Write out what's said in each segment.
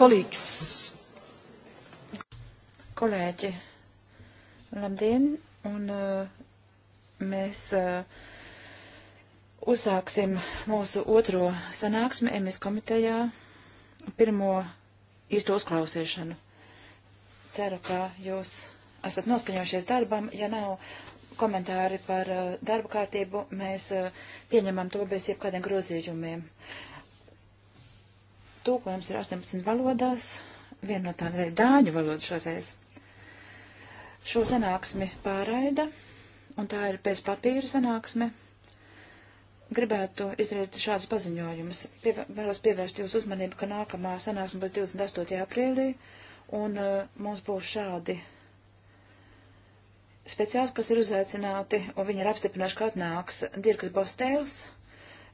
Colleagues. Kolēģi, labdien, un uh, mēs uh, uzsāksim mūsu otro sanāksmi MS komitejā, pirmo īsto uzklausīšanu. Ceru, ka jūs esat noskaņojušies darbam, ja nav komentāri par uh, darba kārtību, mēs uh, pieņemam to bez jebkādiem grozījumiem. Tūkojums ir 18 valodās, viena no tām ir dāņu valoda šoreiz. Šo sanāksmi pārraida, un tā ir bez papīra sanāksme. Gribētu izdarīt šādus paziņojumus. Pie, vēlos pievērst jūsu uzmanību, ka nākamā sanāksme būs 28. aprīlī, un uh, mums būs šādi speciāls, kas ir uzaicināti, un viņi ir apstiprinājuši, ka atnāks Dirks Bostēls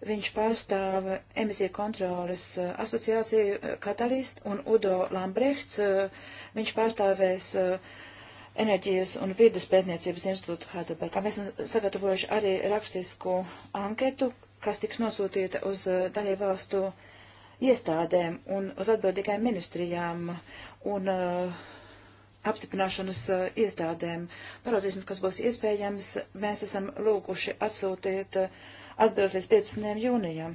Viņš pārstāv emisiju kontroles eh, asociāciju eh, Katalist un Udo Lambrechts. Eh, viņš pārstāvēs enerģijas un vidas pētniecības institūtu Heidelbergā. Mēs esam sagatavojuši arī rakstisku anketu, kas tiks nosūtīta uz daļai valstu iestādēm un uz atbildīgajām ministrijām un uh, apstiprināšanas uh, iestādēm. Parādīsim, kas būs iespējams. Mēs esam lūguši atsūtīt uh, atbilst līdz 15. jūnijam.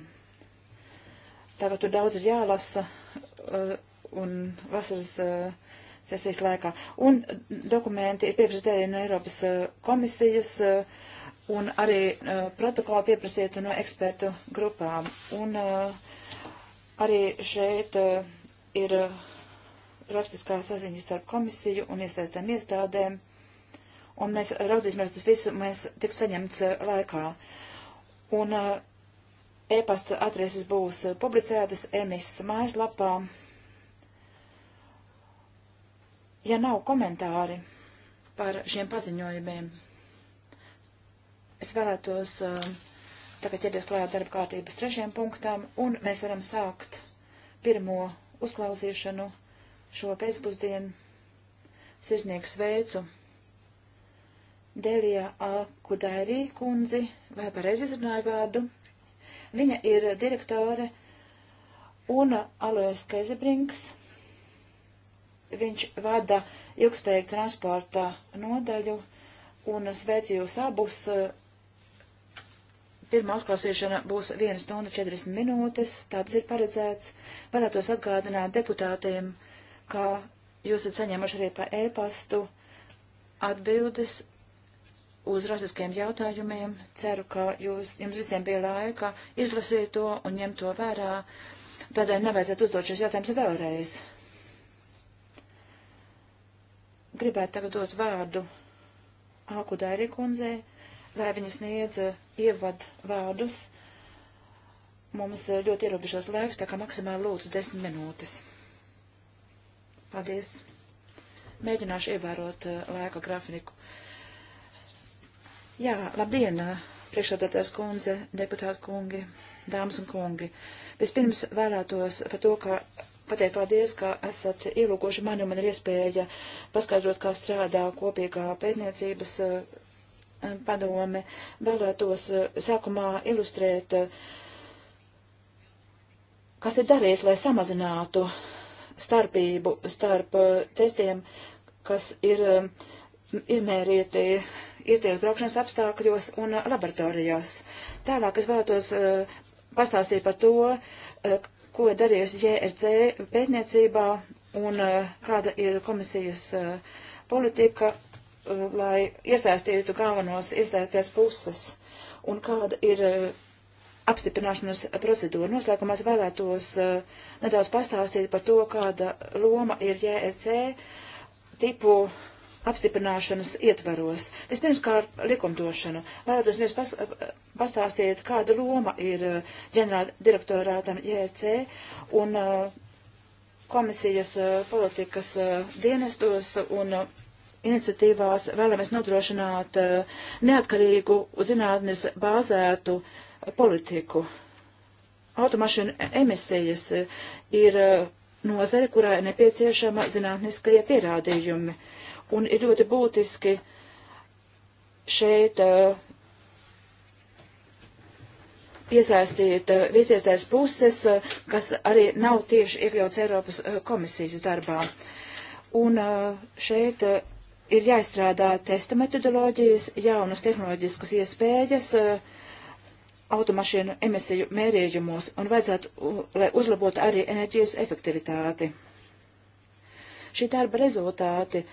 Tagad tur daudz ir jālasa uh, un vasaras uh, sesijas laikā. Un dokumenti ir pieprasīti arī no Eiropas uh, komisijas un arī protokolu pieprasīti no ekspertu grupām. Un arī šeit ir rakstiskā saziņa starp komisiju un iesaistēm iestādēm, un mēs raudzīsimies, tas visu mēs tiks saņemts laikā. Un eh, e-pasta adreses būs eh, publicētas emis mājaslapā. Ja nav komentāri par šiem paziņojumiem, es vēlētos eh, tagad ķerties klājā darba kārtības trešiem punktam, un mēs varam sākt pirmo uzklausīšanu šo pēcpusdienu. Sirsnieks veicu! Delija Akudairī kundzi, vai pareizi izrunāju vārdu. Viņa ir direktore un Alojas Kezebrinks. Viņš vada ilgspējīgu transporta nodaļu un sveicu jūs abus. Pirmā uzklausīšana būs 1 stunda 40 minūtes, tāds ir paredzēts. Varētos atgādināt deputātiem, ka jūs esat saņēmuši arī pa e-pastu atbildes uz rasiskiem jautājumiem. Ceru, ka jūs, jums visiem bija laika izlasīt to un ņemt to vērā. Tādēļ nevajadzētu uzdot šis jautājums vēlreiz. Gribētu tagad dot vārdu Āku Dairī kundzei, lai viņas sniedz eh, ievad vārdus. Mums eh, ļoti ierobežos laiks, tā kā maksimāli lūdzu desmit minūtes. Paldies! Mēģināšu ievērot eh, laika grafiku. Jā, labdien, priekšādātājs kundze, deputāti kungi, dāmas un kungi. Vispirms vēlētos par to, ka pateikt paldies, ka esat ielūkoši mani un man ir iespēja paskaidrot, kā strādā kopīgā pētniecības padome. Vēlētos sākumā ilustrēt, kas ir darījis, lai samazinātu starpību starp testiem, kas ir izmērīti izdevies braukšanas apstākļos un uh, laboratorijās. Tālāk es vēlētos uh, pastāstīt par to, uh, ko darījusi JRC pētniecībā un uh, kāda ir komisijas uh, politika, uh, lai iesaistītu galvenos iesaistīties puses un kāda ir apstiprināšanas procedūra. Noslēgumā es vēlētos nedaudz pastāstīt par to, kāda loma ir JRC tipu uh, apstiprināšanas ietvaros. Vispirms kā ar likumdošanu. Vēlētos mēs pas, pastāstīt, kāda loma ir eh, ģenerāla direktorātam JRC un eh, komisijas eh, politikas dienestos un iniciatīvās vēlamies nodrošināt neatkarīgu zinātnes bāzētu politiku. Automašīnu emisijas ir nozare, kurā ir nepieciešama zinātniskie pierādījumi. Uh, un ir ļoti būtiski šeit uh, piesaistīt uh, eh, visiestais puses, uh, kas arī nav tieši iekļauts Eiropas komisijas darbā. Un šeit ir jāizstrādā testa metodoloģijas, jaunas tehnoloģiskas iespējas automašīnu emisiju mērījumos un vajadzētu, lai uzlabotu arī enerģijas efektivitāti. Šī darba rezultāti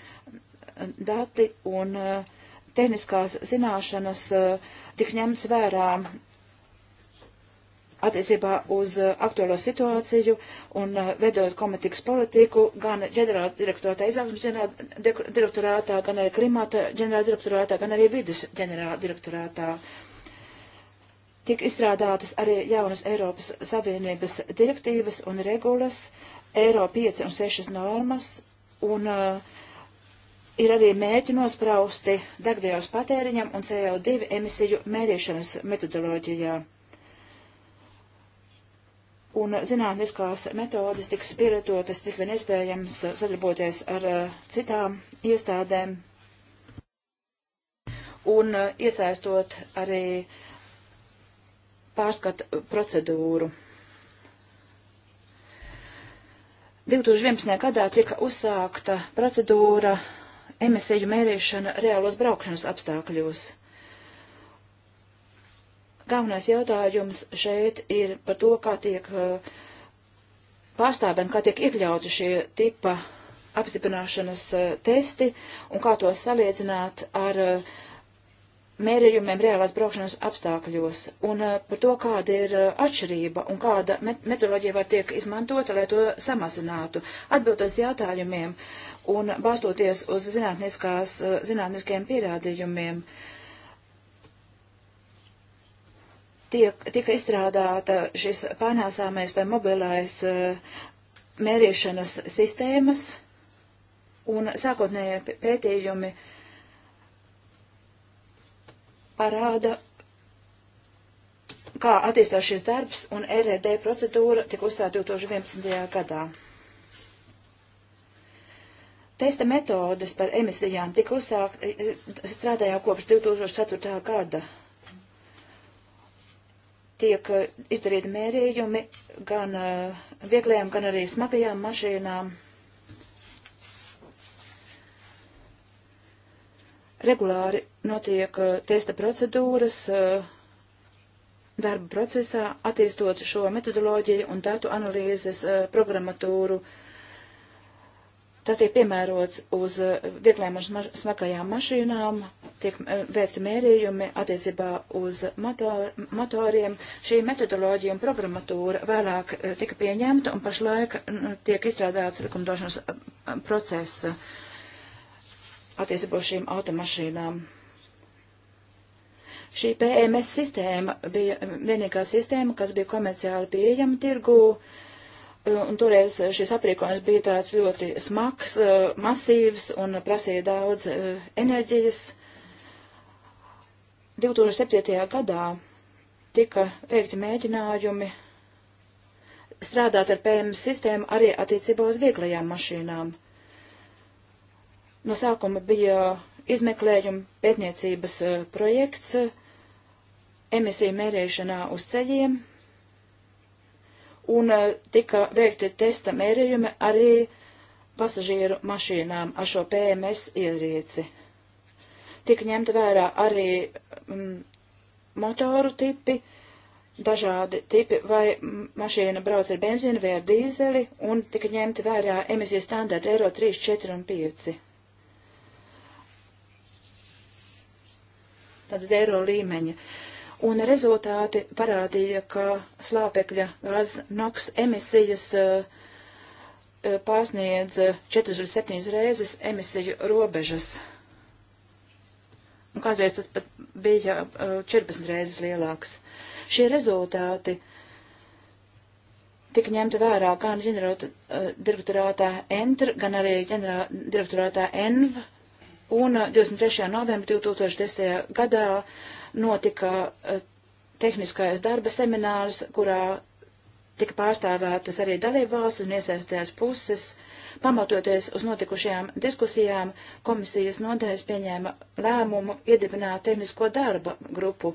dati un eh, tehniskās zināšanas eh, tiks ņemts vērā attiecībā uz eh, aktuālo situāciju un vedot komitikas politiku gan ģenerāla direktorātā izaugsmas ģenerāla direktorātā, gan arī klimata ģenerāla direktorātā, gan arī vidas ģenerāla direktorātā. Tik izstrādātas arī jaunas Eiropas Savienības direktīvas un regulas, Eiro 5 un 6 normas un uh, ir arī mērķi nosprausti degvielas patēriņam un CO2 emisiju mērīšanas metodoloģijā. Un zinātniskās metodas tiks pielietotas, cik vien iespējams, sadarboties ar uh, citām iestādēm un uh, iesaistot arī pārskatu procedūru. 2011. gadā tika uzsākta procedūra uh, emisiju mērīšana reālos braukšanas apstākļos. Galvenais jautājums šeit ir par to, kā tiek uh, pārstāvēm, kā tiek iekļauti šie tipa apstiprināšanas uh, testi un kā to salīdzināt ar uh, mērījumiem reālās braukšanas apstākļos un par to, kāda ir atšķirība un kāda metodoloģija var tiek izmantota, lai to samazinātu. Atbildot jautājumiem, un balstoties uz eh, zinātniskiem pierādījumiem, tiek, tika izstrādāta šis pārnāsāmais vai mobilais eh, mērīšanas sistēmas, un sākotnējie pētījumi parāda, kā attīstās šis darbs, un RD procedūra tika uzstāta 2011. gadā. Testa metodas par emisijām tika uzsākt, e, e, strādājā kopš 2004. gada. Tiek e, izdarīti mērījumi gan vieglajām, gan arī smagajām mašīnām. Regulāri notiek testa procedūras darba procesā, attīstot šo metodoloģiju un datu analīzes programmatūru Tas tiek piemērots uz eh, vieglajām un smagajām mašīnām, tiek eh, veikti mērījumi attiecībā uz motor, motoriem. Šī metodoloģija un programmatūra vēlāk eh, tika pieņemta un pašlaik tiek izstrādāts likumdošanas process attiecībā uz šīm automašīnām. Šī PMS sistēma bija vienīgā sistēma, kas bija komerciāli pieejama tirgū. Uh, un toreiz šis aprīkojums bija tāds ļoti smags, eh, masīvs un prasīja daudz eh, enerģijas. 2007. gadā tika veikti mēģinājumi strādāt ar PM sistēmu arī attiecībā uz vieglajām mašīnām. No sākuma bija izmeklējuma pētniecības eh, projekts emisiju mērīšanā uz ceļiem un eh, tika veikti testa mērījumi arī pasažieru mašīnām ar šo PMS ierīci. Tika ņemta vērā arī mm, motoru tipi, dažādi tipi, vai mašīna brauc ar benzīnu vai ar dīzeli, un tika ņemti vērā emisiju standarti Eiro 3, 4 un 5. Tātad eiro līmeņa. Uh, un rezultāti parādīja, ka slāpekļa gaz NOx emisijas eh, pārsniedz 47 reizes emisiju robežas. Un nu, kādreiz tas pat bija 14 eh, reizes lielāks. Šie rezultāti tika ņemti vērā gan ģenerāldirektorātā ENTR, gan arī ģenerāldirektorātā ENV un 23. Uh, novembrī 2010. gadā notika uh, tehniskais darba seminārs, kurā tika pārstāvētas arī dalībvalsts un iesaistējās puses. Pamatoties uz notikušajām diskusijām, komisijas nodaļas pieņēma lēmumu iedibināt tehnisko darba grupu,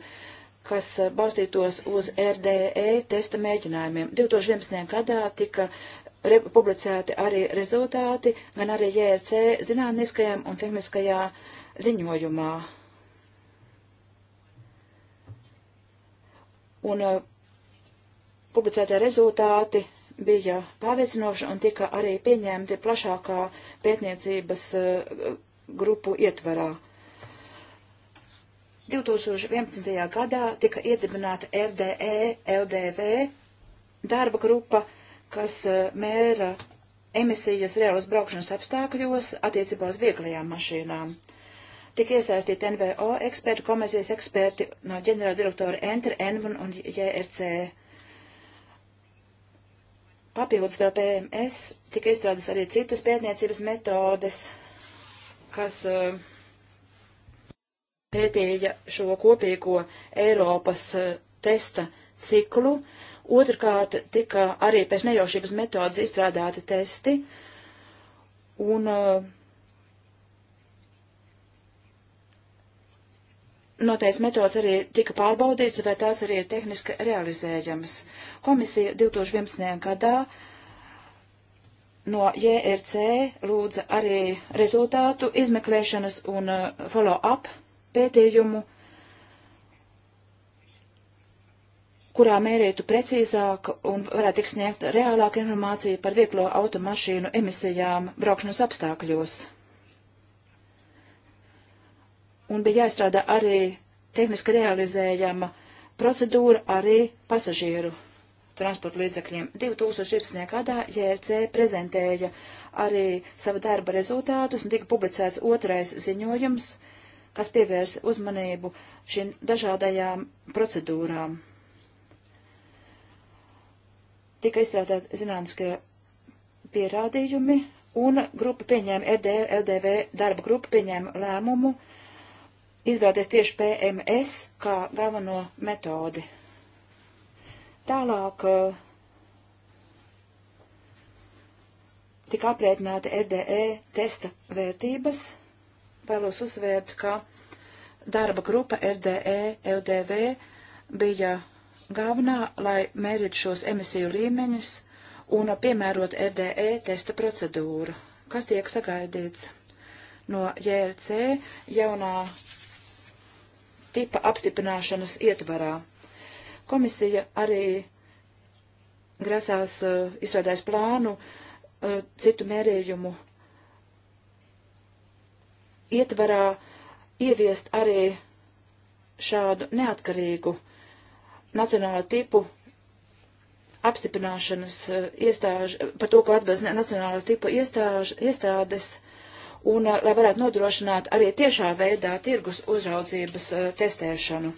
kas uh, balstītos uz RDE testa mēģinājumiem. 2011. gadā tika publicēti arī rezultāti, gan arī JRC zinātniskajam un tehniskajā ziņojumā. Un uh, publicētie rezultāti bija pārliecinoši un tika arī pieņemti plašākā pētniecības uh, grupu ietvarā. 2011. gadā tika iedibināta RDE, LDV darba grupa, uh, kas eh, mēra emisijas reālos braukšanas apstākļos attiecībā uz vieglajām mašīnām. Tik iesaistīti NVO eksperti, komisijas eksperti no ģenerāla direktora Enter, Envun un JRC. Papildus vēl PMS tika izstrādes arī citas pētniecības metodes, kas uh, pētīja šo kopīgo Eiropas uh, testa ciklu. Uh, Otrkārt, tika arī pēc nejaušības metodas izstrādāti testi, un uh, noteikts metods arī tika pārbaudīts, vai tās arī ir tehniski realizējamas. Komisija 2011. gadā no JRC lūdza arī rezultātu izmeklēšanas un eh, follow-up pētījumu kurā mērītu precīzāk un varētu tikt sniegt reālāka informācija par vieglo automašīnu emisijām braukšanas apstākļos. Un bija jāizstrādā arī tehniski realizējama procedūra arī pasažieru transporta līdzekļiem. 2016. gadā JRC prezentēja arī sava darba rezultātus un tika publicēts otrais ziņojums, kas pievērsa uzmanību šīm dažādajām procedūrām tika izstrādāti zinātniskie pierādījumi, un grupa pieņēma RDL, e LDV darba grupa pieņēma lēmumu izvēlēties tieši PMS kā galveno metodi. Tālāk eh, tika aprēķināta RDE e testa vērtības. Vēlos uzsvērt, ka darba grupa RDE e LDV bija galvenā, lai mērītu šos emisiju līmeņus un piemērot RDE testa procedūru, kas tiek sagaidīts no JRC jaunā tipa apstiprināšanas ietvarā. Komisija arī grasās uh, izstrādājis plānu uh, citu mērījumu ietvarā ieviest arī šādu neatkarīgu uh, nacionālo tipu apstiprināšanas e, iestāžu, par to, ko atbilst nacionālo tipu iestāžu, iestādes, un e, lai varētu nodrošināt arī tiešā veidā tirgus uzraudzības e, testēšanu.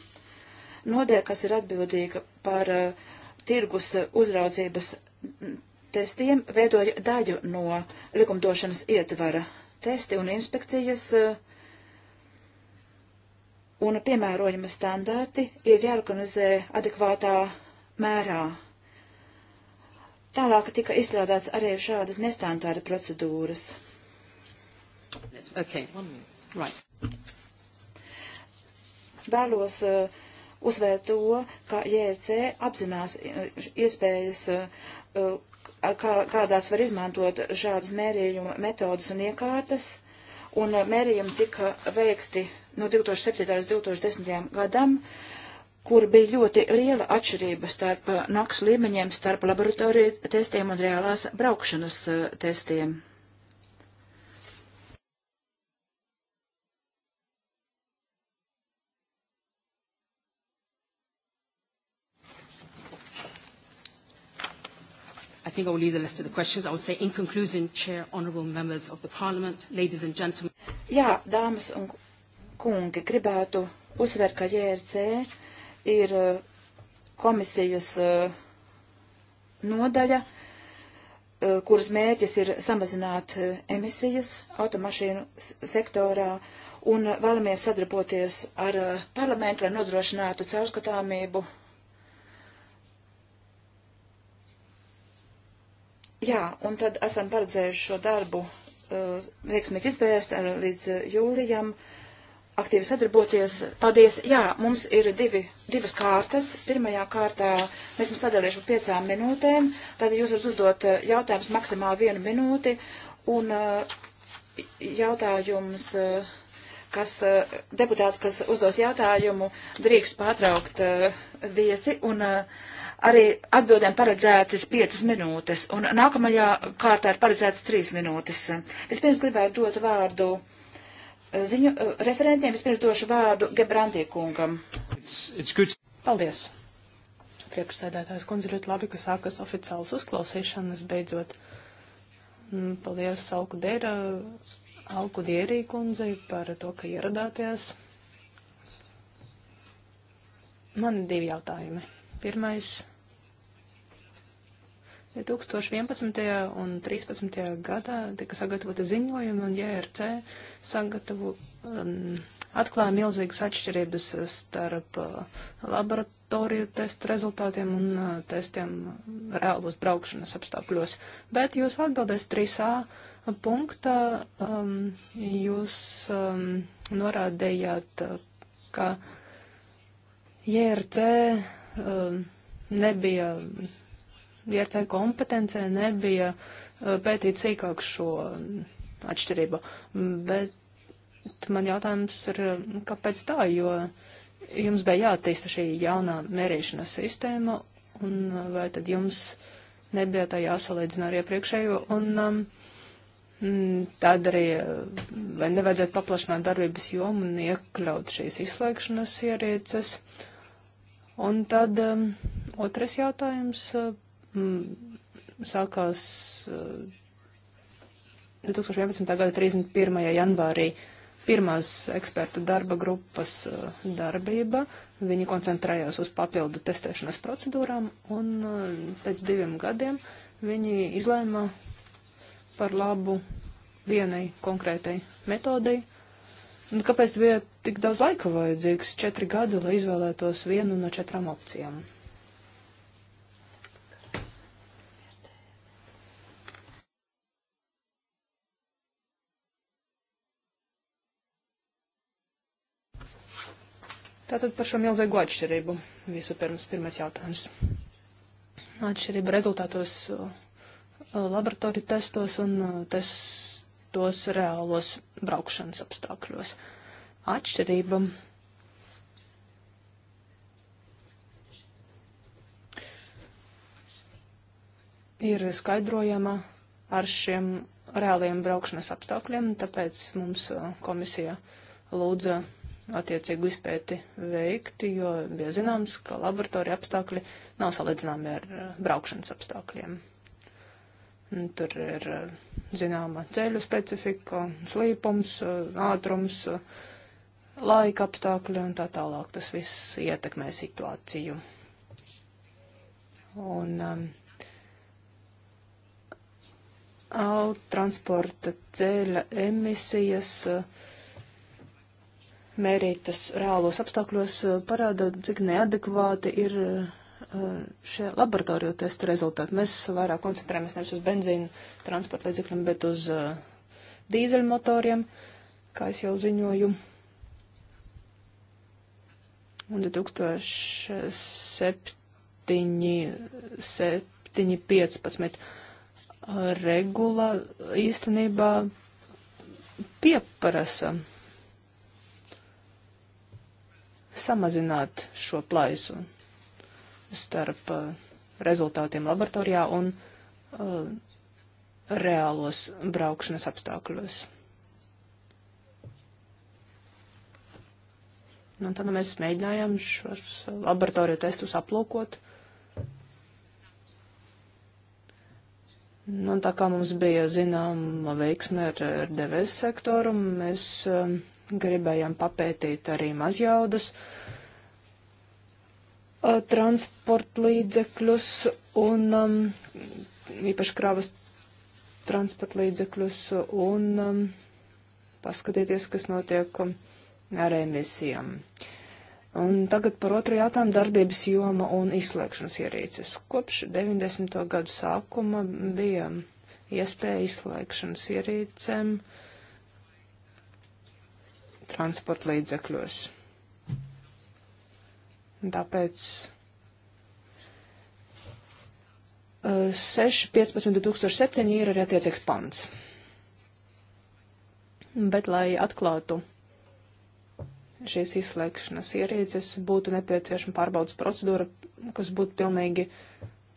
Nodēļ, kas ir atbildīga par tirgus uzraudzības testiem, veidoja daļu no likumdošanas ietvara. Testi un inspekcijas uh, un piemērojama standarti ir jāorganizē adekvātā mērā. Tālāk tika izstrādāts arī šādas nestantāra procedūras. Okay. Right. Vēlos uh, uzsvērt to, ka JRC apzinās uh, iespējas, uh, uh, kā, kādās var izmantot šādas mērījuma metodas un iekārtas un eh, mērījumi tika veikti no 2007. līdz 2010. gadam, kur bija ļoti liela atšķirība starp eh, NOX līmeņiem, starp laboratoriju testiem un reālās braukšanas eh, testiem. think I will leave the rest of the questions. I would say in conclusion, Chair, Honourable Members of the Parliament, ladies and gentlemen. Jā, dāmas un kungi, gribētu uzsvērt, ka JRC ir uh, komisijas uh, nodaļa, uh, kuras mērķis ir samazināt emisijas automašīnu sektorā un vēlamies sadarboties ar parlamentu, lai nodrošinātu caurskatāmību Jā, un tad esam paredzējuši šo darbu uh, veiksmīgi izvērst uh, līdz uh, jūlijam, aktīvi sadarboties. Paldies! Jā, mums ir divi, divas kārtas. Pirmajā kārtā mēs mums sadalīšu piecām minūtēm, tad jūs varat uzdot uh, jautājumus maksimāli vienu minūti, un uh, jautājums. Uh, kas uh, deputāts, kas uzdos jautājumu, drīkst pārtraukt viesi un arī atbildēm paredzētas 5 minūtes, un nākamajā kārtā ir paredzētas 3 minūtes. Vispirms gribētu dot vārdu eh, ziņu eh, referentiem, vispirms došu vārdu Gebrandī kungam. It's, it's Paldies! Priekšsēdētājs kundze ļoti labi, ka sākas oficiāls uzklausīšanas beidzot. Mm, paldies Alkudēra, Alkudierī kundzei par to, ka ieradāties. Man ir divi jautājumi. Pirmais. 2011. un 2013. gadā tika sagatavota ziņojumi, un JRC sagatavo, um, atklāja milzīgas atšķirības starp uh, laboratoriju testu rezultātiem un uh, testiem reālos braukšanas apstākļos. Bet jūs atbildēs 3A punktā, um, jūs um, norādījāt, uh, ka JRC um, uh, nebija. Um, vietai kompetencē nebija uh, pētīt sīkāk šo atšķirību. Mm, bet man jautājums ir, mm, kāpēc tā, jo jums bija jātīsta šī jaunā mērīšanas sistēma, un uh, vai tad jums nebija tā jāsalīdzina ar iepriekšējo, un um, mm, tad arī uh, vai nevajadzētu paplašināt darbības jomu un iekļaut šīs izslēgšanas ierīces. Un tad um, otrs jautājums Mm, sākās 2011. Eh, gada 31. janvārī pirmās ekspertu darba grupas eh, darbība. Viņi koncentrējās uz papildu testēšanas procedūrām un eh, pēc diviem gadiem viņi izlēma par labu vienai konkrētai metodei. Un nu, kāpēc bija tik daudz laika vajadzīgs? Četri gadi, lai izvēlētos vienu no četrām opcijām. Tātad par šo milzīgo atšķirību vispirms pirmais jautājums. Atšķirība rezultātos uh, laboratoriju testos un uh, testos reālos braukšanas apstākļos. Atšķirība ir skaidrojama ar šiem reāliem braukšanas apstākļiem, tāpēc mums uh, komisija lūdza attiecīgu izpēti veikti, jo bija zināms, ka laboratorija apstākļi nav salīdzināmi ar eh, braukšanas apstākļiem. Tur ir eh, zināma ceļu specifika, slīpums, eh, ātrums, laika apstākļi un tā tālāk. Tas viss ietekmē situāciju. Un um, ehm, transporta ceļa emisijas. Uh, mērīt tas reālos apstākļos, eh, parāda, cik neadekvāti ir eh, šie laboratoriju testu rezultāti. Mēs vairāk koncentrējamies nevis uz benzīnu transporta līdzekļiem, bet uz eh, dīzeļmotoriem, kā es jau ziņoju. Un 2007, 2015 regula īstenībā pieprasa samazināt šo plaisu starp uh, rezultātiem laboratorijā un uh, reālos braukšanas apstākļos. Nu, tad mēs mēģinājām šos laboratoriju testus aplūkot. Nu, tā kā mums bija zināma veiksme ar, ar DVS sektoru, mēs um, gribējām papētīt arī mazjaudas transportlīdzekļus un um, īpaši kravas transportlīdzekļus un um, paskatīties, kas notiek um, ar emisijām. Un tagad par otru jautājumu darbības joma un izslēgšanas ierīces. Kopš 90. gadu sākuma bija iespēja izslēgšanas ierīcēm uh, transporta līdzekļos. Tāpēc 6, 15, 2007 ir arī attiecīgs pants. Bet, lai atklātu šīs izslēgšanas ierīces, būtu nepieciešama pārbaudas procedūra, kas būtu pilnīgi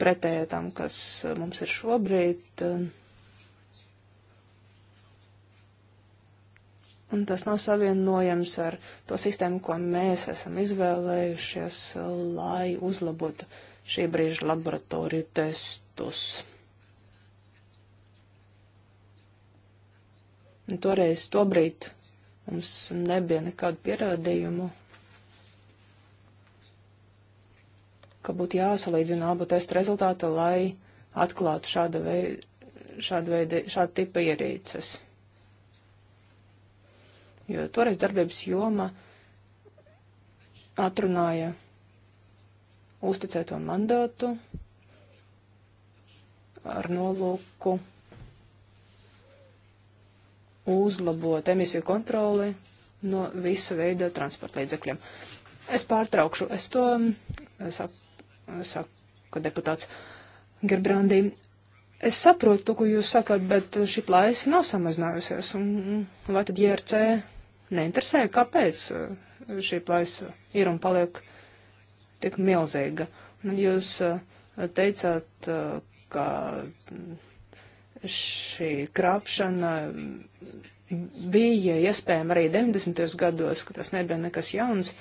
pretēja tam, kas mums ir šobrīd. Uh, Un tas nav savienojams ar to sistēmu, ko mēs esam izvēlējušies, lai uzlabotu šī brīža laboratoriju testus. Un toreiz, tobrīd mums nebija nekādu pierādījumu, ka būtu jāsalīdzina abu testu rezultātu, lai atklātu šāda veida, šāda veida, šāda tipa ierīces jo toreiz darbības joma atrunāja uzticēto mandātu ar nolūku uzlabot emisiju kontroli no visa veida transporta līdzekļiem. Es pārtraukšu, es to saku, mm, saku deputāts Gerbrandī. Es saprotu, ko jūs sakat, bet šī plaisa nav samazinājusies. Un, vai tad JRC neinteresēja, kāpēc eh, šī plaisa ir un paliek tik milzīga. Jūs eh, teicāt, eh, ka šī krāpšana bija iespējama arī 90. gados, ka tas nebija nekas jauns,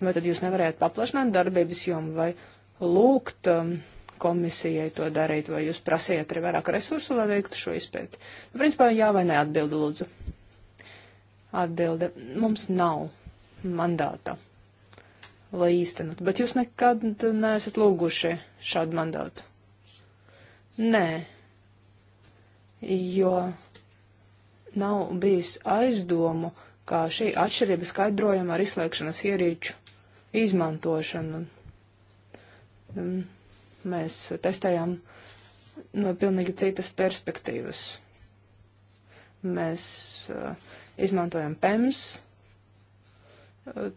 vai tad jūs nevarējāt paplašināt darbības jomu vai lūgt um, komisijai to darīt, vai jūs prasījāt arī vairāk resursu, lai veiktu šo izpēti? Principā jā vai nē atbildi lūdzu. Atbilde - mums nav mandāta, lai īstenot, bet jūs nekad neesat lūguši šādu mandātu. Nē, jo nav bijis aizdomu, kā šī atšķirība skaidrojama ar izslēgšanas ierīču izmantošanu. Mm, mēs testējām no pilnīgi citas perspektīvas. Mēs uh, izmantojam PEMS eh,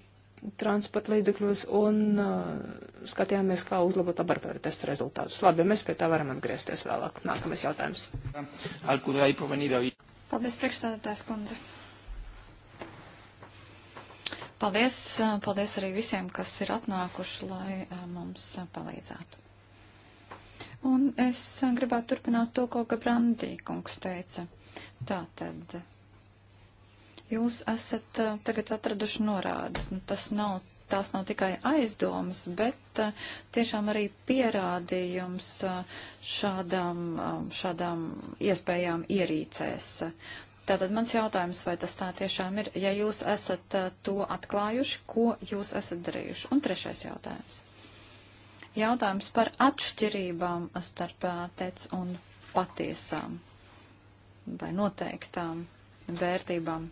transporta līdzekļos un eh, skatījāmies, kā uzlabot laboratoriju testa rezultātus. Labi, mēs pie tā varam atgriezties vēlāk. Nākamais jautājums. Paldies, priekšstādātājs kundze. Paldies, eh, paldies arī visiem, kas ir atnākuši, lai mums palīdzētu. Un es gribētu turpināt to, ko Gabrandī kungs teica. Tātad Jūs esat uh, tagad atraduši norādes. Nu, tas nav, tās nav tikai aizdomas, bet uh, tiešām arī pierādījums uh, šādām, um, šādām iespējām ierīcēs. Tātad mans jautājums, vai tas tā tiešām ir, ja jūs esat to atklājuši, ko jūs esat darījuši? Un trešais jautājums. Jautājums par atšķirībām starp pēc un patiesām vai noteiktām vērtībām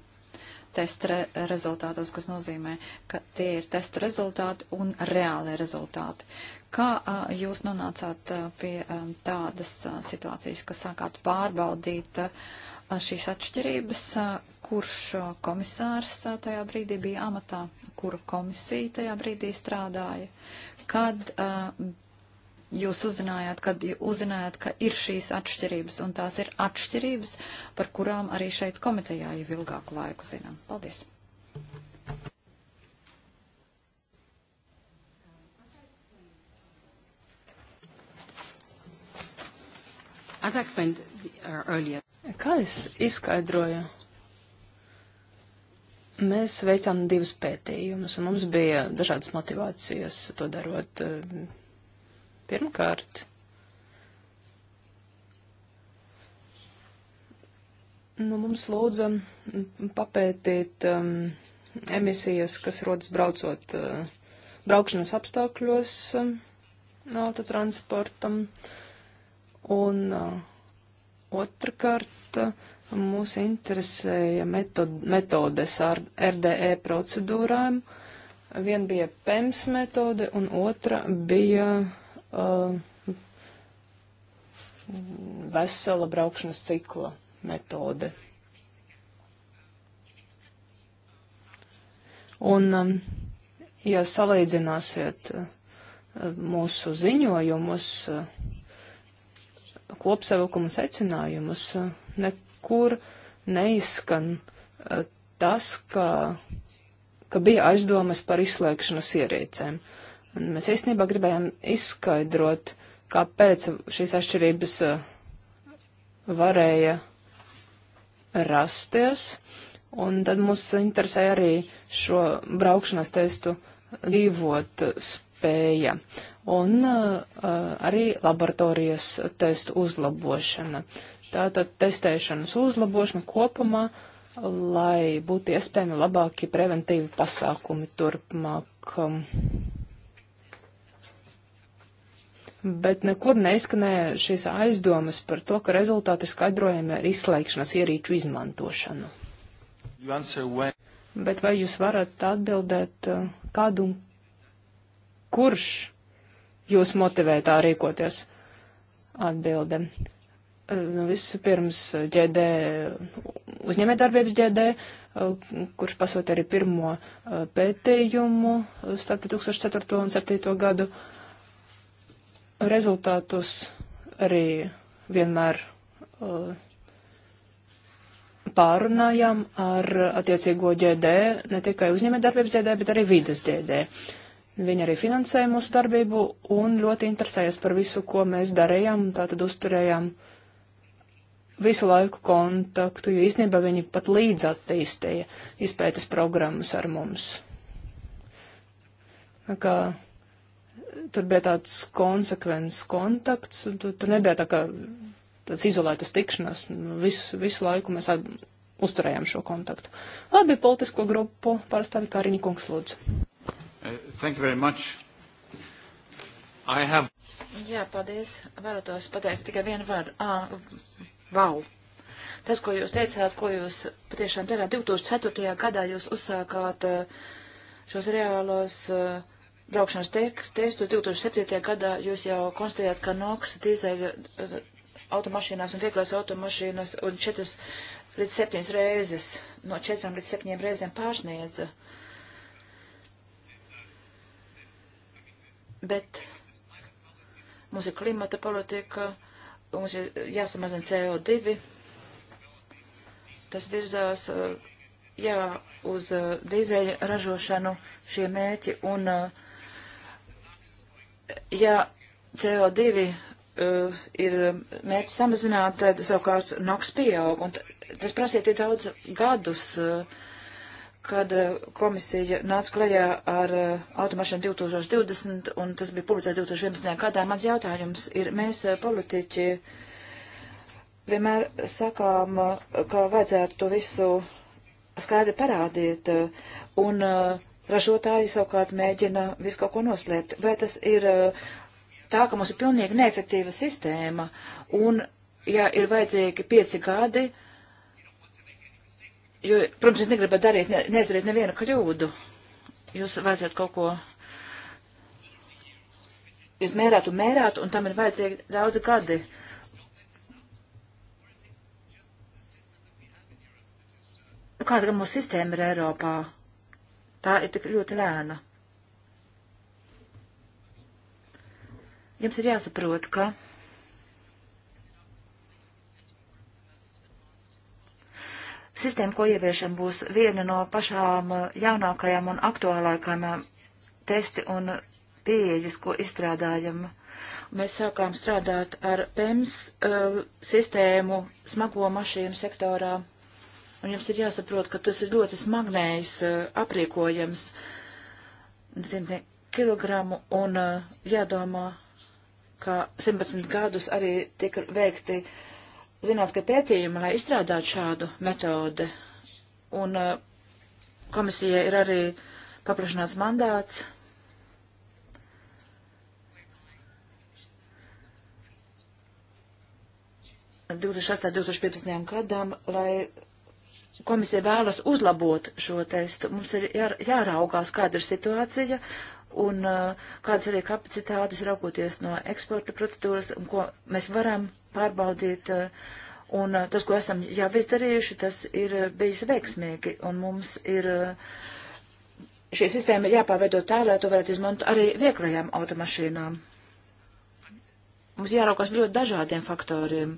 testa re rezultātos, kas nozīmē, ka tie ir testu rezultāti un reālie rezultāti. Kā a, jūs nonācāt a, pie a, tādas a, situācijas, ka sākāt pārbaudīt a, šīs atšķirības, a, kurš a, komisārs a, tajā brīdī bija amatā, kura komisija tajā brīdī strādāja, kad a, jūs uzzinājāt, kad uzzinājāt, ka ir šīs atšķirības, un tās ir atšķirības, par kurām arī šeit komitejā jau ilgāku laiku zinām. Paldies! Kā es izskaidroju? Mēs veicām divus pētījumus, un mums bija dažādas motivācijas to darot. Uh, Pirmkārt, nu, mums lūdza papētīt um, emisijas, kas rodas braucot, uh, braukšanas apstākļos um, autotransportam. Un uh, otrkārt, uh, mūs interesēja metod, metodes ar RDE procedūrām. Viena bija PEMS metode, un otra bija Um, vesela braukšanas cikla metode. Un, um, ja salīdzināsiet uh, mūsu ziņojumus, uh, kopsavilkumu secinājumus, uh, nekur neizskan tas, ka, ka bija aizdomas par izslēgšanas ierīcēm. Uh, Un mēs īstenībā gribējām izskaidrot, kāpēc šīs atšķirības eh, varēja rasties. Un tad mūs interesē arī šo braukšanas testu dzīvot spēja un uh, arī laboratorijas testu uzlabošana. Tātad testēšanas uzlabošana kopumā, lai būtu iespējami labāki preventīvi pasākumi turpmāk. Um, bet nekur neizskanēja šīs aizdomas par to, ka rezultāti skaidrojami ar izslēgšanas ierīču izmantošanu. Bet vai jūs varat atbildēt uh, kādu un kurš jūs motivē tā rīkoties? Atbilde. Uh, nu, vispirms uh, ģēdē, uzņēmē darbības ģēdē, kurš pasūta arī pirmo pētījumu starp 2004 un 2007 gadu. Uh, rezultātus arī vienmēr uh, pārunājām ar attiecīgo ģēdē, ne tikai uzņēmējdarbības ģēdē, bet arī vides ģēdē. Viņi arī finansēja mūsu darbību un ļoti interesējas par visu, ko mēs darījām, tātad uzturējām visu laiku kontaktu, jo īstenībā viņi pat līdz attīstīja izpētes programmas ar mums. Tā kā tur bija tāds konsekvents kontakts, tur, tur nebija tā kā tāds izolētas tikšanās, nu, visu, visu laiku mēs at, uzturējām šo kontaktu. Labi, politisko grupu pārstāvi Kāriņa kungs lūdzu. Uh, thank you very much. I have... Jā, paldies. Varu tos pateikt tikai vienu vārdu. Ah, wow. Tas, ko jūs teicāt, ko jūs patiešām darāt, 2004. gadā jūs uzsākāt uh, šos reālos uh, braukšanas tek, testu 2007. gadā jūs jau konstatējāt, ka NOX dīzeļa automašīnās un vieglās automašīnas un 4 līdz 7 reizes, no 4 līdz 7 reizēm pārsniedza. Bet mums ir klimata politika, mums ir jāsamazina CO2. Tas virzās jā, uz dīzeļa ražošanu šie mērķi un uh, ja CO2 uh, ir mērķis samazināt, tad savukārt NOX pieaug. Un tas prasiet ir daudz gadus, uh, kad uh, komisija nāca klajā ar uh, automašīnu 2020, un tas bija publicēts 2011. gadā. Mans jautājums ir, mēs uh, politiķi vienmēr sakām, uh, ka vajadzētu to visu skaidri parādīt, uh, un uh, Ražotāji savukārt mēģina visu kaut ko noslēpt. Vai tas ir eh, tā, ka mums ir pilnīgi neefektīva sistēma un, ja ir vajadzīgi pieci gadi, jo, protams, es negribu darīt, ne, neizdarīt nevienu kļūdu. Jūs vajadzētu kaut ko jūs mērāt un mērāt, un tam ir vajadzīgi daudzi gadi. Kāda mums sistēma ir Eiropā? Tā ir tik ļoti lēna. Jums ir jāsaprot, ka sistēma, ko ieviešam, būs viena no pašām uh, jaunākajām un aktuālākajām uh, testi un pieejas, ko izstrādājam. Mēs sākām strādāt ar PEMS uh, sistēmu smago mašīnu sektorā. Un jums ir jāsaprot, ka tas ir ļoti smagnējs uh, eh, apriekojams dzimtnie kilogramu un uh, jādomā, ka 17 gadus arī tika veikti zinātniskie pētījumi, lai izstrādātu šādu metodi. Un uh, eh, komisija ir arī paplašināts mandāts. gadam, lai komisija vēlas uzlabot šo testu. Mums ir jā, jāraugās, kāda ir situācija un uh, kādas arī kapacitātes raugoties no eksporta procedūras, un ko mēs varam pārbaudīt. Uh, un uh, tas, ko esam jau izdarījuši, tas ir uh, bijis veiksmīgi, un mums ir uh, šī sistēma jāpārveido tā, lai to varētu izmantot arī vieglajām automašīnām. Mums jāraukās ļoti dažādiem faktoriem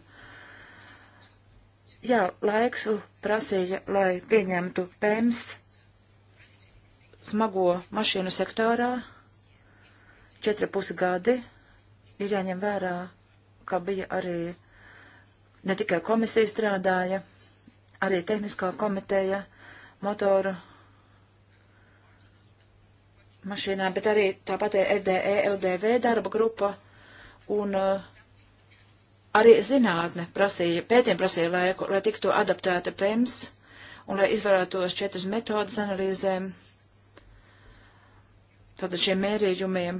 Jā, laiks uh, prasīja, lai pieņemtu PEMS smago mašīnu sektorā. Četri pusi gadi ir jāņem vērā, ka bija arī ne tikai komisija strādāja, arī tehniskā komiteja motoru mašīnām, bet arī tāpat EDE, LDV darba grupa un uh, Arī zinātne prasīja, pētiem prasīja laiku, lai tiktu adaptēta PEMS un lai izvarētos četras metodas analīzēm, tātad šiem mērījumiem.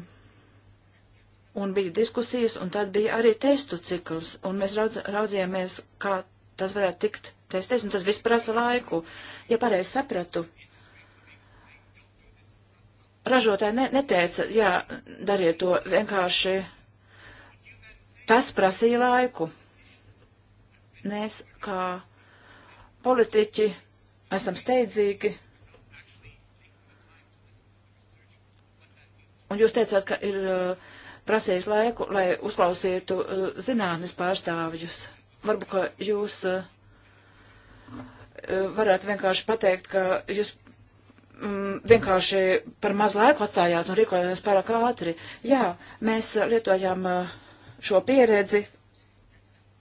Un bija diskusijas, un tad bija arī testu cikls, un mēs raudz, raudzījāmies, kā tas varētu tikt testēts, un tas viss prasa laiku. Ja pareizi sapratu, ražotāji ne, neteica, jā, dariet to, vienkārši Tas prasīja laiku. Mēs, kā politiķi, esam steidzīgi. Un jūs teicāt, ka ir uh, prasījis laiku, lai uzklausītu uh, zinātnes pārstāvjus. Varbūt, ka jūs uh, uh varētu vienkārši pateikt, ka jūs mm, vienkārši par maz laiku atstājāt un rīkojāties pārāk ātri. Jā, mēs lietojām uh, šo pieredzi,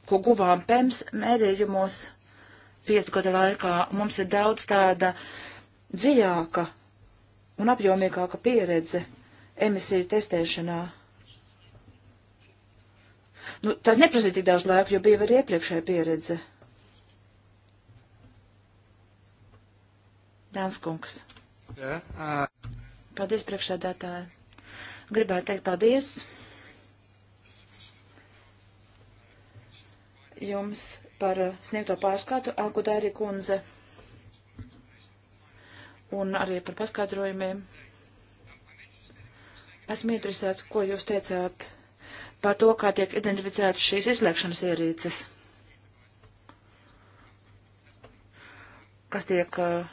ko guvām PEMS mērījumos piecu gadu laikā, mums ir daudz tāda dziļāka un apjomīgāka pieredze emisiju testēšanā. Nu, tas neprasīja tik daudz laika, jo bija arī iepriekšēja pieredze. Dāns Kungs. Paldies, priekšsēdētāji. Gribētu teikt paldies jums par eh, sniegto pārskatu, Alkudāri kundze, un arī par paskaidrojumiem. Esmu interesēts, ko jūs teicāt par to, kā tiek identificētas šīs izslēgšanas ierīces, kas tiek uh,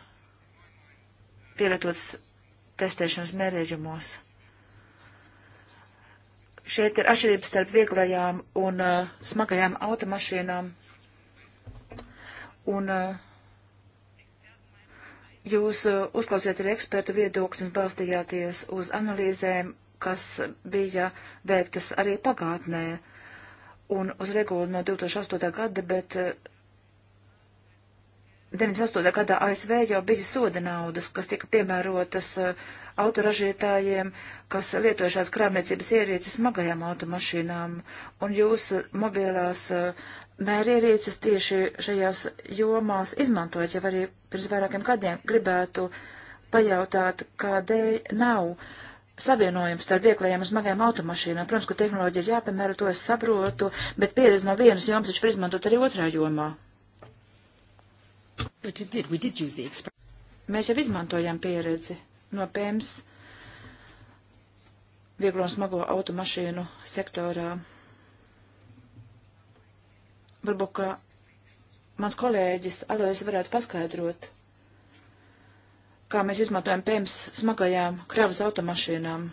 pielietotas testēšanas mērījumos. Šeit ir atšķirības starp vieglajām un uh, smagajām automašīnām. Un uh, jūs uh, uzklausījāt arī ekspertu viedokļu un balstījāties uz analīzēm, kas bija veiktas arī pagātnē un uz regulu no 2008. gada, bet uh, 98. gadā ASV jau bija soda naudas, kas tika piemērotas uh, autoražītājiem, kas lieto šās krāpniecības ierīces smagajām automašīnām, un jūs eh, mobilās eh, mērierīces tieši šajās jomās izmantojat, jau arī pirms vairākiem gadiem gribētu pajautāt, kādēļ nav savienojums starp vieglajām un smagajām automašīnām. Protams, ka tehnoloģija ir jāpiemēra, to es saprotu, bet pieredze no vienas jomas taču var izmantot arī otrā jomā. Did, did Mēs jau izmantojām pieredzi no PEMS vieglo un smago automašīnu sektorā. Varbūt, ka mans kolēģis Alojas varētu paskaidrot, kā mēs izmantojam PEMS smagajām kravas automašīnām.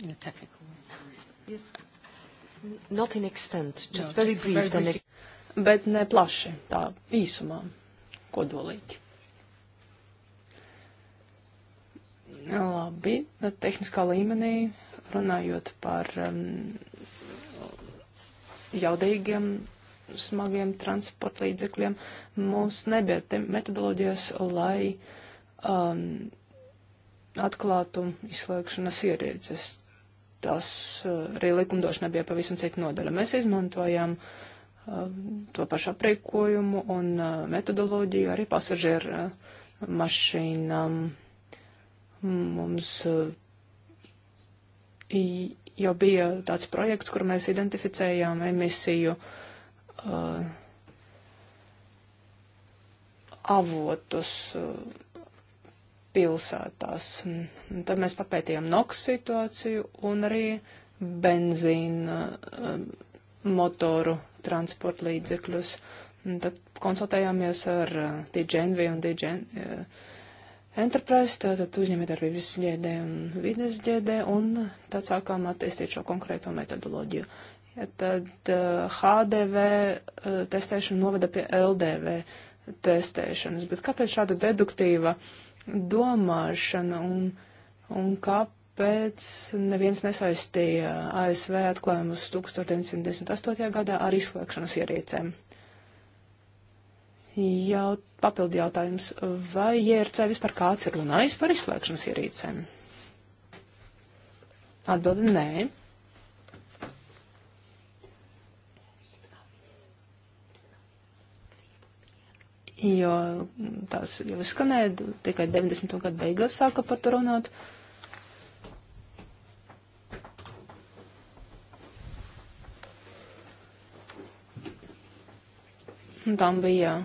Yes. Not in extent, just no, very brief. Then... Bet ne plaši, tā īsumā, kodolīgi. Labi, tad nu, tehniskā līmenī runājot par um, jaudīgiem, smagiem transporta līdzekļiem, mums nebija metodoloģijas, lai um, atklātu izslēgšanas ierīces. Tas uh, arī likumdošana bija pavisam cita nodaļa. Mēs izmantojām uh, to pašu aprīkojumu un uh, metodoloģiju arī pasažieru uh, mašīnām. Um, Mums uh, jau bija tāds projekts, kur mēs identificējām emisiju uh, avotus uh, pilsētās. Un tad mēs papētījām NOX situāciju un arī benzīna uh, motoru transporta līdzekļus. Un tad konsultējāmies ar uh, DJNV un DJN. Uh, Enterprise, tātad uzņēmējdarbības ģēdē un vides ģēdē, un tad sākām attīstīt šo konkrēto metodoloģiju. Ja tad uh, eh, HDV uh, eh, testēšana noveda pie LDV testēšanas, bet kāpēc šāda deduktīva domāšana un, un kāpēc neviens nesaistīja ASV atklājumus 1998. gadā ar izslēgšanas ierīcēm? Jau, papildi jautājums, vai JRC vispār kāds ir runājis par izslēgšanas ierīcēm? Atbildi nē. Jo tās jau skanēja, tikai 90. gadu beigās sāka par to runāt. Un tam bija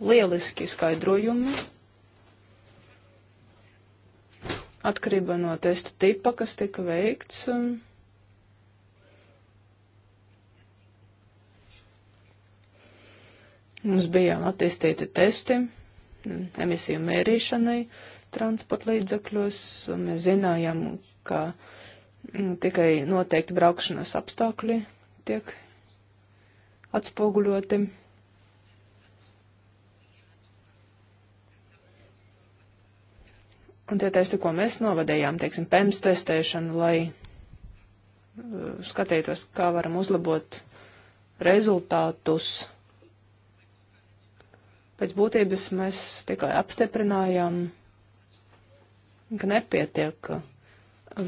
lieliski skaidrojumi atkarībā no testu tipa, kas tika veikts. Um, mums bija attīstīti testi mm, emisiju mērīšanai transporta līdzakļos. Mēs zinājām, ka mm, tikai noteikti braukšanas apstākļi tiek atspoguļoti. Un tie testi, ko mēs novadījām, teiksim, PEMS testēšanu, lai uh, skatītos, kā varam uzlabot rezultātus. Pēc būtības mēs tikai apstiprinājām, ka nepietiek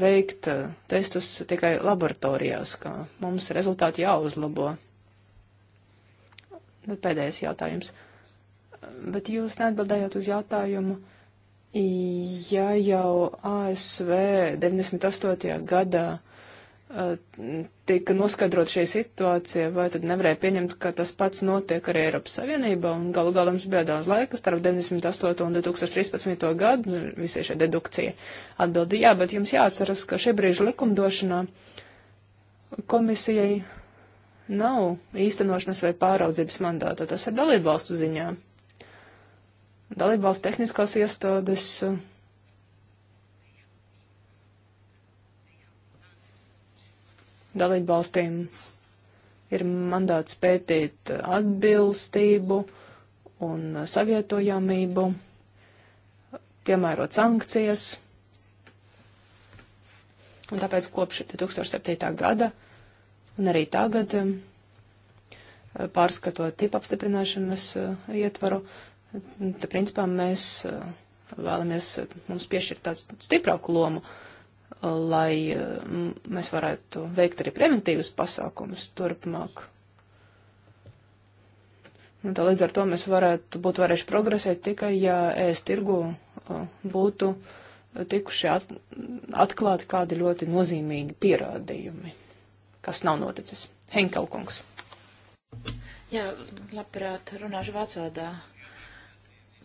veikt uh, testus tikai laboratorijās, ka mums rezultāti jāuzlabo. Tad pēdējais jautājums. Bet jūs neatbildējāt uz jautājumu Ja jau ASV 98. gadā eh, tika noskaidrot šī situācija, vai tad nevarēja pieņemt, ka tas pats notiek arī Eiropas Savienībā, un galu galā mums bija daudz laika starp 98. un 2013. gadu, nu, visai šie dedukcija atbildi, jā, bet jums jāatceras, ka šī brīža likumdošanā komisijai nav īstenošanas vai pāraudzības mandāta, tas ir dalībvalstu ziņā dalībvalsts tehniskās iestādes. Dalībvalstīm ir mandāts pētīt atbilstību un savietojamību, piemērot sankcijas. Un tāpēc kopš 2007. gada un arī tagad, pārskatot tipu apstiprināšanas eh, ietvaru, Te principā mēs eh, vēlamies eh, mums piešķirt tādu stiprāku lomu, eh, lai mēs varētu veikt arī preventīvas pasākumus turpmāk. Un nu, tā līdz ar to mēs varētu būt varējuši progresēt tikai, ja ēst tirgu būtu tikuši at, atklāti kādi ļoti nozīmīgi pierādījumi, kas nav noticis. Henkelkungs. Jā, labprāt, runāšu vācu vārdā.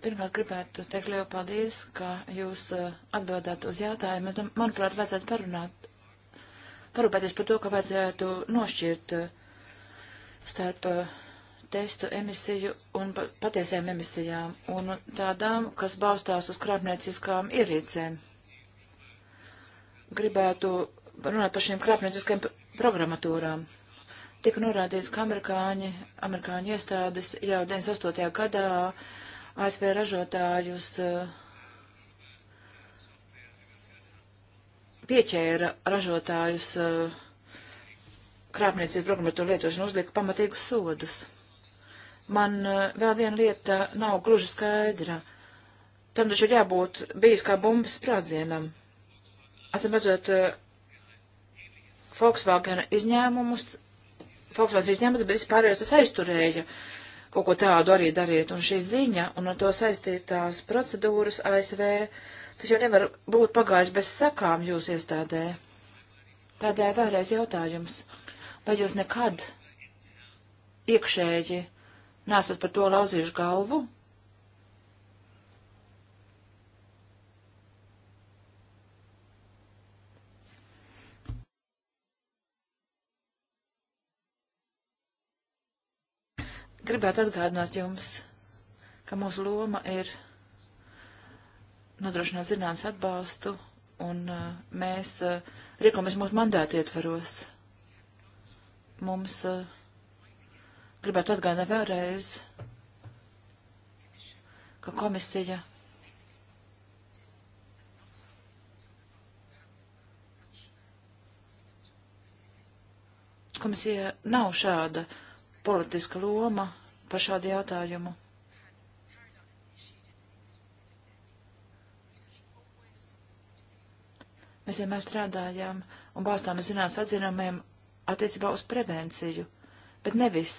Pirmkārt, gribētu teikt lielu paldies, ka jūs eh, atbildāt uz jautājumu. Nu, manuprāt, vajadzētu parunāt, parūpēties par to, ka vajadzētu nošķirt eh, starp eh, testu emisiju un patiesajām emisijām un tādām, kas balstās uz krāpnieciskām ierīcēm. Gribētu runāt par šīm krāpnieciskajām programmatūrām tika norādīts, ka amerikāņi, amerikāņu iestādes jau 98. gadā ASV ražotājus eh, pieķēra ražotājus eh, krāpniecības programmatūru lietošanu uzlika pamatīgus sodus. Man eh, vēl viena lieta nav gluži skaidra. Tam taču ir jābūt bijis kā bumbas sprādzienam. Esam redzot Volkswagen izņēmumus, Volkswagen izņēmumus, bet vispārējais tas aizturēja. Uh, kaut ko tādu arī dariet. Un šī ziņa un ar to saistītās procedūras ASV, tas jau nevar būt pagājis bez sakām jūs iestādē. Tādēļ vēlreiz jautājums, vai jūs nekad iekšēji nesat par to lauzīšu galvu? Gribētu atgādināt jums, ka mūsu loma ir nodrošināt zinātnes atbalstu, un uh, mēs uh, rīkojamies mūsu mandāti ietvaros. Mums uh, gribētu atgādināt vēlreiz, ka komisija komisija nav šāda politiska loma par šādu jautājumu? Mēs vienmēr strādājām un balstām uz zinātnes atzinumiem attiecībā uz prevenciju, bet nevis,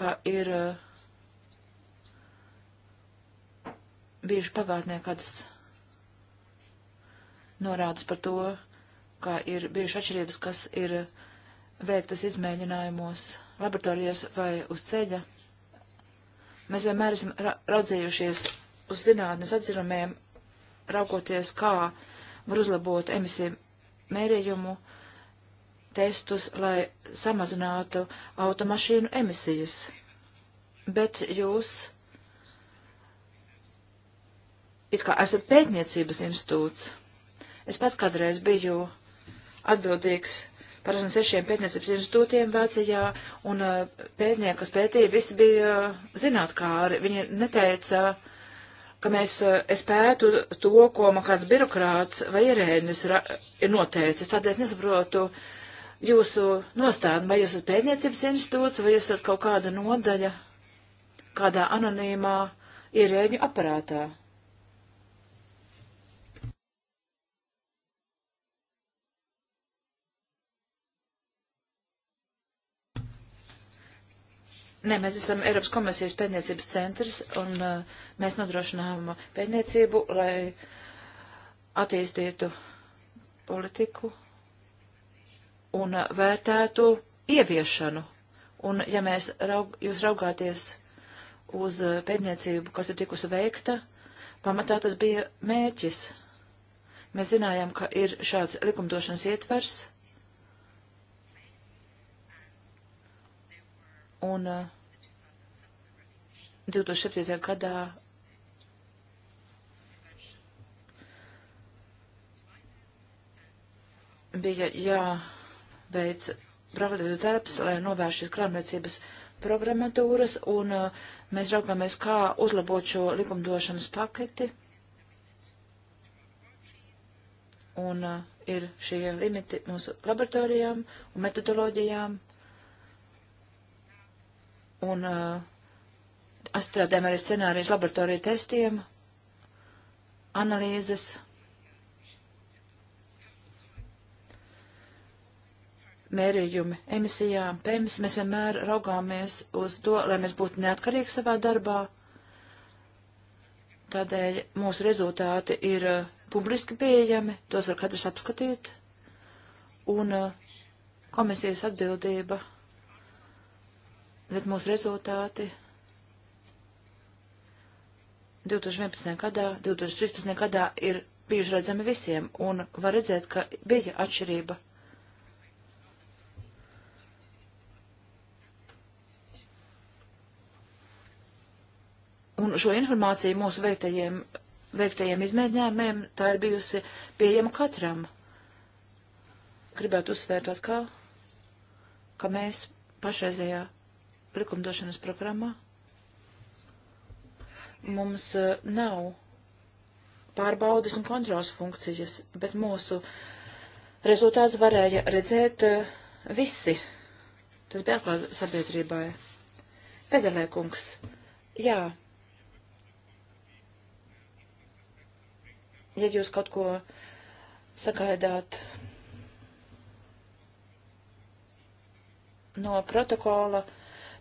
kā ir uh, bijuši pagātnē kādas norādes par to, kā ir bijuši atšķirības, kas ir uh, veiktas izmēģinājumos laboratorijas vai uz ceļa. Mēs vienmēr esam ra raudzējušies uz zinātnes atzinumiem, raugoties, kā var uzlabot emisiju mērījumu testus, lai samazinātu automašīnu emisijas. Bet jūs it kā esat pētniecības institūts. Es pats kādreiz biju atbildīgs par sešiem pētniecības institūtiem Vācijā, un uh, pētnieki, kas pētīja, visi bija uh, zinātkāri. Viņi neteica, ka mēs, uh, es pētu to, ko man kāds birokrāts vai ierēdnis ir noteicis. Tādēļ es nesaprotu jūsu nostādu, vai jūs esat pētniecības institūts, vai jūs esat kaut kāda nodaļa kādā anonīmā ierēģu aparātā. Nē, mēs esam Eiropas komisijas pētniecības centrs, un uh, mēs nodrošinām pētniecību, lai attīstītu politiku un uh, vērtētu ieviešanu. Un, ja mēs raug, jūs raugāties uz uh, pētniecību, kas ir tikusi veikta, pamatā tas bija mērķis. Mēs zinājām, ka ir šāds likumdošanas ietvers, Un 2007. Uh, gadā bija jāveic praktisks darbs, lai novērš šīs krāpniecības programmatūras, un uh, mēs raugāmies, kā uzlabot šo likumdošanas paketi. Un uh, ir šie limiti mūsu laboratorijām un metodoloģijām. Un uh, strādājam arī scenārijas laboratoriju testiem, analīzes. mērījumi emisijām, PEMS, mēs vienmēr raugāmies uz to, lai mēs būtu neatkarīgi savā darbā. Tādēļ mūsu rezultāti ir uh, publiski pieejami, tos var katrs apskatīt. Un uh, komisijas atbildība bet mūsu rezultāti 2011. gadā, 2013. gadā ir bijuši redzami visiem, un var redzēt, ka bija atšķirība. Un šo informāciju mūsu veiktajiem, veiktajiem izmēģinājumiem tā ir bijusi pieejama katram. Gribētu uzsvērt atkal, ka mēs pašreizējā likumdošanas programmā mums e, nav pārbaudas un kontrols funkcijas, bet mūsu rezultāts varēja redzēt e, visi. Tas bija atklāts sabiedrībai. Pedelē kungs, jā. Ja jūs kaut ko sagaidāt no protokola, uh,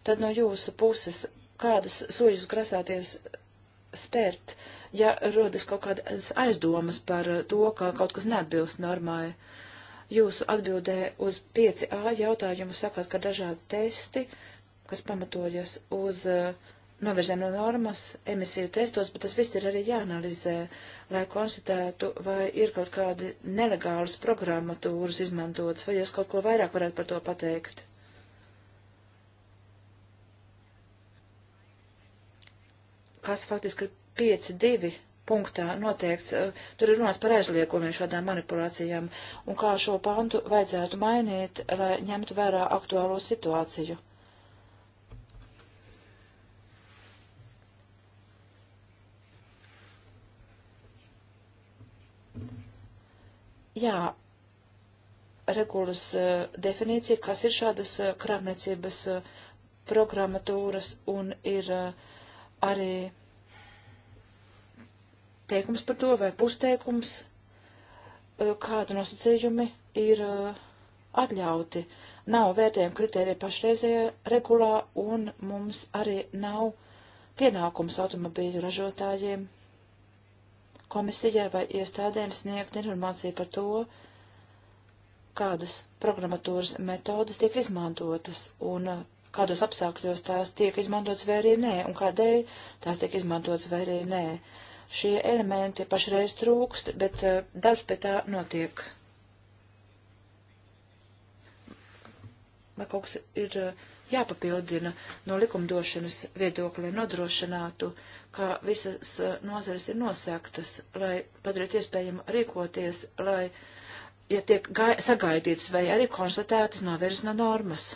tad no jūsu puses kādas soļus grasāties spērt, ja rodas kaut kādas aizdomas par to, ka kaut kas neatbilst normai. Jūsu atbildē uz 5A jautājumu sakāt, ka dažādi testi, kas pamatojas uz uh, novirzēm no normas emisiju testos, bet tas viss ir arī jāanalizē, lai konstatētu, vai ir kaut kādi nelegālas programmatūras izmantotas, vai jūs kaut ko vairāk varētu par to pateikt. kas faktiski ir 5.2 punktā noteikts, eh, tur ir runāts par aizliegumiem šādām manipulācijām un kā šo pantu vajadzētu mainīt, lai ņemtu vērā aktuālo situāciju. Jā, regulas uh, definīcija, kas ir šādas uh, krāpniecības uh, programmatūras un ir arī teikums par to vai pusteikums, eh, kādi nosacījumi ir eh, atļauti. Nav vērtējuma kritērija pašreizējā regulā, un mums arī nav pienākums automobīļu ražotājiem, komisijai vai iestādēm sniegt informāciju par to, kādas programmatūras metodas tiek izmantotas un eh, kādos apstākļos tās tiek izmantotas vai arī nē, un kādēļ tās tiek izmantotas vai arī nē. Uh, Šie elementi pašreiz trūkst, bet eh, darbs pie tā notiek. Vai kaut kas ir eh, jāpapildina no likumdošanas viedokļa, nodrošinātu, ka visas eh, nozares ir nosēktas, lai padarītu iespējami rīkoties, lai, ja tiek sagaidīts vai arī konstatētas novirzna normas.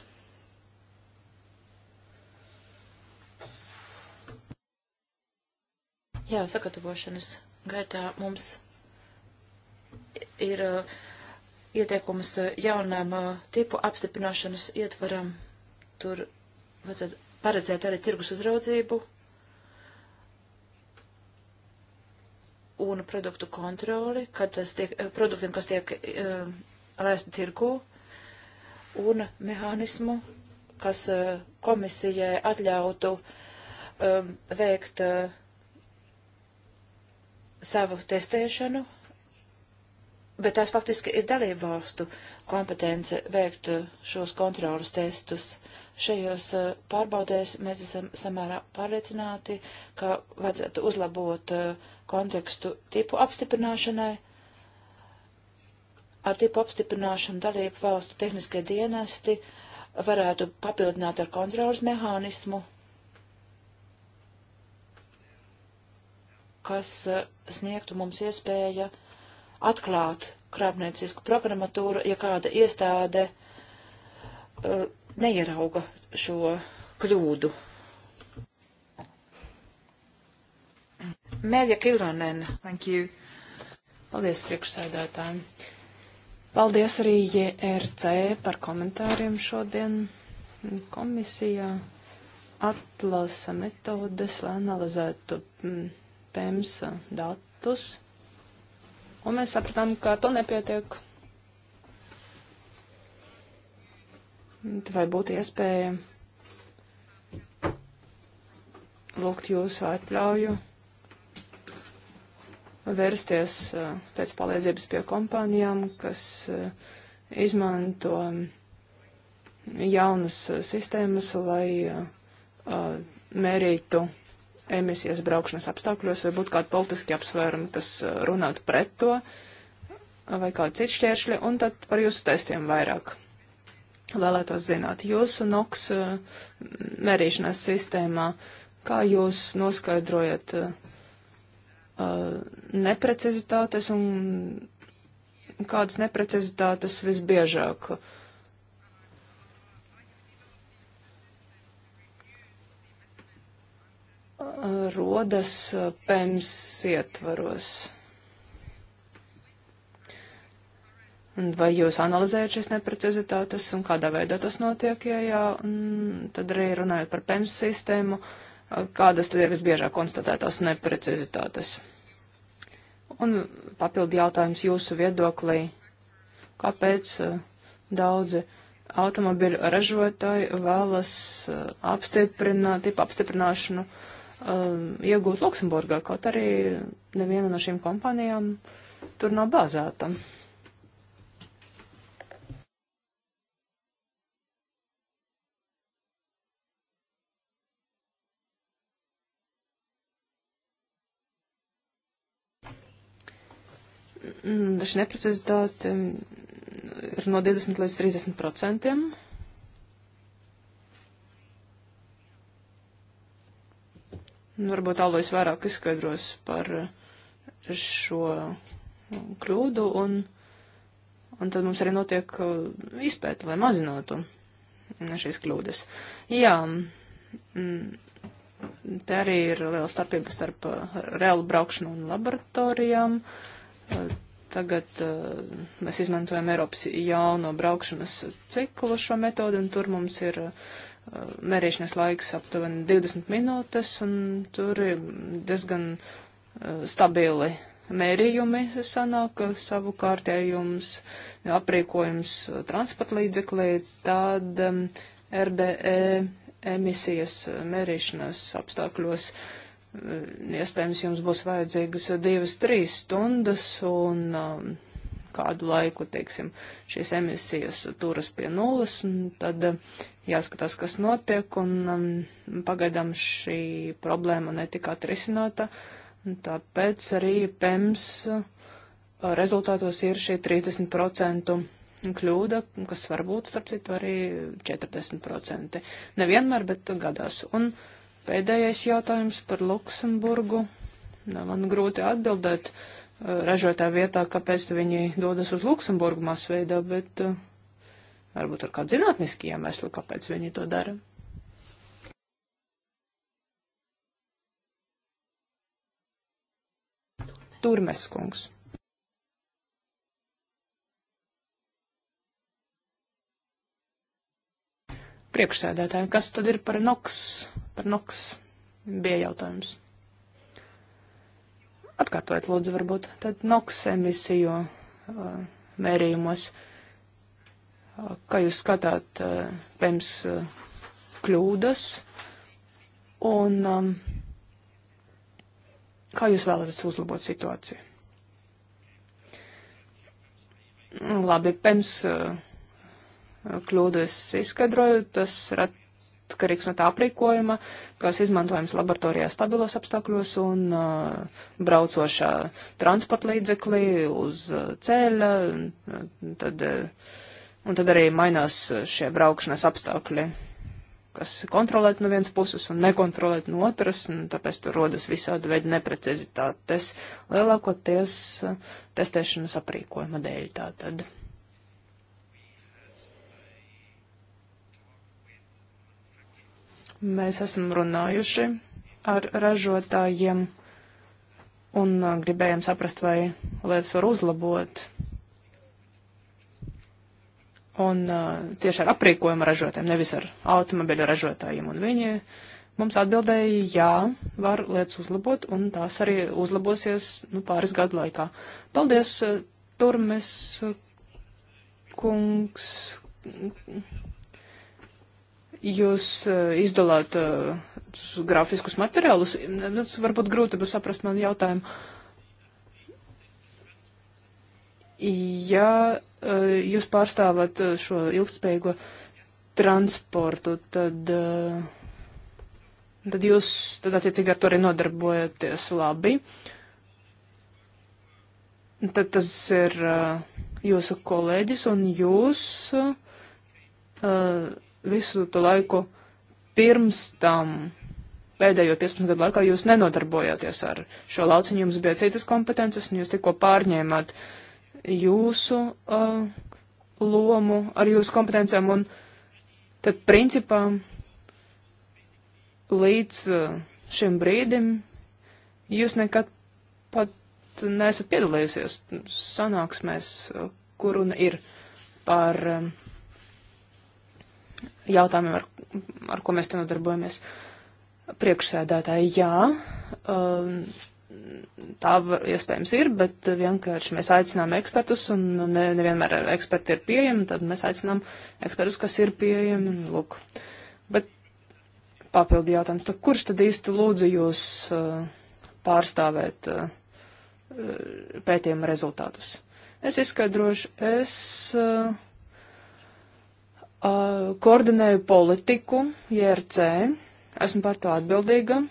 Jā, sagatavošanas gaitā mums ir uh, ieteikums uh, jaunam uh, tipu apstiprināšanas ietvaram. Tur vajadzētu paredzēt arī tirgus uzraudzību un produktu kontroli, kad tas tiek, uh, produktiem, kas tiek uh, laisti tirgu, un mehānismu, kas uh, komisijai atļautu um, veikt uh, savu testēšanu, bet tās faktiski ir dalību valstu kompetence veikt eh, šos kontrolas testus. Šajos eh, pārbaudēs mēs esam samērā pārliecināti, ka vajadzētu uzlabot eh, kontekstu tipu apstiprināšanai. Ar tipu apstiprināšanu dalību valstu tehniskie dienesti varētu papildināt ar kontrolas mehānismu kas eh, sniegtu mums iespēja atklāt krāpniecisku programmatūru, ja kāda iestāde uh, neierauga šo kļūdu. Mērja Kilonen. Thank you. Paldies priekšsēdētājiem. Paldies arī JRC par komentāriem šodien. Komisijā atlasa metodes, lai analizētu mm, PEMS datus, un mēs sapratām, ka to nepietiek. Vai būtu iespēja lūgt jūsu atļauju vērsties pēc palīdzības pie kompānijām, kas izmanto jaunas sistēmas, lai mērītu emisijas braukšanas apstākļos, vai būtu kādi politiski apsvērumi, kas eh, runātu pret to, vai kādi citi šķēršļi, un tad par jūsu testiem vairāk vēlētos zināt. Jūsu NOX eh, mērīšanas sistēmā, kā jūs noskaidrojat uh, neprecizitātes un kādas neprecizitātes visbiežāk uh, rodas PEMS ietvaros. Un vai jūs analizējat šīs neprecizitātes un kādā veidā tas notiek, ja jā, un tad arī runājot par PEMS sistēmu, kādas tad ir visbiežāk konstatētās neprecizitātes? Un papildi jautājums jūsu viedoklī, kāpēc daudzi automobiļu ražotāji vēlas apstiprināt, tipu apstiprināšanu uh, um, iegūt Luksemburgā, kaut arī neviena no šīm kompānijām tur nav bāzēta. Mm, šī neprecizitāte ir no 20 līdz 30 procentiem. Nu, varbūt Alois vairāk izskaidros par eh, šo eh, kļūdu, un, un tad mums arī notiek eh, izpēta, lai mazinātu mm, šīs kļūdas. Jā, mm, te arī ir liela starpība starp reālu braukšanu un laboratorijām. Tagad mēs izmantojam Eiropas jauno braukšanas ciklu šo metodu, un tur mums ir uh, mērīšanas laiks aptuveni 20 minūtes, un tur ir diezgan e, stabili mērījumi sanāk, savukārtējums, aprīkojums transporta līdzeklī, tad RDE emisijas mērīšanas apstākļos iespējams jums būs vajadzīgas divas, trīs stundas un um, kādu laiku, teiksim, šīs emisijas turas pie nulles, un tad uh, jāskatās, kas notiek, un um, pagaidām šī problēma netika atrisināta. Tāpēc arī PEMS uh, rezultātos ir šī 30% kļūda, kas var būt, starp citu, arī 40%. Nevienmēr, bet gadās. Un pēdējais jautājums par Luksemburgu. Man grūti atbildēt uh, ražotā vietā, kāpēc viņi dodas uz Luksemburgu masveidā, bet uh, Varbūt ar kādu zinātniski iemeslu, kāpēc viņi to dara. Turmes kungs. priekšsēdētājiem. Kas tad ir par NOX? Par NOX bija jautājums. Atkārtojiet, lūdzu, varbūt tad NOX emisiju uh, mērījumos. Uh, kā jūs skatāt, eh, pirms eh, kļūdas, un um, kā jūs vēlaties uzlabot situāciju? Nu, labi, pirms eh, kļūdu es izskaidroju, tas ir atkarīgs no tā aprīkojuma, kas izmantojams laboratorijā stabilos apstākļos un uh, braucošā transporta līdzeklī uz ceļa, tad uh, Un tad arī mainās uh, šie braukšanas apstākļi, kas kontrolēt no vienas puses un nekontrolēt no otras, un tāpēc tur rodas visādi veidi neprecizitātes lielākoties uh, testēšanas aprīkojuma dēļ tātad. Mēs esam runājuši ar ražotājiem un uh, gribējām saprast, vai lietas var uzlabot un uh, tieši ar aprīkojuma ražotājiem, nevis ar automobiļu ražotājiem. Un viņi mums atbildēja, jā, var lietas uzlabot, un tās arī uzlabosies nu, pāris gadu laikā. Paldies, uh, Turmes kungs. Jūs uh, izdalāt uh, grafiskus materiālus. Nu, tas varbūt grūti būs saprast man jautājumu. Uh, Ja eh, jūs pārstāvat eh, šo ilgspējīgo transportu, tad, eh, tad jūs, tad attiecīgi ar to arī nodarbojaties labi. Tad tas ir jūsu kolēģis un jūs visu to laiku pirms tam pēdējo 15 gadu laikā jūs nenodarbojāties ar šo lauciņu, jums bija citas kompetences, un jūs tikko pārņēmāt uh, jūsu uh, lomu, ar jūsu kompetencijām un tad principā līdz uh, šim brīdim jūs nekad pat nesat piedalījusies sanāksmēs, uh, kur runa ir par um, jautājumiem, ar, ar ko mēs te nodarbojamies. Priekšsēdētāji, jā. Um, uh, tā var, iespējams ir, bet vienkārši mēs aicinām ekspertus, un ne, nevienmēr eksperti ir pieejami, tad mēs aicinām ekspertus, kas ir pieejami, un lūk. Bet papildi jautājums, tad kurš tad īsti lūdzu jūs uh, pārstāvēt uh, uh pētījuma rezultātus? Es izskaidrošu, es uh, uh koordinēju politiku JRC, esmu par to atbildīga,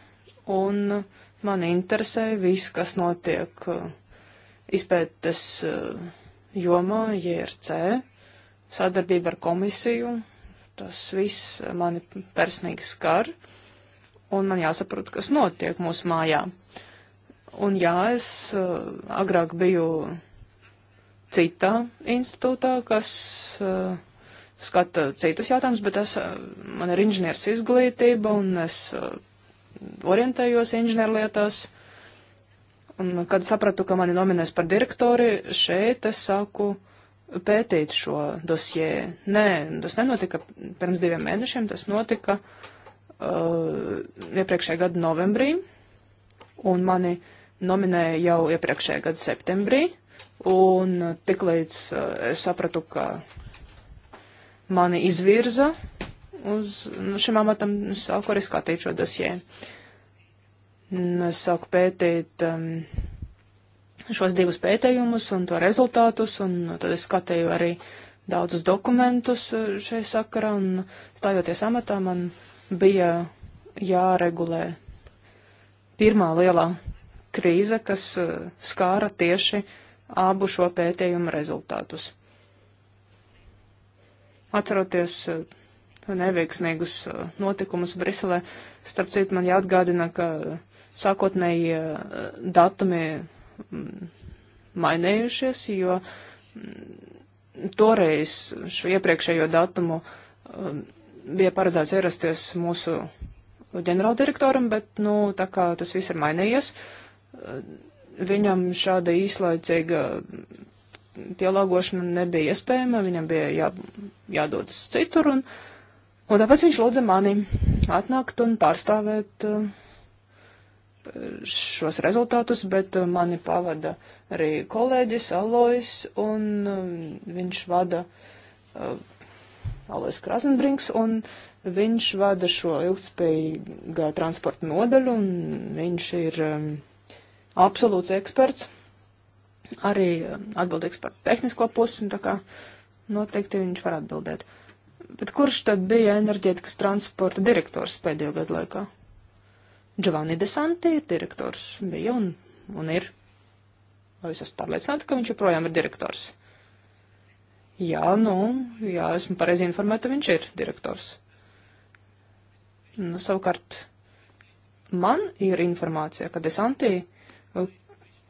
un uh, Man interesē viss, kas notiek uh, izpētes uh, jomā, JRC, sadarbība ar komisiju. Tas viss mani personīgi skar, un man jāsaprot, kas notiek mūsu mājā. Un jā, es uh, agrāk biju citā institūtā, kas skata citus jautājumus, bet es, man ir inženieris izglītība, un es orientējos inženierlietās. Un, kad sapratu, ka mani nominēs par direktori, šeit es sāku pētīt šo dosjē. Nē, tas nenotika pirms diviem mēnešiem, tas notika uh, iepriekšējā gada novembrī, un mani nominēja jau iepriekšējā gada septembrī, un tiklīdz uh, es sapratu, ka mani izvirza, uz nu, šim amatam sāku arī skatīt šo dosē. Es sāku pētīt um, šos divus pētījumus un to rezultātus, un tad es skatīju arī daudzus dokumentus uh, šai sakarā, un stājoties amatā man bija jāregulē pirmā lielā krīze, kas uh, skāra tieši abu šo pētījumu rezultātus. Atceroties uh, neveiksmīgus uh, notikumus Briselē. Starp citu, man jāatgādina, ka uh, sākotnēji uh, datumi mm, mainījušies, jo mm, toreiz šo iepriekšējo datumu um, bija paredzēts ierasties mūsu ģenerāldirektoram, bet, nu, tā kā tas viss ir mainījies, viņam šāda īslaicīga mm, pielāgošana nebija iespējama, viņam bija jā, jādodas citur, un Un tāpēc viņš lūdza mani atnākt un pārstāvēt eh, šos rezultātus, bet eh, mani pavada arī kolēģis Alois, un eh, viņš vada Alois Krasenbrinks, un viņš vada šo ilgspējīgā transporta nodaļu, un viņš ir absolūts eksperts, arī atbildīgs par tehnisko pusi, un tā kā noteikti viņš var atbildēt. Uh, Bet kurš tad bija enerģētikas transporta direktors pēdējo gadu laikā? Giovanni Desanti ir direktors, bija un, un ir. Vai es esmu pārliecināta, ka viņš joprojām ir direktors? Jā, nu, jā, esmu pareizi informēta, viņš ir direktors. Nu, savukārt, man ir informācija, ka Desantī uh,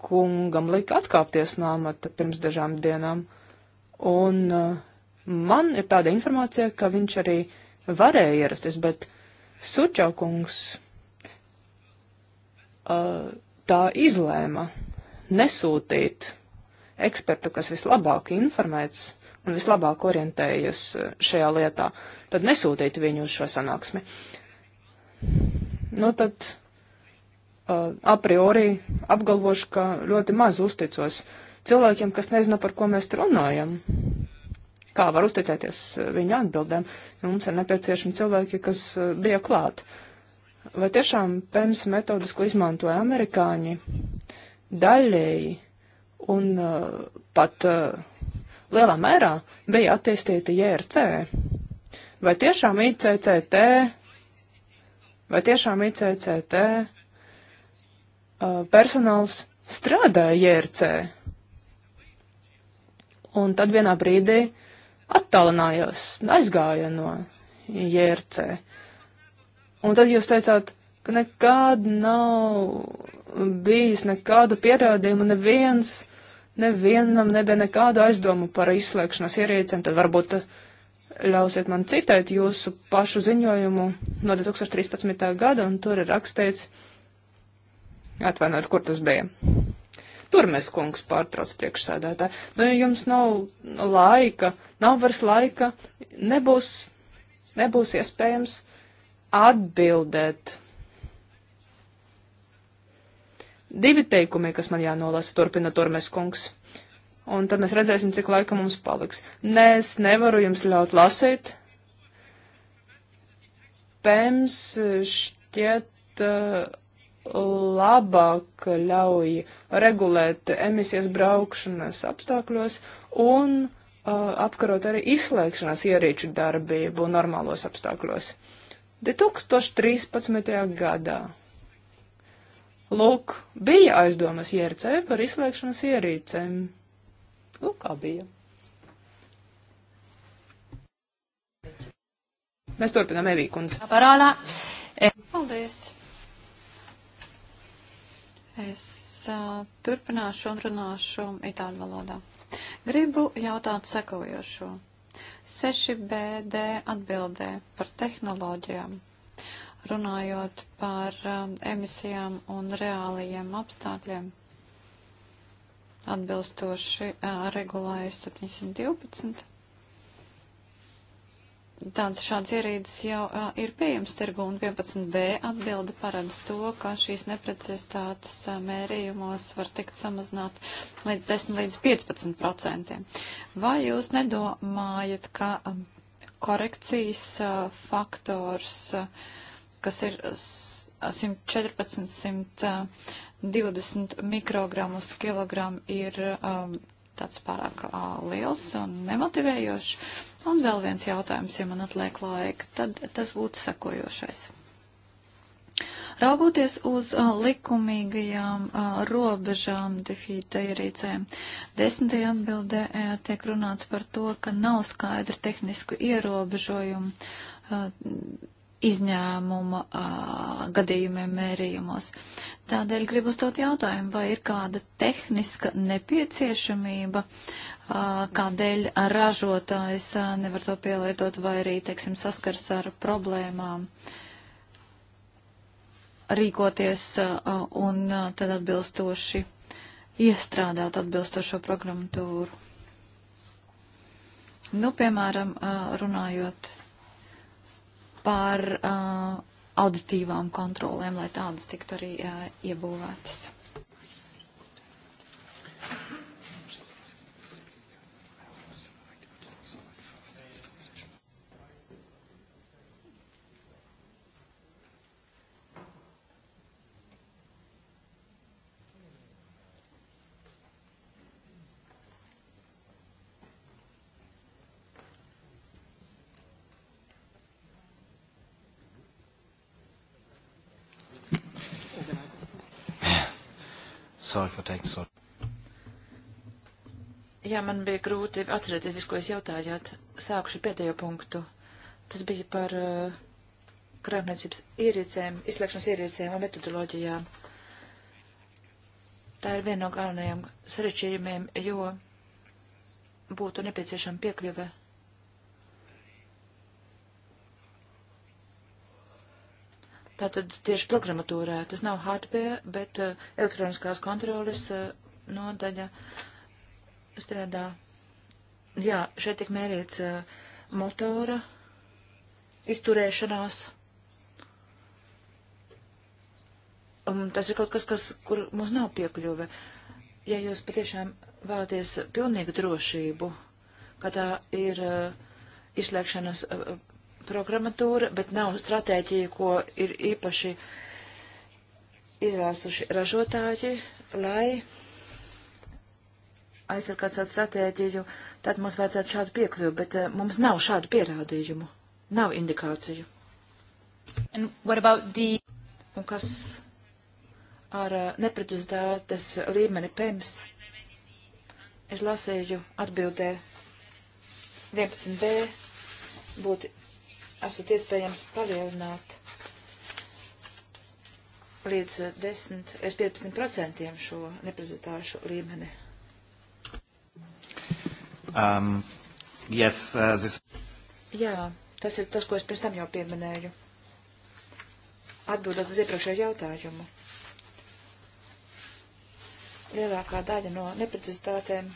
kungam lika atkāpties no amata pirms dažām dienām, un uh, Man ir tāda informācija, ka viņš arī varēja ierasties, bet Sučaukungs uh, tā izlēma nesūtīt ekspertu, kas vislabāk informēts un vislabāk orientējies šajā lietā, tad nesūtīt viņu uz šo sanāksmi. Nu, tad uh, a priori apgalvošu, ka ļoti maz uzticos cilvēkiem, kas nezina, par ko mēs runājam. Kā var uzticēties eh, viņu atbildēm? Nu, mums ir nepieciešami cilvēki, kas eh, bija klāt. Vai tiešām PEMS metodas, ko izmantoja amerikāņi, daļēji un uh, pat uh, lielā mērā bija attīstīta JRC? Vai tiešām ICCT, vai tiešām ICCT uh, personāls strādāja JRC? Un tad vienā brīdī uh, attālinājos, aizgāju no JRC. Un tad jūs teicāt, ka nekad nav bijis nekādu pierādījumu, neviens, nevienam nebija nekādu aizdomu par izslēgšanas ierīcēm, tad varbūt ļausiet man citēt jūsu pašu ziņojumu no 2013. gada, un tur ir rakstīts, atvainojiet, kur tas bija. Turmes kungs pārtrauc priekšsēdētā. Nu, ja jums nav laika, nav vairs laika, nebūs, nebūs iespējams atbildēt. Divi teikumi, kas man jānolasa, turpina Turmes kungs. Un tad mēs redzēsim, cik laika mums paliks. Nē, es nevaru jums ļaut lasīt. PEMS šķiet uh, labāk ļauj regulēt emisijas braukšanas apstākļos un uh, apkarot arī izslēgšanās ierīču darbību normālos apstākļos. 2013. gadā. Lūk, bija aizdomas ierīcē par izslēgšanas ierīcēm. Lūk, kā bija. Mēs turpinām Evīkundzi. Parālā. Paldies. Es uh, turpināšu un runāšu itāļu valodā. Gribu jautāt sekojošo. 6BD atbildē par tehnoloģijām, runājot par um, emisijām un reālajiem apstākļiem, atbilstoši uh, regulēju 712. Tāds šāds ierīdes jau uh, ir pieejams tirgu un 11b atbilde paredz to, ka šīs neprecizitātes uh, mērījumos var tikt samazināt līdz 10 līdz 15 procentiem. Vai jūs nedomājat, ka um, korekcijas uh, faktors, uh, kas ir 114, 120 mikrogramus kilogramu, ir um, tāds pārāk uh, liels un nemotivējošs? Un vēl viens jautājums, ja man atliek laika, tad tas būtu sakojošais. Raugoties uz uh, likumīgajām uh, robežām defīta ierīcēm, desmitajā atbildē uh, tiek runāts par to, ka nav skaidra tehnisku ierobežojumu izņēmuma gadījumiem mērījumos. Tādēļ gribu uzdot jautājumu, vai ir kāda tehniska nepieciešamība uh, kādēļ ražotājs nevar to pielietot vai arī, teiksim, saskars ar problēmām rīkoties un tad atbilstoši iestrādāt atbilstošo programmatūru. Nu, piemēram, runājot par auditīvām kontrolēm, lai tādas tiktu arī iebūvētas. Sorry for taking so. Jā, man bija grūti atcerēties visu, ko jūs jautājāt. Sākuši pēdējo punktu. Tas bija par uh, krāpniecības ierīcēm, izslēgšanas ierīcēm un metodoloģijām. Tā ir viena no galvenajām sarečījumiem, jo būtu nepieciešama piekļuve Tātad tieši programmatūrā tas nav hardware, bet uh, elektroniskās kontroles uh, nodaļa strādā. Jā, šeit tik mērīts uh, motora izturēšanās. Un um, tas ir kaut kas, kas, kur mums nav piekļuve. Ja jūs patiešām vēlaties pilnīgu drošību, ka tā ir uh, izslēgšanas uh, programmatūra, bet nav stratēģija, ko ir īpaši izvēlsuši ražotāji, lai aizsargātu savu stratēģiju, tad mums vajadzētu šādu piekļuvi, bet uh, mums nav šādu pierādījumu, nav indikāciju. The... Un kas ar uh, neprecizitātes līmeni PEMS? Es lasīju atbildē 11b būtu esat iespējams palielināt līdz 10 līdz 15 procentiem šo neprezentāšu līmeni. Um, yes, uh, this... Jā, tas ir tas, ko es pirms tam jau pieminēju. Atbildot uz iepriekšējo jautājumu. Lielākā daļa no neprecizitātēm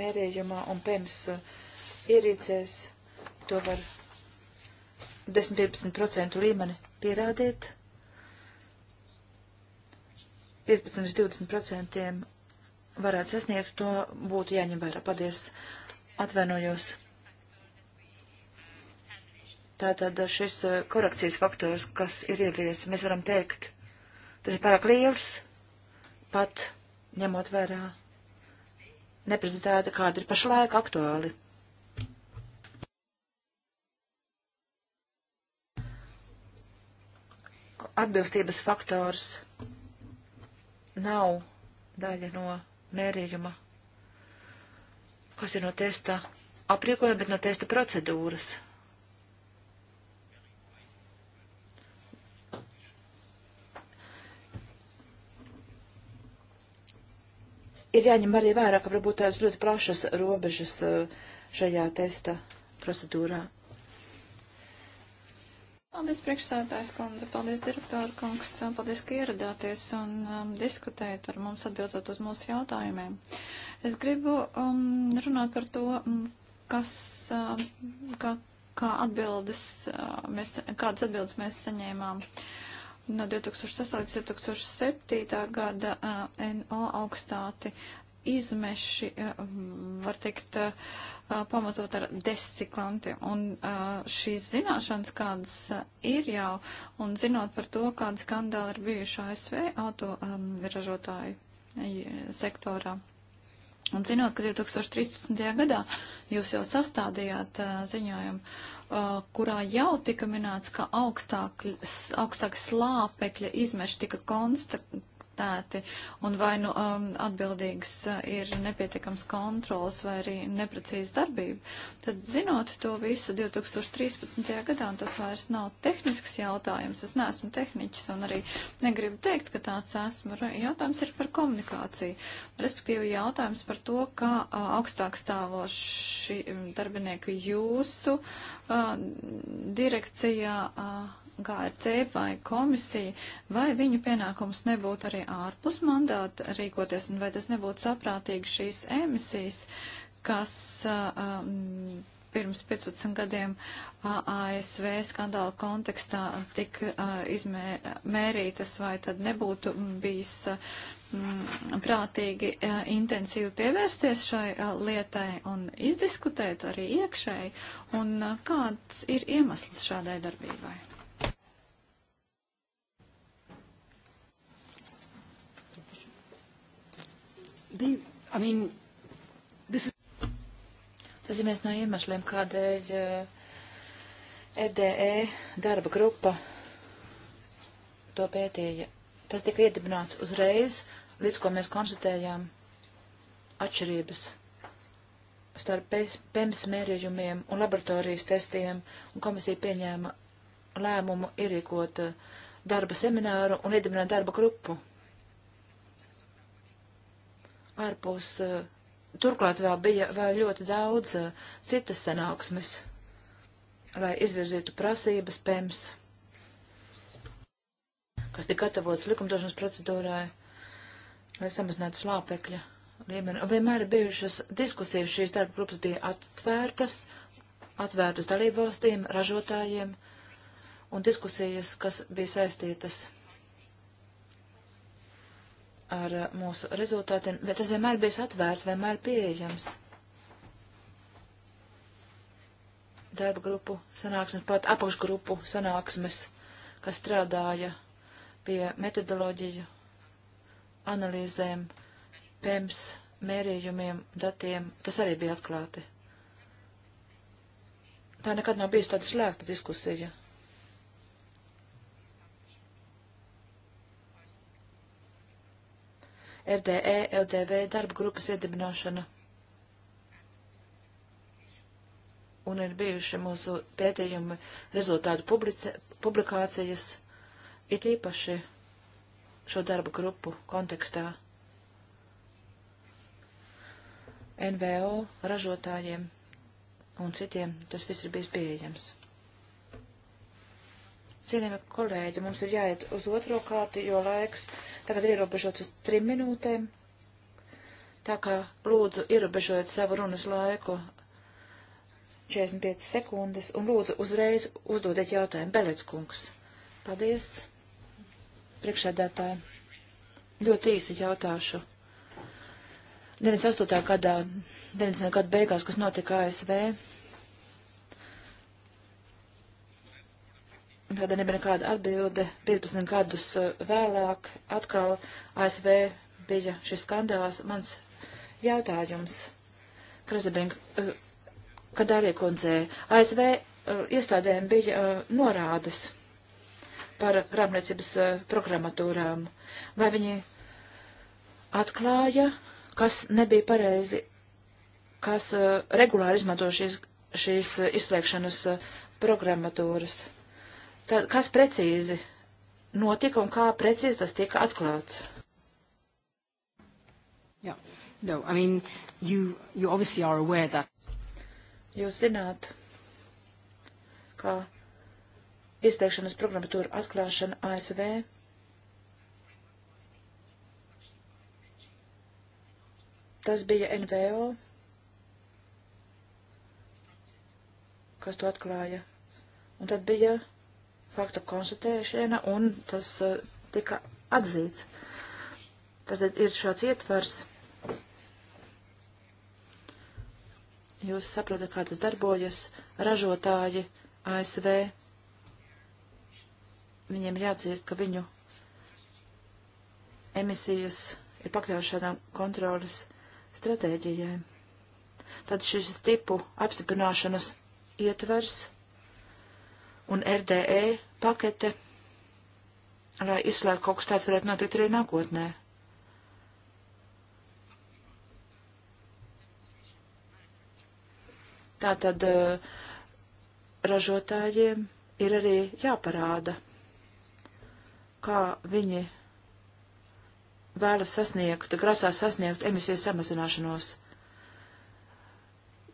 mērījumā un PEMS uh, ierīcēs to var 10-15% līmeni pierādīt. 15-20% varētu sasniegt, to būtu jāņem vērā. Paldies, atvainojos. Tātad šis eh, korekcijas faktors, kas ir iegriezis, mēs varam teikt, tas ir pārāk liels, pat ņemot vērā neprezentēta, kāda ir pašlaik aktuāli. atbilstības faktors nav daļa no mērījuma, kas ir no testa aprīkojuma, bet no testa procedūras. ir jāņem arī vērā, ka varbūt tādas ļoti plašas robežas eh, šajā testa procedūrā. Paldies, priekšsēdājs kundze, paldies, direktora kungs, paldies, ka ieradāties un um, diskutējat ar mums atbildot uz mūsu jautājumiem. Es gribu um, runāt par to, um, kas, um, kā, kā atbildes, uh, mēs, kādas atbildes mēs saņēmām. Uh, no 2008. līdz 2007. gada uh, NO augstāti izmeši, eh, var teikt, eh, pamatot ar desciklantiem. Un eh, šīs zināšanas, kādas ir jau, un zinot par to, kāda skandāla ir bijuši ASV autoražotāju sektorā. Un zinot, ka 2013. gadā jūs jau sastādījāt ziņojumu, kurā jau tika minēts, ka augstāk, augstāk slāpekļa izmeši tika konstatēti adaptēti, un vai nu um, atbildīgs uh, ir nepietiekams kontrols vai arī neprecīza darbība, tad zinot to visu 2013. gadā, un tas vairs nav tehnisks jautājums, es neesmu tehniķis un arī negribu teikt, ka tāds esmu, jautājums ir par komunikāciju, respektīvi jautājums par to, kā uh, augstāk stāvoši um, darbinieki jūsu uh, direkcijā. Uh, GRC vai komisija, vai viņu pienākums nebūtu arī ārpus mandāta rīkoties, un vai tas nebūtu saprātīgi šīs emisijas, kas um, pirms 15 gadiem ASV skandāla kontekstā tika uh, izmērītas, izmē, vai tad nebūtu bijis mm, prātīgi uh, intensīvi pievērsties šai uh, lietai un izdiskutēt arī iekšēji, un kāds ir iemesls šādai darbībai? The, I mean, this is... Tas ir viens no iemesliem, kādēļ RDE eh, e darba grupa to pētīja. Tas tika iedibināts uzreiz, līdz ko mēs konstatējām atšķirības starp PEMS mērījumiem un laboratorijas testiem, un komisija pieņēma lēmumu ierīkot eh, darba semināru un iedibināt darba grupu ārpus. Eh, turklāt vēl bija vēl ļoti daudz eh, citas sanāksmes, lai izvirzītu prasības PEMS, kas tika gatavotas likumdošanas procedūrai, lai samazinātu slāpekļa līmeni. Vienmēr ir bijušas diskusijas, šīs darba grupas bija atvērtas, atvērtas dalībvalstīm, ražotājiem un diskusijas, kas bija saistītas ar uh, mūsu rezultātiem, bet tas vienmēr bijis atvērts, vienmēr pieejams. Darba grupu sanāksmes, pat apakšgrupu sanāksmes, kas strādāja pie metodoloģiju analīzēm, PEMS mērījumiem, datiem, tas arī bija atklāti. Tā nekad nav bijusi tāda slēgta diskusija. RDE, e LDV darba grupas iedibināšana. Un ir bijuši mūsu pētījumi rezultātu publice, publikācijas, it īpaši šo darba grupu kontekstā. NVO ražotājiem un citiem tas viss ir bijis pieejams. Cienījami kolēģi, mums ir jāiet uz otro kārtu, jo laiks tagad ir ierobežots uz trim minūtēm. Tā kā lūdzu ierobežojiet savu runas laiku 45 sekundes un lūdzu uzreiz uzdodiet jautājumu. Belec kungs. Paldies. Priekšsēdētāji. Ļoti īsi jautāšu. 98. gadā, 90. gada beigās, kas notika ASV, Tad nebija nekāda atbilde. 15 gadus eh, vēlāk atkal ASV bija šis skandāls. Mans jautājums, Krasabink, eh, kad arī kundzē, ASV eh, iestādēm bija norādes par grāmatniecības programmatūrām. Vai viņi atklāja, kas nebija pareizi, kas regulāri izmanto šīs, šīs izslēgšanas programmatūras? Tad kas precīzi notika un kā precīzi tas tika atklāts? Yeah. No, I mean, you, you obviously are aware that. Jūs zināt, ka izteikšanas programmatūra atklāšana ASV tas bija NVO, kas to atklāja. Un tad bija faktu konstatēšana, un tas uh, tika atzīts. Tātad ir šāds ietvers. Jūs saprotat, kā tas darbojas. Ražotāji ASV, viņiem ir jāciest, ka viņu emisijas ir pakļauts šādām kontrolas stratēģijai. Tad šis tipu apstiprināšanas ietvers un RDE pakete, lai izslēgtu kaut kas tāds varētu notikt arī nākotnē. Tātad eh, ražotājiem ir arī jāparāda, kā viņi vēlas sasniegt, grasās sasniegt emisiju samazināšanos.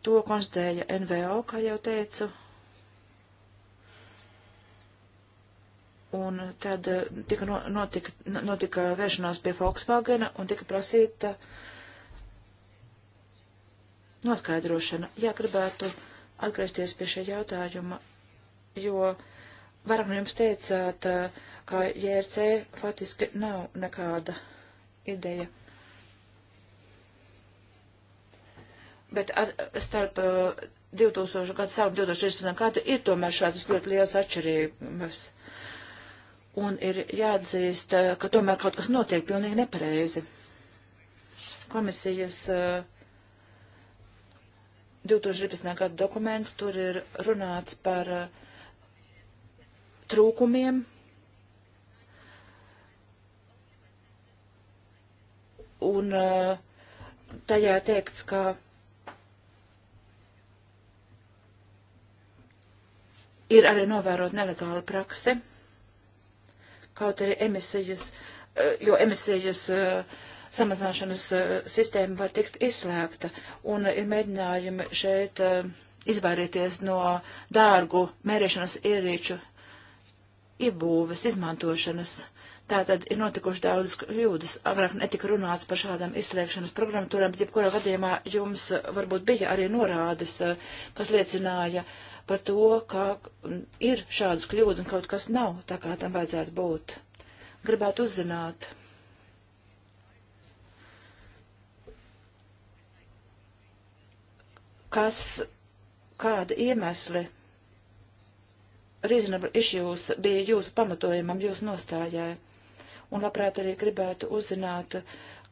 To konstatēja NVO, kā jau teicu, Un tad eh, tika notika, notika vēršanās pie Volkswagena un tika prasīta noskaidrošana. Jā, gribētu atgriezties pie šī jautājuma, jo varam jums teicāt, eh, ka JRC faktiski nav nekāda ideja. Bet ar, starp 2000 eh, gadu savu 2016 gadu ir tomēr šādas ļoti liels atšķirības un ir jāatzīst, eh, ka tomēr kaut kas notiek pilnīgi nepareizi. Komisijas 2011. Eh, gada dokuments tur ir runāts par eh, trūkumiem. Un tajā teikts, ka ir arī novērot nelegāla prakse kaut arī emisijas, eh, jo emisijas eh, samazināšanas eh, sistēma var tikt izslēgta, un ir mēģinājumi šeit izvairīties no dārgu mērīšanas ierīču iebūves, izmantošanas. Tātad ir notikuši daudz kļūdas. Agrāk netika runāts par šādām izslēgšanas programmatūrām, bet jebkurā gadījumā jums varbūt bija arī norādes, kas liecināja, uh, par to, ka ir šādas kļūdas un kaut kas nav tā, kā tam vajadzētu būt. Gribētu uzzināt. Kas, kāda iemesli reasonable issues bija jūsu pamatojumam, jūsu nostājai? Un labprāt arī gribētu uzzināt,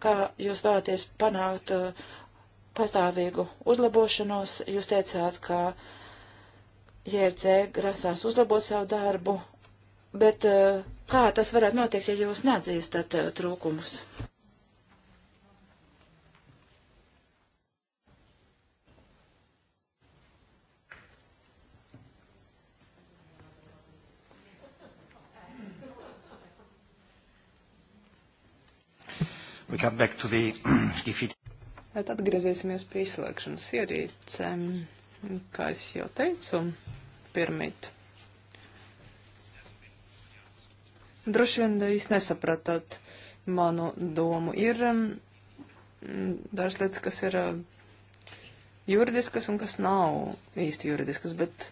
kā jūs vēlaties panākt uh, pastāvīgu uzlabošanos. Jūs teicāt, ka uh, JRC grasās uzlabot savu darbu, bet eh, kā tas varētu notikt, ja jūs neatzīstat eh, trūkumus? Tad atgriezīsimies pie izslēgšanas ierīcēm. Um kā es jau teicu, pirmīt. Droši vien jūs nesapratat manu domu. Ir um, dažas lietas, kas ir um, juridiskas un kas nav īsti juridiskas, bet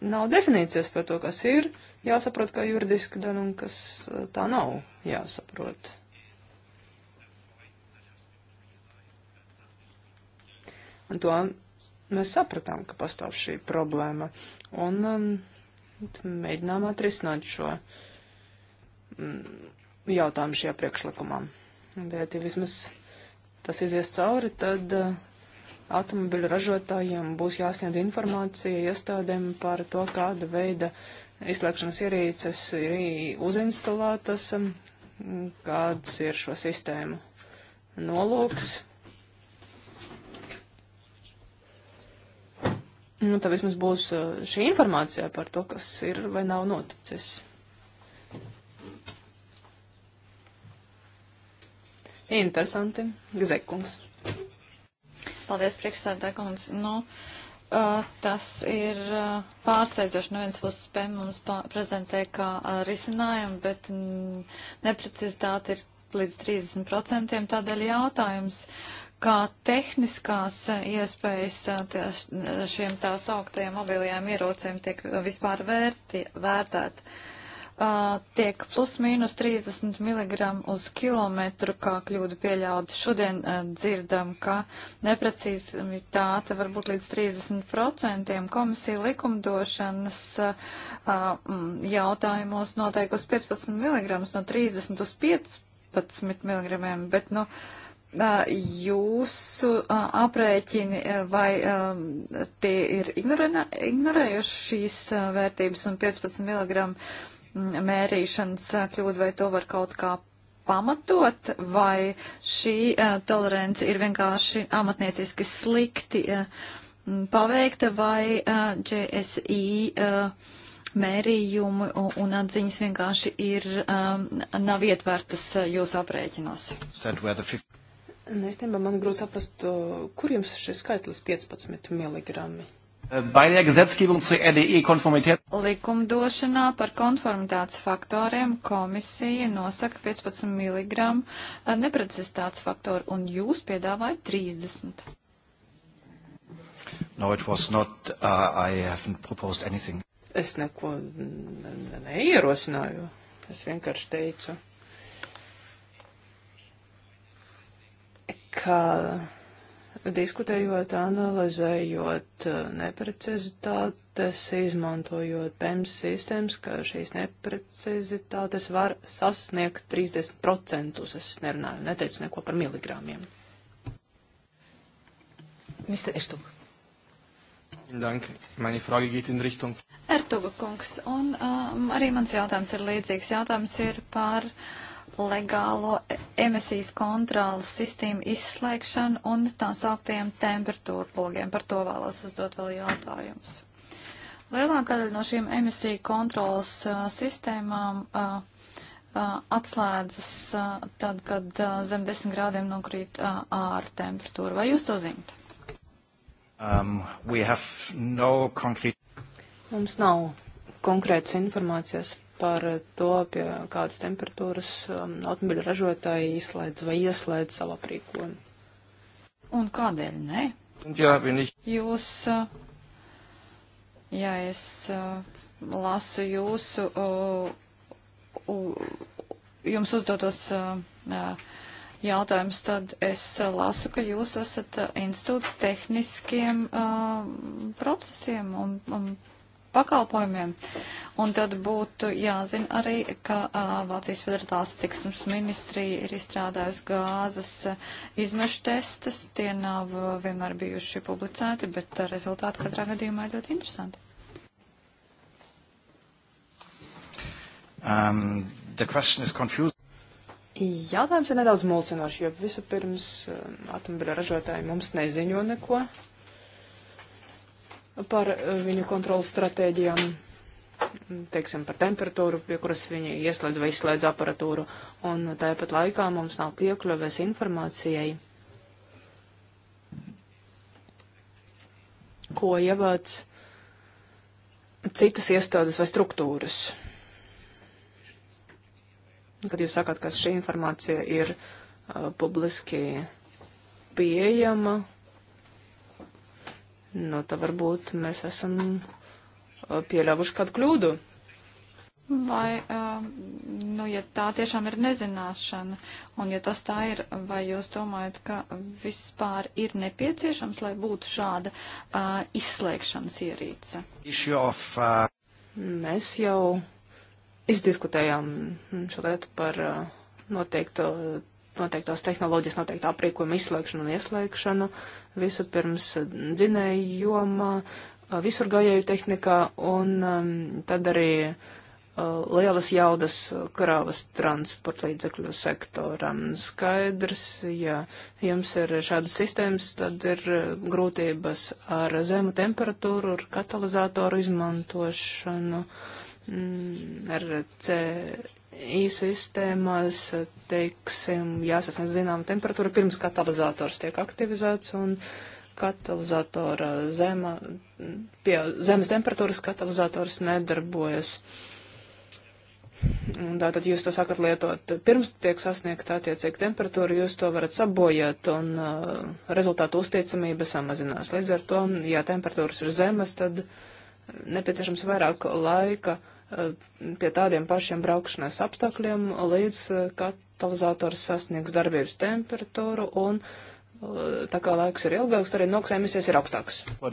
nav definīcijas par to, kas ir jāsaprot kā juridiski dara un kas uh, tā nav jāsaprot. Un to Mēs sapratām, ka pastāv šī problēma un um, mēģinām atrisināt šo um, jautājumu šajā priekšlikumā. Bet, ja vismaz tas izies cauri, tad uh, automobiļu ražotājiem būs jāsniedz informācija iestādēm par to, kāda veida izslēgšanas ierīces ir uzinstalētas, um, kāds ir šo sistēmu nolūks Nu, tad vismaz būs eh, šī informācija par to, kas ir vai nav noticis. Interesanti. Gzekungs. Paldies, priekšsēdētāj, kundze. Nu, uh, tas ir uh, pārsteidzoši. No nu, vienas puses, PEM mums prezentē kā uh, risinājumu, bet mm, neprecizitāte ir līdz 30%. Tādēļ jautājums, kā tehniskās eh, iespējas eh, eh, šiem tā sauktajiem mobilajiem ierocēm tiek vispār vērti, vērtēt. Uh, tiek plus mīnus 30 mg uz kilometru, kā kļūda pieļauta. Šodien uh, dzirdam, ka neprecizitāte var būt līdz 30%. Komisija likumdošanas uh, jautājumos noteikusi 15 mg no 30 uz 15 mg, bet, nu, no jūsu aprēķini vai tie ir ignorē, ignorējuši šīs vērtības un 15 mg mm, mērīšanas kļūdu, vai to var kaut kā pamatot, vai šī tolerance ir vienkārši amatnieciski slikti paveikta, vai GSI mērījumi un atziņas vienkārši ir, nav ietvertas jūsu aprēķinos. Nestenībā nu, man grūti saprast, kur jums šis skaitlis 15 mg. Bei der Gesetzgebung zur RDE-Konformität. Likumdošanā par konformitātes faktoriem komisija nosaka 15 mg neprecizitātes faktoru, un jūs piedāvājat 30. No, it was not. Uh, I haven't proposed anything. Es neko neierosināju. Es vienkārši teicu. ka diskutējot, analizējot neprecizitātes, izmantojot PEMS sistēmas, ka šīs neprecizitātes var sasniegt 30%. Es nerunāju, neteicu neko par miligrāmiem. Mr. Ertug. Dank. Meine Frage geht in Richtung. Ertuga kungs, un um, arī mans jautājums ir līdzīgs. Jautājums ir par uh, legālo e- emisijas kontrolas sistēmu izslēgšanu un tā sauktajiem temperatūru logiem. Par to vēlos uzdot vēl jautājumus. Lielākā daļa no šīm emisiju kontrolas uh, sistēmām uh, uh, atslēdzas uh, tad, kad uh, zem 10 grādiem nokrīt uh, āra temperatūra. Vai jūs to zinat? Um, no concrete... Mums nav konkrētas informācijas par to, pie kādas temperatūras um, automobiļu ražotāji izslēdz vai ieslēdz savu aprīkojumu. Un kādēļ ne? Jā, Jūs, uh, ja es uh, lasu jūsu, uh, jums uzdotos jautājums, tad es lasu, ka jūs esat institūts tehniskiem procesiem un, un pakalpojumiem. Un tad būtu jāzina arī, ka uh, Vācijas federālās tiksmes ministrija ir izstrādājusi gāzes izmešu testus. Tie nav vienmēr bijuši publicēti, bet rezultāti katrā gadījumā ir ļoti interesanti. Um, the question is confused. Jautājums ir nedaudz mulsinošs, jo visu pirms um, atombira ražotāji mums neziņo neko par eh, viņu kontrolas stratēģijām, teiksim, par temperatūru, pie kuras viņi ieslēdz vai izslēdz aparatūru, un tāpat laikā mums nav piekļuves informācijai, ko ievāc citas iestādes vai struktūras. Kad jūs sakat, ka šī informācija ir uh, publiski pieejama, Nu, tad varbūt mēs esam uh, pieļāvuši kādu kļūdu. Vai, uh, nu, ja tā tiešām ir nezināšana, un ja tas tā ir, vai jūs domājat, ka vispār ir nepieciešams, lai būtu šāda uh, izslēgšanas ierīce? Uh, mēs jau izdiskutējām šo lietu par noteiktu noteiktos tehnoloģijas, noteiktu aprīkojumu izslēgšanu un ieslēgšanu, visu pirms eh, dzinējumā, eh, visur gājēju tehnikā un um, tad arī uh, lielas jaudas krāvas transporta līdzekļu sektoram. Skaidrs, ja jums ir šādas sistēmas, tad ir grūtības ar zemu temperatūru, ar katalizatoru izmantošanu, mm, ar C sistēmās, teiksim, jāsasniedz zināma temperatūra pirms katalizators tiek aktivizēts un katalizatora zema, pie zemes temperatūras katalizators nedarbojas. Tātad jūs to sakat lietot pirms tiek sasniegta attiecīga temperatūra, jūs to varat sabojāt un uh, rezultātu uzticamība samazinās. Līdz ar to, ja temperatūras ir zemas, tad nepieciešams vairāk laika uh, Eh, pie tādiem pašiem braukšanas apstākļiem, līdz eh, katalizators sasniegs darbības temperatūru un eh, tā kā laiks ir ilgāks, arī NOX emisijas ir augstāks. Nu,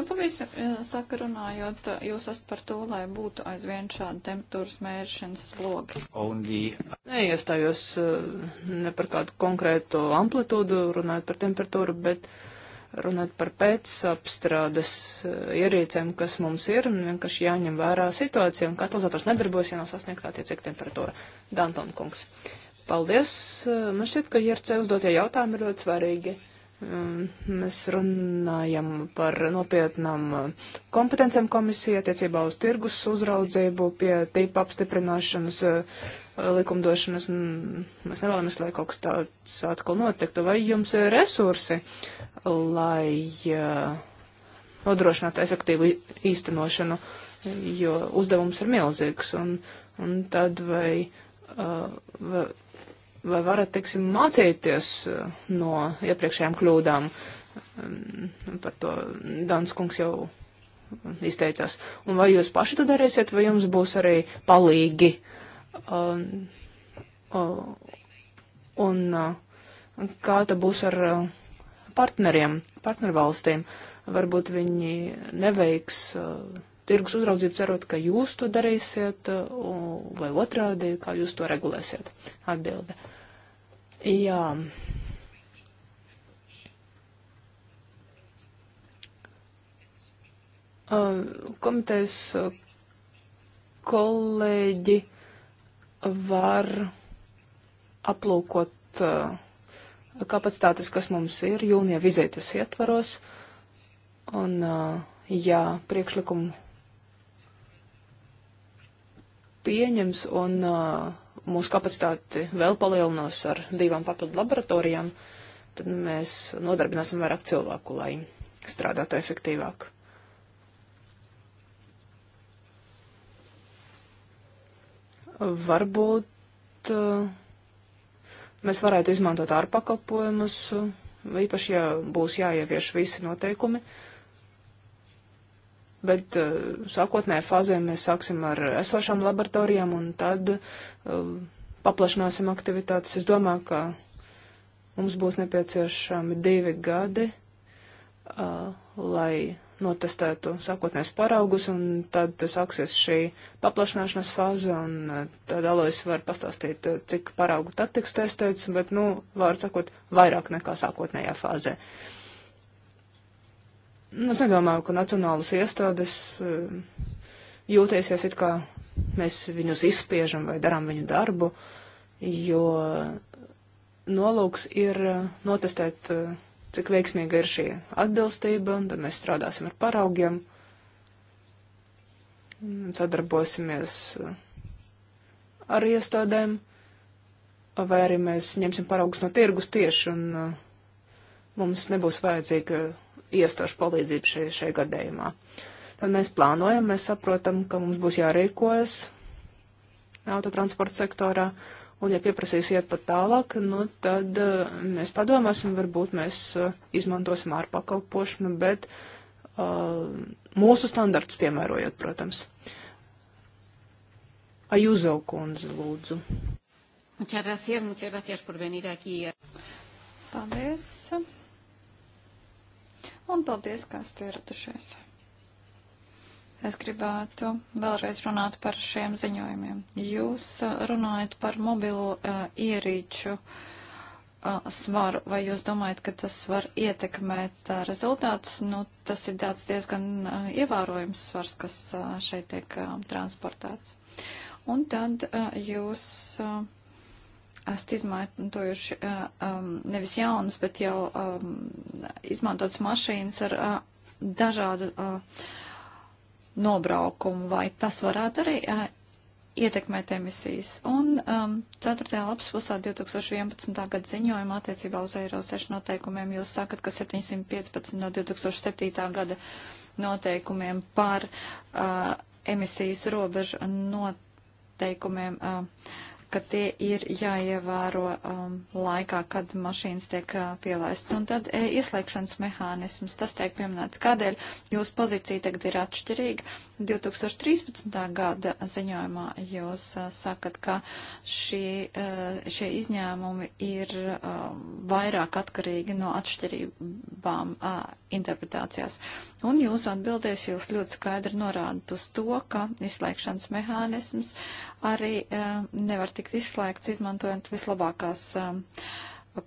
nu, pavisam saka runājot, jūs esat par to, lai būtu aizvien šāda temperatūras mēršanas sloga. Only... Nē, iestājos ne par kādu konkrētu amplitūdu runājot par temperatūru, bet. Uh, runāt par pēcapstrādes eh, ierīcēm, kas mums ir, un vienkārši jāņem vērā situācija, un katalizators nedarbojas, ja nav sasniegta attiecīga temperatūra. Danton kungs. Paldies. Eh, man šķiet, ka IRC uzdotie jautājumi ir ļoti svarīgi. Mm, mēs runājam par nopietnām eh, kompetencijām komisija attiecībā uz tirgus uzraudzību pie tīpa apstiprināšanas Eh, likumdošanas, un mēs nevēlamies, lai kaut kas tāds atkal notiktu. Vai jums ir resursi, lai eh, nodrošinātu efektīvu īstenošanu, jo uzdevums ir milzīgs, un, un tad vai, eh, vai, vai varat, teiksim, mācīties no iepriekšējām kļūdām? Mm, par to Danskungs jau izteicās. Un vai jūs paši to darīsiet, vai jums būs arī palīgi uh, Um, un, un, uh, un kā tad būs ar uh, partneriem, partnervalstīm? Varbūt viņi neveiks uh, tirgus uzraudzību, cerot, ka jūs to darīsiet, vai otrādi, kā jūs to regulēsiet. Atbilde. Jā. komitejas kolēģi var aplūkot uh, kapacitātes, kas mums ir jūnija vizītes ietvaros. Un, uh, ja priekšlikumu pieņems un uh, mūsu kapacitāti vēl palielinās ar divām papildu laboratorijām, tad mēs nodarbināsim vairāk cilvēku, lai strādātu efektīvāk. Varbūt eh, mēs varētu izmantot ārpakalpojumus, eh, īpaši, ja būs jāievieš visi noteikumi. Bet eh, sākotnē fāzē mēs sāksim ar esošām laboratorijām un tad paplašināsim aktivitātes. Es domāju, ka mums būs nepieciešami divi gadi, uh, lai notestētu sākotnēs paraugus, un tad sāksies šī paplašināšanas fāze, un eh, tad Alois var pastāstīt, eh, cik paraugu tad tiks testēts, bet, nu, var sakot, vairāk nekā sākotnējā fāzē. Nu, es nedomāju, ka nacionālas iestādes eh, jūtiesies it kā mēs viņus izspiežam vai darām viņu darbu, jo nolūks ir notestēt uh, cik veiksmīga ir šī atbilstība, un tad mēs strādāsim ar paraugiem un sadarbosimies uh, ar iestādēm, vai arī mēs ņemsim paraugus no tirgus tieši, un uh, mums nebūs vajadzīga iestāžu palīdzība šai, šai gadējumā. Tad mēs plānojam, mēs saprotam, ka mums būs jārīkojas autotransporta sektorā. Uh, Un, ja pieprasīs iet pat tālāk, nu, tad uh, mēs padomāsim, varbūt mēs uh, izmantosim ārpakalpošanu, bet uh, mūsu standartus piemērojot, protams. Ajuzau kundze, lūdzu. Muchas gracias, muchas gracias por venir aquí. Paldies. Un paldies, ka esat ieradušies. Es gribētu vēlreiz runāt par šiem ziņojumiem. Jūs uh, runājat par mobilo uh, ierīču uh, svaru, vai jūs domājat, ka tas var ietekmēt uh, rezultātus? Nu, tas ir tāds diezgan uh, ievērojams svars, kas uh, šeit tiek uh, transportēts. Un tad uh, jūs. Uh, esat izmantojuši uh, um, nevis jaunas, bet jau um, izmantotas mašīnas ar uh, dažādu uh, nobraukumu, vai tas varētu arī uh, ietekmēt emisijas. Un um, 4. lapas pusā 2011. gada ziņojumā attiecībā uz eiro 6 noteikumiem jūs sakat, ka 715 no 2007. gada noteikumiem par uh, emisijas robežu noteikumiem uh, ka tie ir jāievēro um, laikā, kad mašīnas tiek uh, pielaists. Un tad e, ieslēgšanas mehānisms, tas tiek pieminēts, kādēļ jūsu pozīcija tagad ir atšķirīga. 2013. gada ziņojumā jūs uh, sakat, ka šī, uh, šie izņēmumi ir uh, vairāk atkarīgi no atšķirībām uh, interpretācijās. Un jūsu atbildēs jūs ļoti skaidri norādat uz to, ka izslēgšanas mehānisms arī uh, nevar tikt izslēgts, izmantojot vislabākās uh,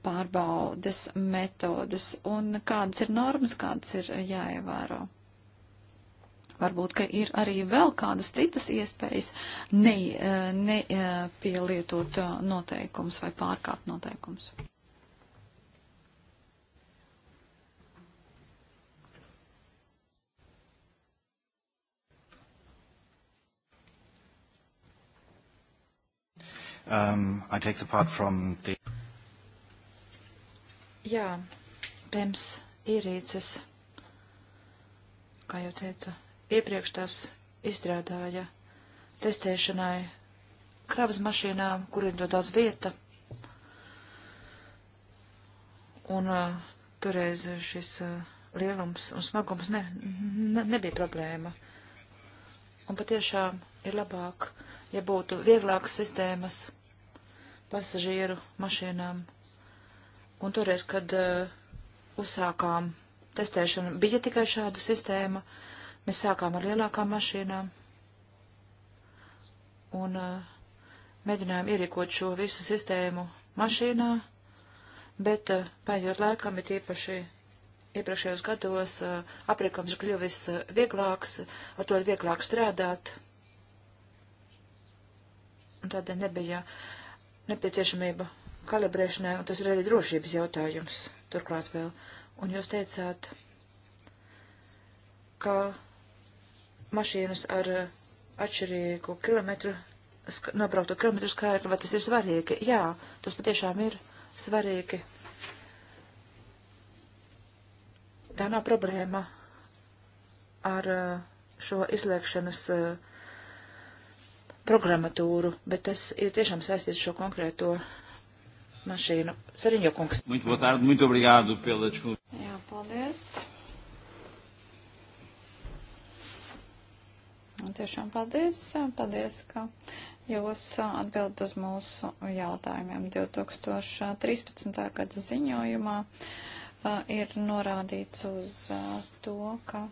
pārbaudes metodas un kādas ir normas, kādas ir jāievēro. Varbūt, ka ir arī vēl kādas citas iespējas eh, nepielietot ne, ne pielietot, uh, noteikums vai pārkāpt noteikums. Um, I take the part from the... Jā, pirms ierīces, kā jau teica, iepriekš tās izstrādāja testēšanai kravas mašīnām, kur ir daudz vieta. Un uh, toreiz šis uh, lielums un smagums ne, ne, nebija problēma. Un patiešām ir labāk, ja būtu vieglākas sistēmas pasažieru mašīnām. Un toreiz, kad uh, uzsākām testēšanu, bija tikai šāda sistēma. Mēs sākām ar lielākām mašīnām un uh, mēģinājām ierīkot šo visu sistēmu mašīnā, bet uh, pēdējot laikam ir īpaši iepriekšējos gados uh, aprīkums ir kļuvis uh, vieglāks, ar to ir vieglāk strādāt un tādēļ nebija nepieciešamība kalibrēšanai, un tas ir arī drošības jautājums turklāt vēl. Un jūs teicāt, ka mašīnas ar atšķirīgu kilometru, nobraukto kilometru skaitli, vai tas ir svarīgi? Jā, tas patiešām ir svarīgi. Tā nav problēma ar uh, šo izliekšanas uh, programmatūru, bet tas ir tiešām saistīts šo konkrēto mašīnu. Sariņo kungs. Muito boa tarde, muito obrigado pela disponibilidade. Jā, paldies. Un tiešām paldies, paldies, ka jūs atbildat uz mūsu jautājumiem. 2013. gada ziņojumā ir norādīts uz to, ka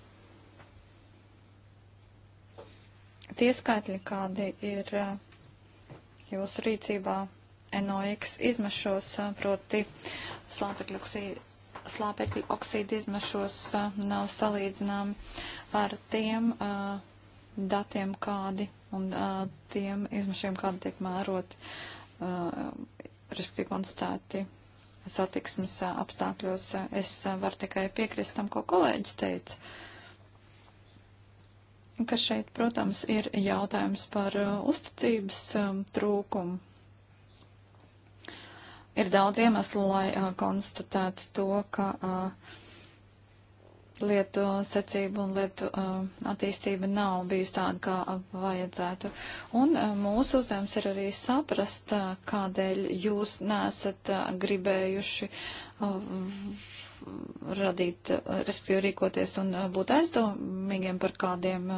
Tie skaitļi, kādi ir uh, jūsu rīcībā NOx izmešos, uh, proti slāpekļu oksīdu izmešos, uh, nav salīdzināmi ar tiem uh, datiem, kādi un uh, tiem izmešiem, kādi tiek mēroti, uh, respektīvi konstatēti satiksmes apstākļos. Es varu tikai piekrist tam, ko kolēģis teica ka šeit, protams, ir jautājums par uh, uzticības um, trūkumu. Ir daudz iemeslu, lai uh, konstatētu to, ka uh, lietu secība un lietu uh, attīstība nav bijusi tāda, kā uh, vajadzētu. Un uh, mūsu uzdevums ir arī saprast, uh, kādēļ jūs nesat uh, gribējuši uh, radīt, respektīvi rīkoties un būt aizdomīgiem par kādiem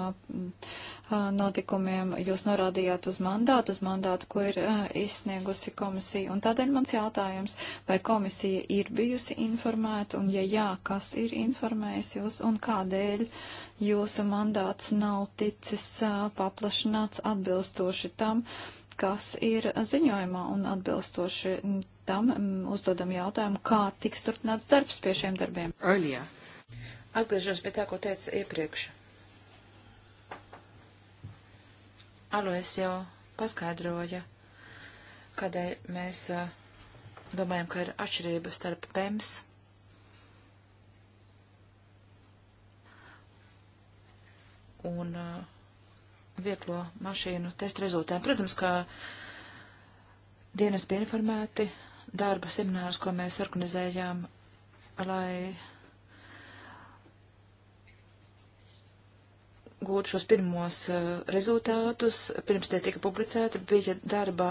notikumiem. Jūs norādījāt uz mandātu, uz mandātu, ko ir izsniegusi komisija. Un tādēļ mans jautājums, vai komisija ir bijusi informēta, un ja jā, kas ir informējis jūs, un kādēļ jūsu mandāts nav ticis paplašināts atbilstoši tam, kas ir ziņojumā un atbilstoši tam uzdodam jautājumu, kā tiks turpināts darbs pie šiem darbiem. Earlier. Atgriežos pie tā, ko teica iepriekš. Alojas jau paskaidroja, kādēļ mēs domājam, ka ir atšķirība starp PEMS un vieglo mašīnu testu rezultātiem. Protams, ka dienas bija informēti, darba seminārus, ko mēs organizējām, lai gūt šos pirmos uh, rezultātus. Pirms tie tika publicēti, bija darba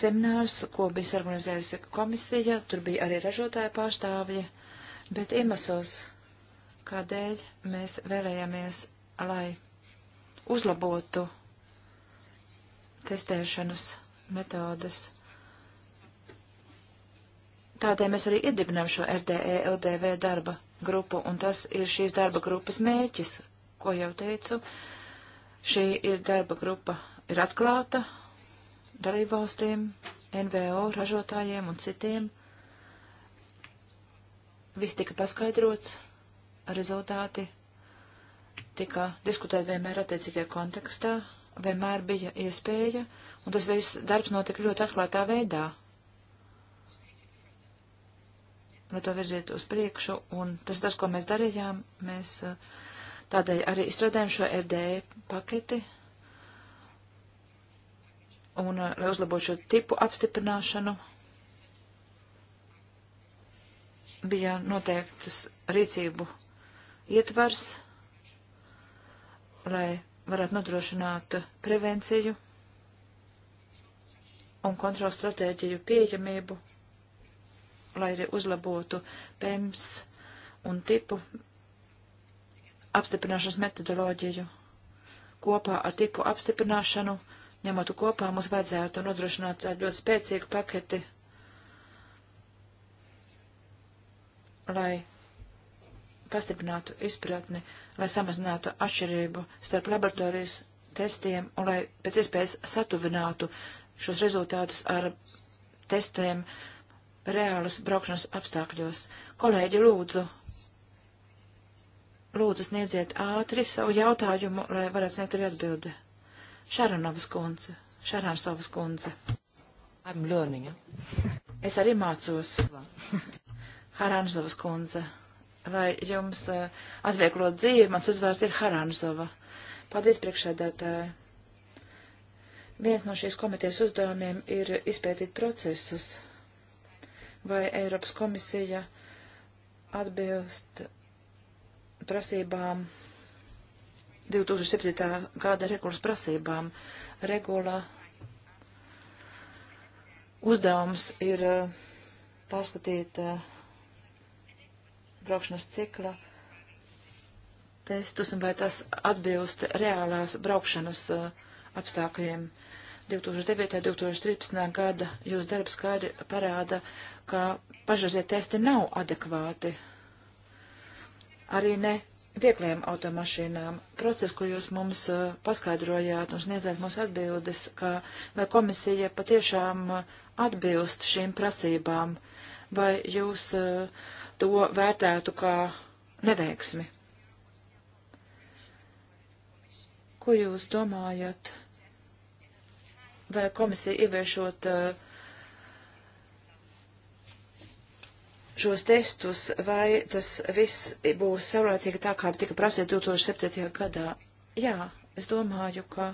seminārs, ko bija sarunizējusi komisija, tur bija arī ražotāja pārstāvji, bet iemesls, kādēļ mēs vēlējāmies, lai uzlabotu testēšanas metodas. Tādēļ mēs arī iedibinām šo RDE, LDV darba grupu, un tas ir šīs darba grupas mēķis, ko jau teicu. Šī ir darba grupa, ir atklāta dalībvalstīm, NVO ražotājiem un citiem. Viss tika paskaidrots, rezultāti tika diskutēti vienmēr attiecīgajā kontekstā, vienmēr bija iespēja, un tas viss darbs notika ļoti atklātā veidā, lai to virzītu uz priekšu, un tas tas, ko mēs darījām, mēs uh, Tādēļ arī izstrādājam šo RDE paketi un, eh, lai uzlabotu šo tipu apstiprināšanu, bija noteiktas rīcību ietvars, lai varētu nodrošināt prevenciju un kontrols stratēģiju pieejamību, lai arī uzlabotu PEMS un tipu apstiprināšanas metodoloģiju. Kopā ar tipu apstiprināšanu, ņemot kopā, mums vajadzētu nodrošināt tādu ļoti spēcīgu paketi, lai pastiprinātu izpratni, lai samazinātu atšķirību starp laboratorijas testiem un lai pēc iespējas satuvinātu šos rezultātus ar testiem reālas braukšanas apstākļos. Kolēģi, lūdzu, lūdzu sniedziet ātri savu jautājumu, lai varētu sniegt arī atbildi. Šaranovas kundze, Šaransovas kundze. I'm learning. Es arī mācos. Haranzovas kundze, lai jums uh, atvieglot dzīvi, mans uzvārds ir Haranzova. Paldies priekšēdētāji. Viens no šīs komitejas uzdevumiem ir izpētīt procesus, vai Eiropas komisija atbilst prasībām, 2007. gada regulas prasībām. Regula uzdevums ir eh, paskatīt eh, braukšanas cikla testus un vai tas atbilst reālās braukšanas eh, apstākļiem. 2009. 2013. gada jūs darbs skaidri parāda, ka pašreizie testi nav adekvāti arī ne viegliem automašīnām. Process, ko jūs mums uh, paskaidrojāt un sniedzāt mums atbildes, ka vai komisija patiešām uh, atbilst šīm prasībām, vai jūs uh, to vērtētu kā neveiksmi? Ko jūs domājat? Vai komisija ieviešot uh, šos testus, vai tas viss būs saulēcīgi tā, kā tika prasīts 2007. gadā. Jā, es domāju, ka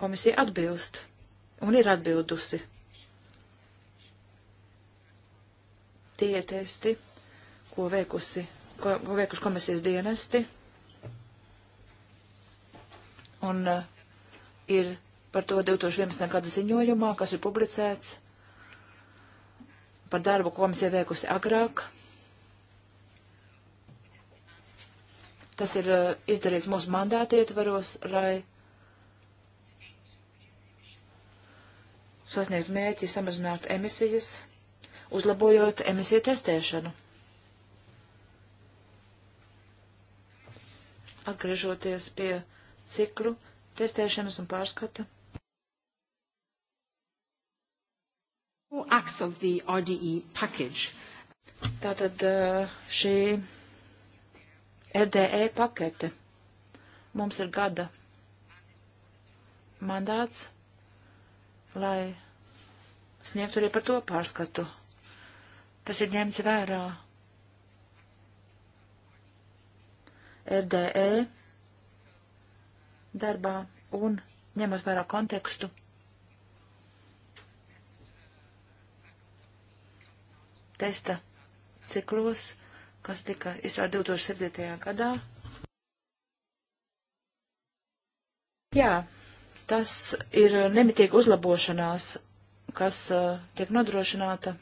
komisija atbilst un ir atbildusi. Tie testi, ko veikusi, ko, ko veikuši komisijas dienesti, un uh, ir par to 2011. gada ziņojumā, kas ir publicēts par darbu, ko mums ir veikusi agrāk. Tas ir uh, izdarīts mūsu mandāti ietvaros, lai sasniegt mērķi samazināt emisijas, uzlabojot emisiju testēšanu. Atgriežoties pie ciklu testēšanas un pārskata. acts of the RDE package. Tātad eh, šī RDE pakete. Mums ir gada mandāts, lai sniegtu arī par to pārskatu. Tas ir ņemts vērā RDE darbā un ņemot vērā kontekstu testa ciklos, kas tika izstrādāt 2007. gadā. Jā, tas ir nemitīga uzlabošanās, kas uh, tiek nodrošināta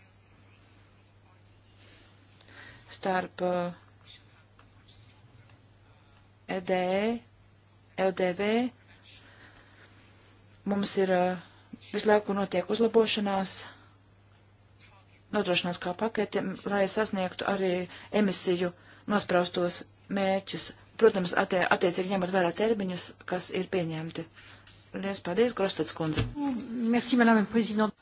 starp uh, EDE, LDV. Mums ir uh, visu laiku notiek uzlabošanās nodrošinās kā paketi, lai sasniegtu arī emisiju nospraustos mērķus. Protams, attie, attiecīgi ņemot vērā termiņus, kas ir pieņemti. Lies paldies, Grostats kundze. Merci, madame prezident.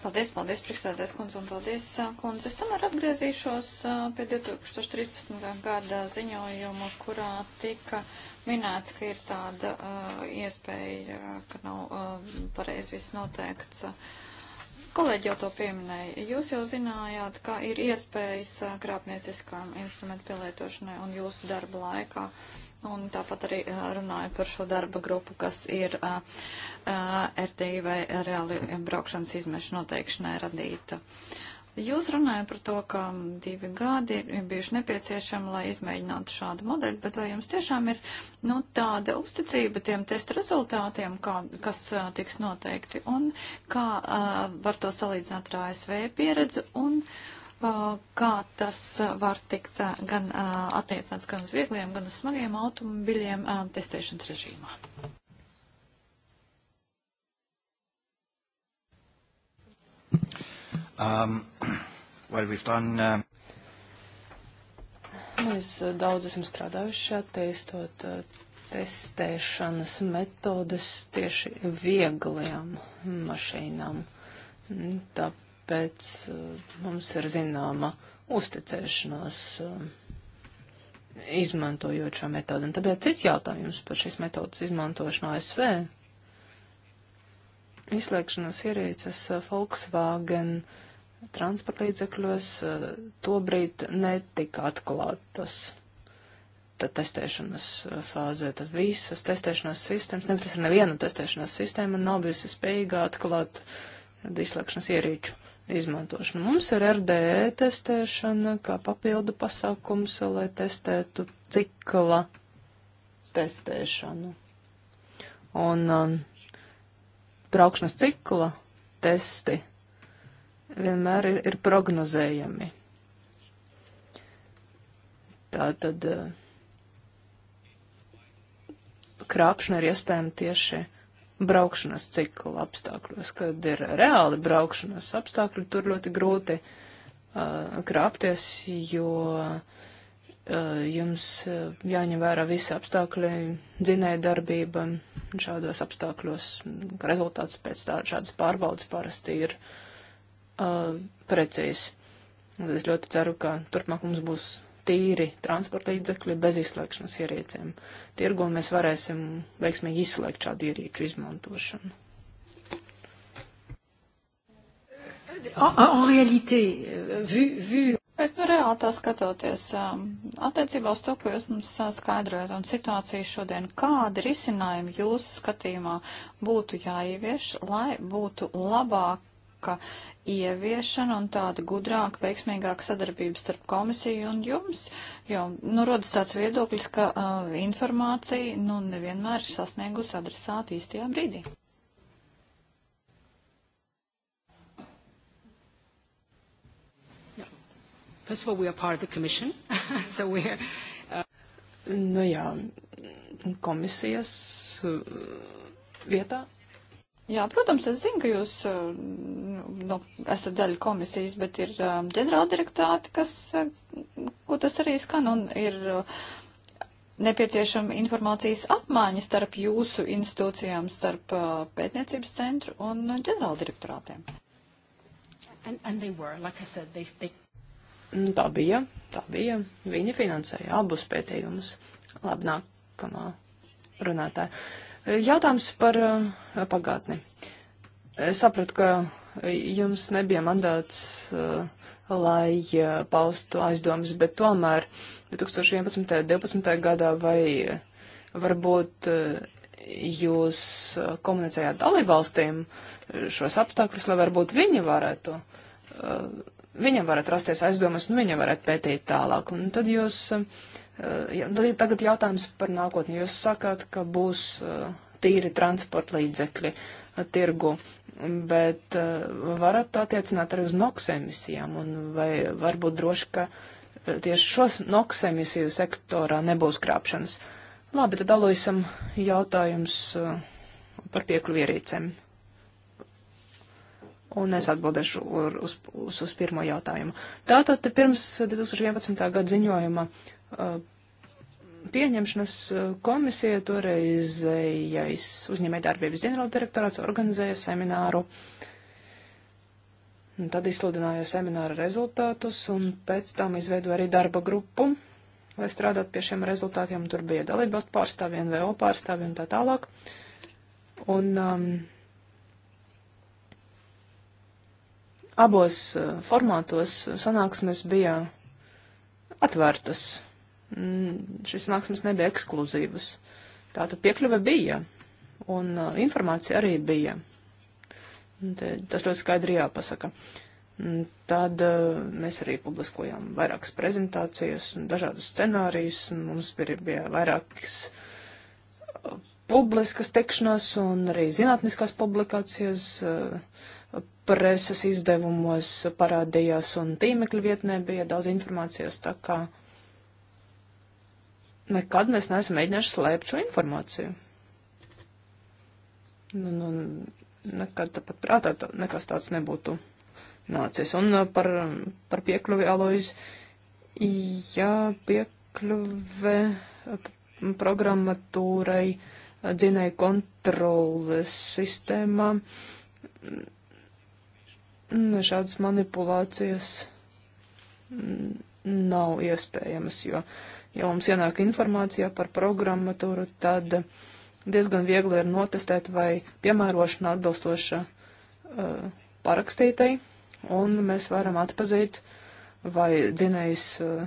Paldies, paldies, priekšsēdētājs kundze, un paldies, kundze. Es tomēr atgriezīšos pie 2013. gada ziņojuma, kurā tika minēts, ka ir tāda uh, iespēja, ka nav uh, pareizi viss noteikts. Uh, Kolēģi jau to pieminēja. Jūs jau zinājāt, ka ir iespējas uh, krāpnieciskām instrumentu pielietošanai un jūsu darba laikā. Un tāpat arī uh, runāju par šo darba grupu, kas ir uh, uh, RTI vai reāli braukšanas izmešu noteikšanai radīta. Uh, Jūs runājat par to, ka divi gadi ir bijuši nepieciešami, lai izmēģinātu šādu modeļu, bet vai jums tiešām ir nu, tāda uzticība tiem testu rezultātiem, kā, kas uh, tiks noteikti, un kā uh, var to salīdzināt ar ASV pieredzi, un uh, kā tas var tikt uh, gan uh, attiecināts gan uz viegliem, gan uz smagiem automobiļiem uh, testēšanas režīmā? Um, well, we've done, um... Mēs uh, daudz esam strādājuši attīstot uh, testēšanas metodes tieši vieglajām mašīnām. Mm, tāpēc mums ir zināma uzticēšanās izmantojot šo metodi. Un tāpēc cits jautājums par šīs metodas izmantošanu ASV. Izslēgšanas ierīces Volkswagen uh, transporta līdzekļos eh, tobrīd netika atklātas tad testēšanas eh, fāzē. Tad visas testēšanas sistēmas, nevis neviena testēšanas sistēma nav bijusi spējīga atklāt izslēgšanas ierīču izmantošanu. Mums ir RDE testēšana kā papildu pasākums, lai testētu cikla testēšanu. Un um, braukšanas cikla testi vienmēr ir, ir prognozējami. Tā tad eh, krāpšana ir iespējama tieši braukšanas cikla apstākļos, kad ir reāli braukšanas apstākļi, tur ļoti grūti uh, krāpties, jo uh, jums jāņem vērā visi apstākļi, dzinēja darbība šādos apstākļos. Rezultāts pēc tā, šādas pārbaudas parasti ir uh, precīzi. Tad es ļoti ceru, ka turpmāk mums būs tīri transporta līdzekļi bez izslēgšanas ierīcēm. Tirgu mēs varēsim veiksmīgi izslēgt šādu ierīču izmantošanu. En réalité, vu, vu. Bet, nu, reāli tā skatoties, attiecībā uz to, ko jūs mums skaidrojat un situāciju šodien, kādi risinājumi jūsu skatījumā būtu jāievieš, lai būtu labāk ka ieviešana un tāda gudrāka, veiksmīgāka sadarbība starp komisiju un jums, jo, nu, rodas tāds viedoklis, ka uh, informācija, nu, nevienmēr ir sasniegusi adresāti īstajā brīdī. First of all, we are part of the commission, so we are... Uh... Nu jā, komisijas uh, vietā Jā, protams, es zinu, ka jūs eh, nu, esat daļa komisijas, bet ir eh, ģenerāldirektāti, kas, eh, ko tas arī skan, un ir nepieciešama informācijas apmaiņa starp jūsu institūcijām, starp pētniecības centru un ģenerāldirektorātiem. And, and they were, like I said, they, they... Nu, tā bija, tā bija. Viņi finansēja abus pētījumus. Labi, nākamā runātāja. Jautājums par eh, pagātni. Es sapratu, ka jums nebija mandāts, eh, lai eh, paustu aizdomas, bet tomēr 2011. un 2012. gadā vai varbūt jūs komunicējāt dalībvalstīm šos apstākļus, lai varbūt viņi varētu, viņam varētu rasties aizdomas un viņi varētu pētīt tālāk. Un tad jūs uh, Eh, nu, tagad jautājums par nākotni. Jūs sakāt, ka būs eh, tīri transporta līdzekļi eh, tirgu, bet varat attiecināt arī uz NOX emisijām, un vai varbūt droši, ka tieši šos NOX emisiju sektorā nebūs krāpšanas. Labi, tad Aloisam jautājums par piekļuvi ierīcēm. Un es atbildēšu uz, uz, uz pirmo jautājumu. Tātad pirms 2011. gada ziņojuma uh, Uh, pieņemšanas uh, komisija toreizējais uzņēmējdarbības ģenerāldirektorāts organizēja semināru. Un tad izsludināja semināra rezultātus un pēc tam izveidoja arī darba grupu, lai strādātu pie šiem rezultātiem. Tur bija dalībvalstu pārstāvji, NVO pārstāvji un tā tālāk. Un um, abos uh, formātos sanāksmes bija atvērtas Mm, šis sanāksmes nebija ekskluzīvas. Tātad piekļuve bija, un uh, informācija arī bija. Te, tas ļoti skaidri jāpasaka. Mm, tad uh, mēs arī publiskojām vairākas prezentācijas un dažādus scenārijus, un mums bija, bija vairākas uh, publiskas tikšanās un arī zinātniskās publikācijas preses izdevumos parādījās, un tīmekļa vietnē bija daudz informācijas, tā kā uh, nekad mēs neesam mēģinājuši slēpt šo informāciju. Nu, nu, nekad pat prātā tā, nekas tāds nebūtu nācis. Un uh, par, par piekļuvi Alois, jā, piekļuve uh, programmatūrai, uh, dzinēja kontroles sistēmā. Mm, mm, šādas manipulācijas mm, nav iespējamas, jo uh, ja mums ienāk informācija par programmatūru, tad diezgan viegli ir notestēt, vai piemērošana atbilstoša uh, parakstītai, un mēs varam atpazīt, vai dzinējs uh,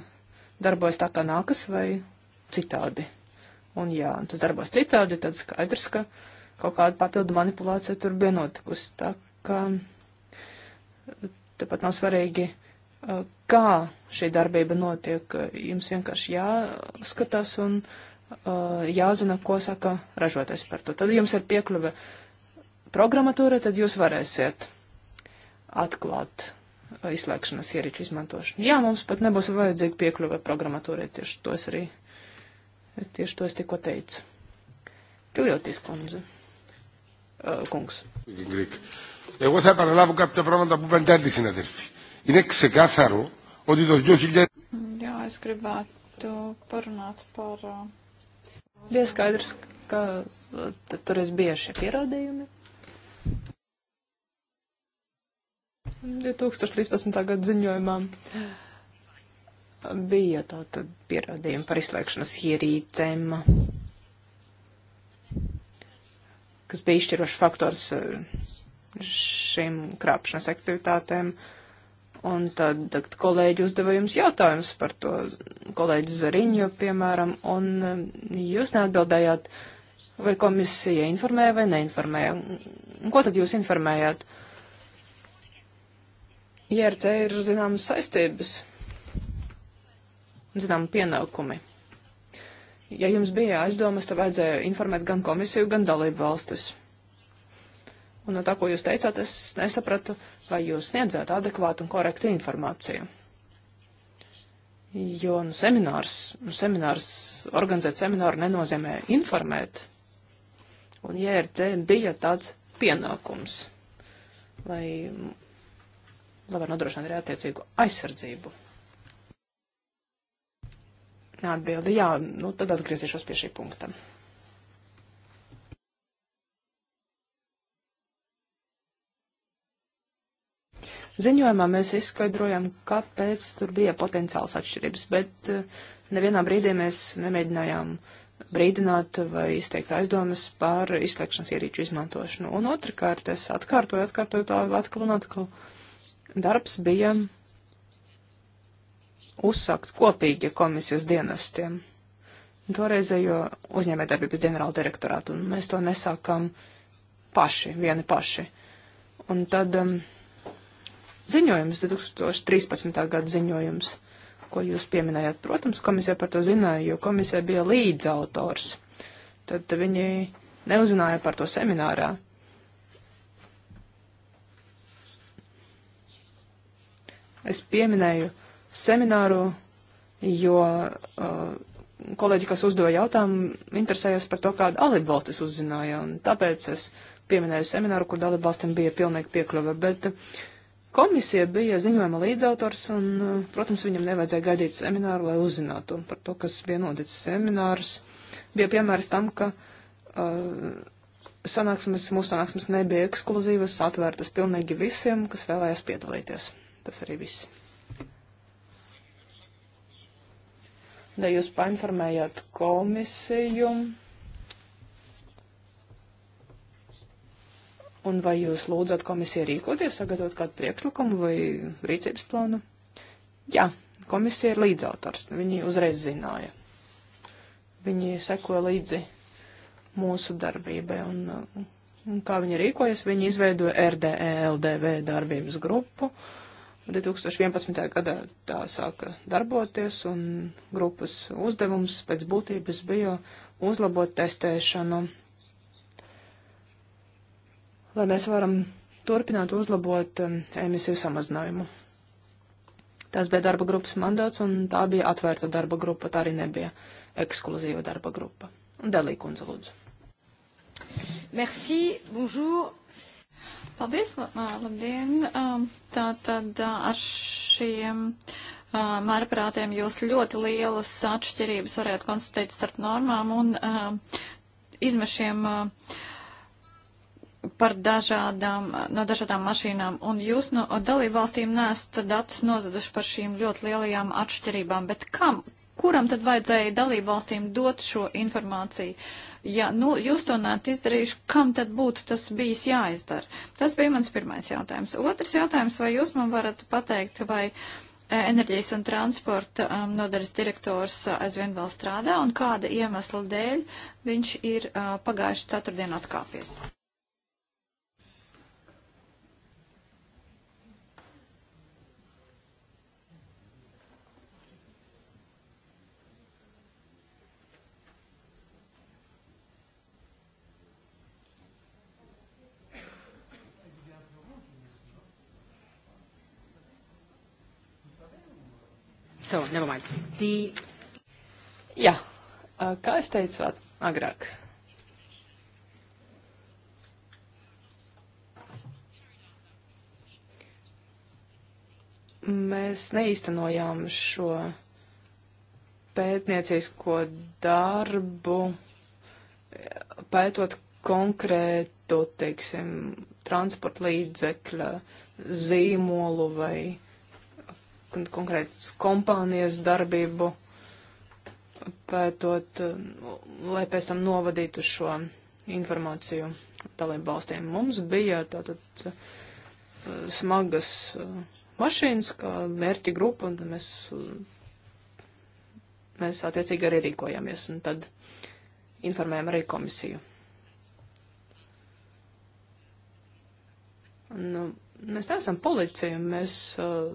darbojas tā, kā nākas, vai citādi. Un jā, tas darbojas citādi, tad skaidrs, ka kaut kāda papildu manipulācija tur bija notikusi. Tā kā uh, tepat nav svarīgi kā šī darbība notiek. Jums vienkārši jāskatās un uh, jāzina, ko saka ražotājs par to. Tad jums ir piekļuve programmatūra, tad jūs varēsiet atklāt uh, izslēgšanas ierīču izmantošanu. Jā, mums pat nebūs vajadzīga piekļuve programmatūrai, tieši to es arī, tieši to es tikko teicu. Kiljotis kundze. Uh, kungs. Εγώ θα επαναλάβω κάποια πράγματα που είπαν και άλλοι συναδελφοί. Είναι ξεκάθαρο ότι το 2000... Mm, jā, es gribētu parunāt par... Uh, bija skaidrs, ka tur es biju šie pierādījumi. 2013. gada ziņojumā bija tātad pierādījumi par izslēgšanas hierīcēm, kas bija izšķirošs faktors uh, šīm krāpšanas aktivitātēm. Uh, Un tad kolēģi uzdeva jums jautājumus par to, kolēģi Zariņo, piemēram, un um, jūs neatbildējāt, vai komisija informēja vai neinformēja. Un ko tad jūs informējāt? IRC ir zināmas saistības, zinām pienākumi. Ja jums bija aizdomas, tad vajadzēja informēt gan komisiju, gan dalību valstis. Un no tā, ko jūs teicāt, es nesapratu lai jūs sniedzētu adekvātu un korektu informāciju. Jo nu, seminārs, nu, seminārs, organizēt semināru nenozīmē informēt. Un JRC bija tāds pienākums, lai, lai var nodrošināt arī attiecīgu aizsardzību. Atbildi, jā, nu tad atgriezīšos pie šī punkta. Ziņojumā mēs izskaidrojam, kāpēc tur bija potenciāls atšķirības, bet eh, nevienā brīdī mēs nemēģinājām brīdināt vai izteikt aizdomas par izslēgšanas ierīču izmantošanu. Un otrkārt, es atkārtoju, atkārtoju tā atkal un atkal. Darbs bija uzsākts kopīgi komisijas dienestiem toreizējo uzņēmējdarbības ģenerāla direktorātu, un mēs to nesākam paši, vieni paši. Un tad um, ziņojums, 2013. gada ziņojums, ko jūs pieminējāt. Protams, komisija par to zināja, jo komisija bija līdzautors. Tad viņi neuzzināja par to seminārā. Es pieminēju semināru, jo uh, kolēģi, kas uzdeva jautājumu, interesējās par to, kāda dalība valstis uzzināja, un tāpēc es pieminēju semināru, kur dalība valstīm bija pilnīgi piekļuva, bet uh, Komisija bija ziņojuma līdzautors, un, eh, protams, viņam nevajadzēja gaidīt semināru, lai uzzinātu par to, kas bija noticis seminārs. Bija piemērs tam, ka uh, sanāksmes, mūsu sanāksmes nebija ekskluzīvas, atvērtas pilnīgi visiem, kas vēlējās piedalīties. Tas arī viss. Da jūs painformējāt komisiju Un vai jūs lūdzat komisiju rīkoties, sagatavot kādu priekšlikumu vai rīcības plānu? Jā, komisija ir līdzautors. Viņi uzreiz zināja. Viņi sekoja līdzi mūsu darbībai un, un kā viņi rīkojas, viņi izveidoja RDELDV darbības grupu. 2011. gadā tā sāka darboties un grupas uzdevums pēc būtības bija uzlabot testēšanu lai mēs varam turpināt uzlabot um, emisiju samazinājumu. Tas bija darba grupas mandāts, un tā bija atvērta darba grupa, tā arī nebija ekskluzīva darba grupa. Delī kundze, lūdzu. Merci, bonjour. Paldies, labdien. Tā tad ar šiem mērprātiem jūs ļoti lielas atšķirības varētu konstatēt starp normām un izmešiem. Uh, par dažādām, no dažādām mašīnām, un jūs no dalību valstīm nesat datus nozaduši par šīm ļoti lielajām atšķirībām, bet kam, kuram tad vajadzēja dalību valstīm dot šo informāciju? Ja nu, jūs to nēt izdarījuši, kam tad būtu tas bijis jāizdara? Tas bija mans pirmais jautājums. Otrs jautājums, vai jūs man varat pateikt, vai e, enerģijas un transporta um, nodaras direktors uh, aizvien vēl strādā un kāda iemesla dēļ viņš ir uh, pagājuši ceturtdien atkāpies? So, never mind. The... Jā, kā es teicu agrāk. Mēs neīstenojām šo pētniecisko darbu, pētot konkrētu, teiksim, transporta līdzekļa zīmolu vai konkrētas kompānijas darbību pētot, eh, lai pēc tam novadītu šo informāciju dalību valstīm. Mums bija tātad eh, smagas eh, mašīnas, kā mērķi grupa, un mēs, mēs attiecīgi arī rīkojāmies, un tad informējam arī komisiju. Nu, mēs neesam policija, mēs uh,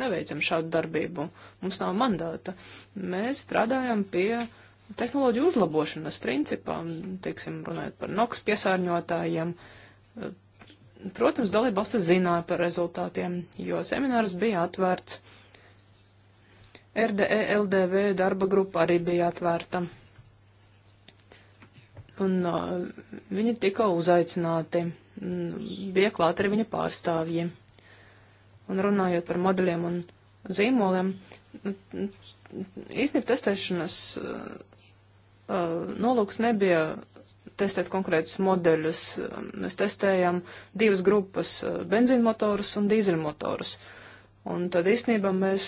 neveicam šādu darbību, mums nav mandāta. Mēs strādājam pie tehnoloģiju uzlabošanas principām, teiksim, runājot par NOX piesārņotājiem. Protams, dalībvalstis zināja par rezultātiem, jo seminārs bija atvērts. RDE LDV darba grupa arī bija atvērta. Un uh, viņi tika uzaicināti. Bija klāt arī viņa pārstāvji. Un runājot par moduļiem un zīmoliem, īstenībā nu, testēšanas uh, uh, nolūks nebija testēt konkrētus modeļus. Mēs testējam divas grupas uh, - benzīnmotorus un dīzeļmotorus. Un tad īstenībā mēs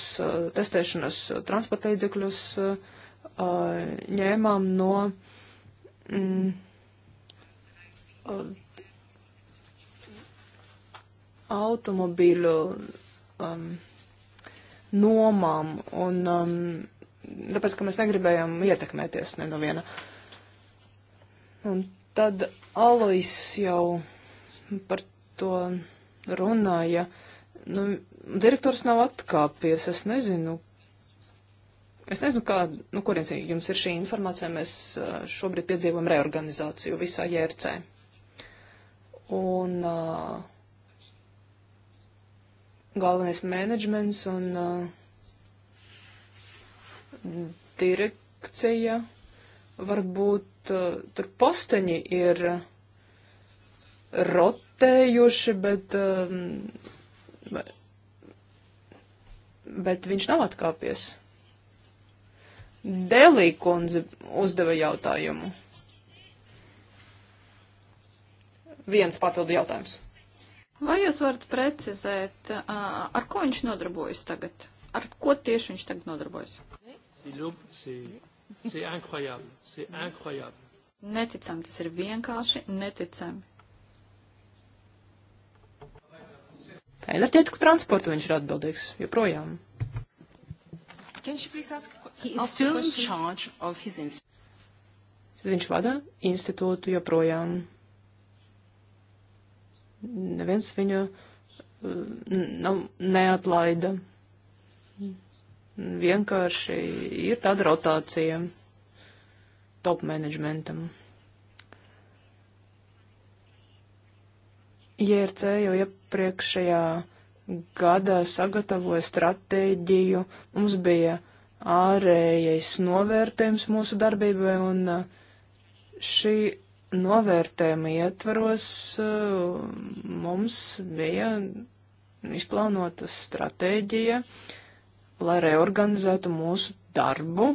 testēšanas transporta līdzekļus ņēmām no mm, automobīļu um, nomām, un um, tāpēc, ka mēs negribējām ietekmēties neviena. Un tad Alois jau par to runāja. Nu, direktors nav atkāpies, es nezinu. Es nezinu, kā, nu, kurienes jums ir šī informācija, mēs uh, šobrīd piedzīvojam reorganizāciju visā jērcē. Un uh, galvenais menedžments un uh, direkcija. Varbūt uh, tur posteņi ir rotējuši, bet, um, bet viņš nav atkāpies. Delī kundze uzdeva jautājumu. Viens papildu jautājums. Vai jūs varat precizēt, ar ko viņš nodarbojas tagad? Ar ko tieši viņš tagad nodarbojas? Neticami, tas ir vienkārši neticami. Enerģētiku transportu viņš ir atbildīgs joprojām. Viņš vada institūtu joprojām neviens viņu eh, nav, nu, neatlaida. Vienkārši ir tāda rotācija top managementam. IRC jau iepriekšējā gadā sagatavoja stratēģiju, mums bija ārējais novērtējums mūsu darbībai, un eh, šī novērtējuma ietvaros uh, mums bija izplānota stratēģija, lai reorganizētu mūsu darbu.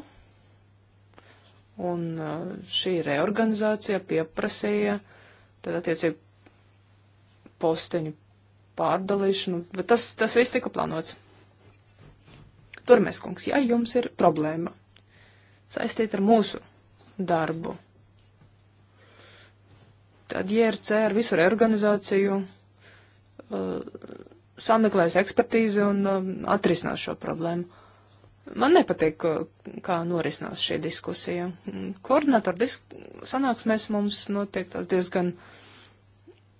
Un uh, šī reorganizācija pieprasīja tad attiecīgi posteņu pārdalīšanu, bet tas, tas viss tika plānots. Tur mēs, kungs, ja jums ir problēma saistīta ar mūsu darbu Tad IRC ar visu reorganizāciju uh, sameklēs ekspertīzi un um, atrisinās šo problēmu. Man nepatīk, kā norisinās šī diskusija. Mm, Koordinatoru disk sanāksmēs mums notiek tās diezgan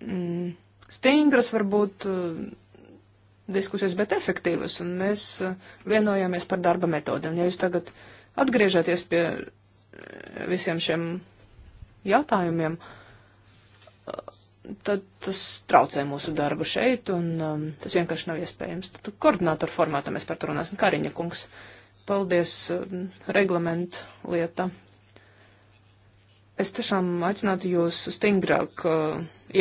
mm, stingras, varbūt uh, diskusijas, bet efektīvas, un mēs uh, vienojāmies par darba metodēm. Ja jūs tagad atgriežaties pie visiem šiem jautājumiem, uh, tad tas traucē mūsu darbu šeit, un um, tas vienkārši nav iespējams. Tad koordinātoru formātā mēs par to runāsim. Kariņa kungs, paldies, um, reglamentu lieta. Es tiešām aicinātu jūs stingrāk uh,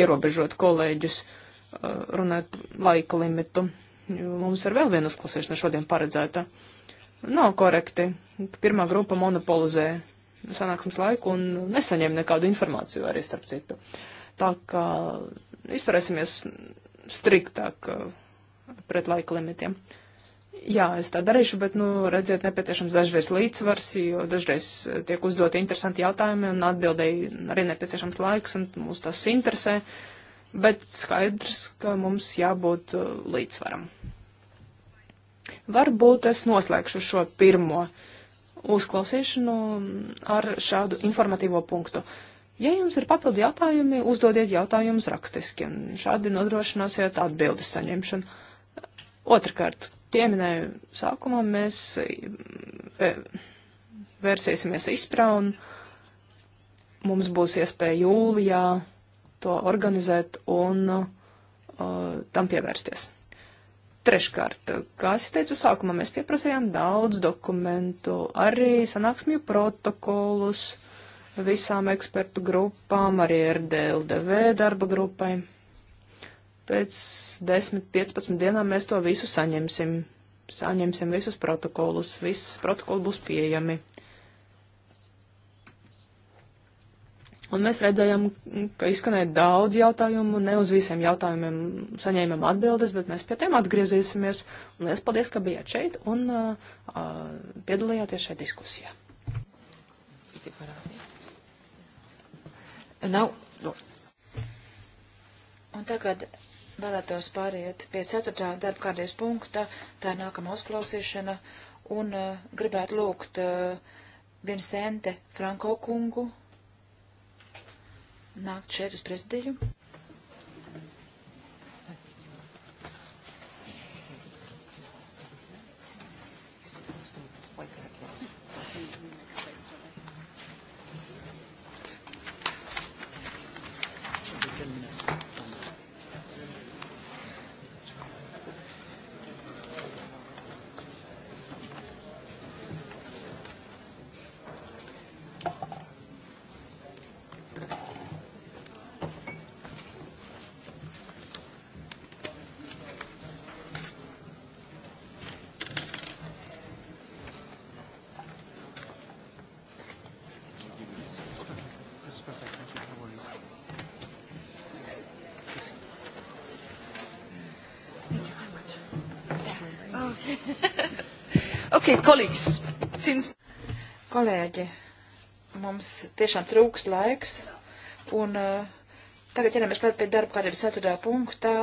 ierobežot kolēģus, uh, runāt laika limitu, jo mums ir vēl viena uzklausīšana šodien paredzēta. Nav korekti. Pirmā grupa monopolizē sanāksmes laiku un nesaņem nekādu informāciju arī starp citu. Uh, Tā kā izturēsimies striktāk uh, pret laika limitiem. Jā, es tā darīšu, bet, nu, redziet, nepieciešams dažreiz līdzsvars, jo dažreiz uh, tiek uzdoti interesanti jautājumi un atbildēji arī nepieciešams laiks un mūs tas interesē, bet skaidrs, ka mums jābūt uh, līdzsvaram. Varbūt es noslēgšu šo pirmo uzklausīšanu ar šādu informatīvo punktu. Uh, Ja jums ir papildi jautājumi, uzdodiet jautājumus rakstiski, un šādi nodrošināsiet atbildes saņemšanu. Otrakārt, pieminēju sākumā, mēs e, vērsīsimies izprā, un mums būs iespēja jūlijā to organizēt un uh, tam pievērsties. Treškārt, kā es teicu sākumā, mēs pieprasījām daudz dokumentu, arī sanāksmju protokolus visām ekspertu grupām, arī RDLDV darba grupai. Pēc 10-15 dienām mēs to visu saņemsim. Saņemsim visus protokolus, viss protokoli būs pieejami. Un mēs redzējām, ka izskanēja daudz jautājumu, ne uz visiem jautājumiem saņēmām atbildes, bet mēs pie tiem atgriezīsimies. Un liels paldies, ka bijāt šeit un uh, uh piedalījāties šajā diskusijā. Nav. No. Nu. Un tagad vēlētos pāriet pie ceturtā darba kārtības punkta, tā ir nākamā uzklausīšana, un uh, gribētu lūgt uh, Vincente Franko kungu nākt šeit uz prezidiju. Okay, colleagues, since... Kolēģi, mums tiešām trūks laiks, un uh, tagad ķeramies klāt pie darba kārtības ceturtā punktā.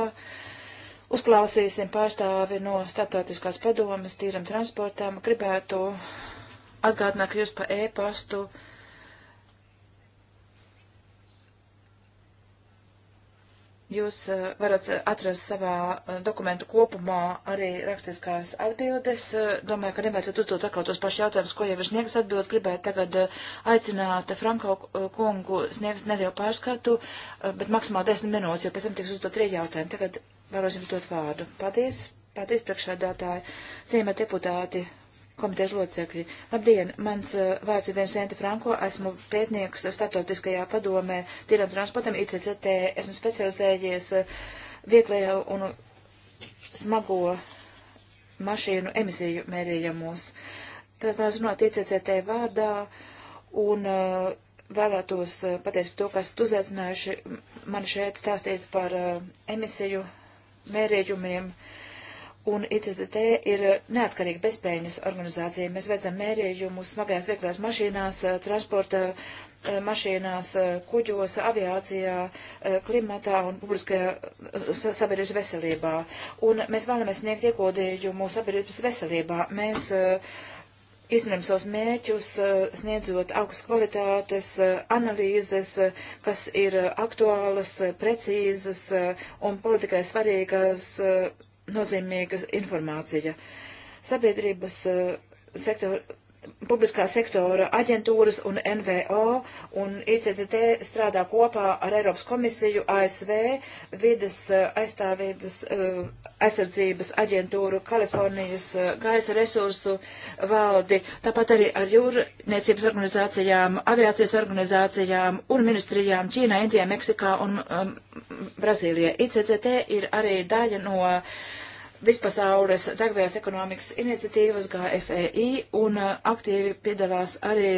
Uzklausīsim pārstāvi no Startautiskās padomas tīram transportam. Gribētu atgādināt, ka jūs pa e-pastu uh, Jūs eh, varat eh, atrast savā eh, dokumentu kopumā arī rakstiskās atbildes. Domāju, ka nevajadzētu uzdot atkal tos pašus jautājumus, ko jau ir sniegts atbildes. Gribētu tagad aicināt Franko kungu sniegt nelielu pārskatu, bet maksimāli desmit minūtes, jo pēc tam tiks uzdot trīs jautājumi. Tagad varos jums dot vārdu. Paldies! Paldies, priekšādātāji! Cienījamie deputāti! komitejas locekļi. Labdien, mans uh, vārds ir Vincente Franko, esmu pētnieks Statotiskajā padomē tīram transportam ICCT, esmu specializējies uh, vieglajā un smago mašīnu emisiju mērījumos. Tad mēs runājam ICCT vārdā un uh, vēlētos pateikt to, kas uzaicinājuši man šeit stāstīt par emisiju mērījumiem. Uh, un ICZT ir neatkarīga bezpēļņas organizācija. Mēs veicam mērījumus smagajās vieglās mašīnās, eh, transporta eh, mašīnās, eh, kuģos, aviācijā, klimatā un publiskajā sabiedrības veselībā. Un mēs vēlamies sniegt iekodījumu sabiedrības veselībā. Mēs izņem savus mērķus, sniedzot augstas kvalitātes analīzes, kas ir aktuālas, precīzas un politikai svarīgas nozīmīga informācija. Sabiedrības eh, sektora publiskā sektora aģentūras un NVO un ICCT strādā kopā ar Eiropas komisiju, ASV, vides eh, aizstāvības eh, aizsardzības aģentūru, Kalifornijas eh, gaisa resursu valdi, tāpat arī ar jūrniecības organizācijām, aviācijas organizācijām un ministrijām Ķīnā, Indijā, Meksikā un um, Brazīlijā. ICCT ir arī daļa no uh, vispasaules degvielas ekonomikas iniciatīvas GFEI un uh, aktīvi piedalās arī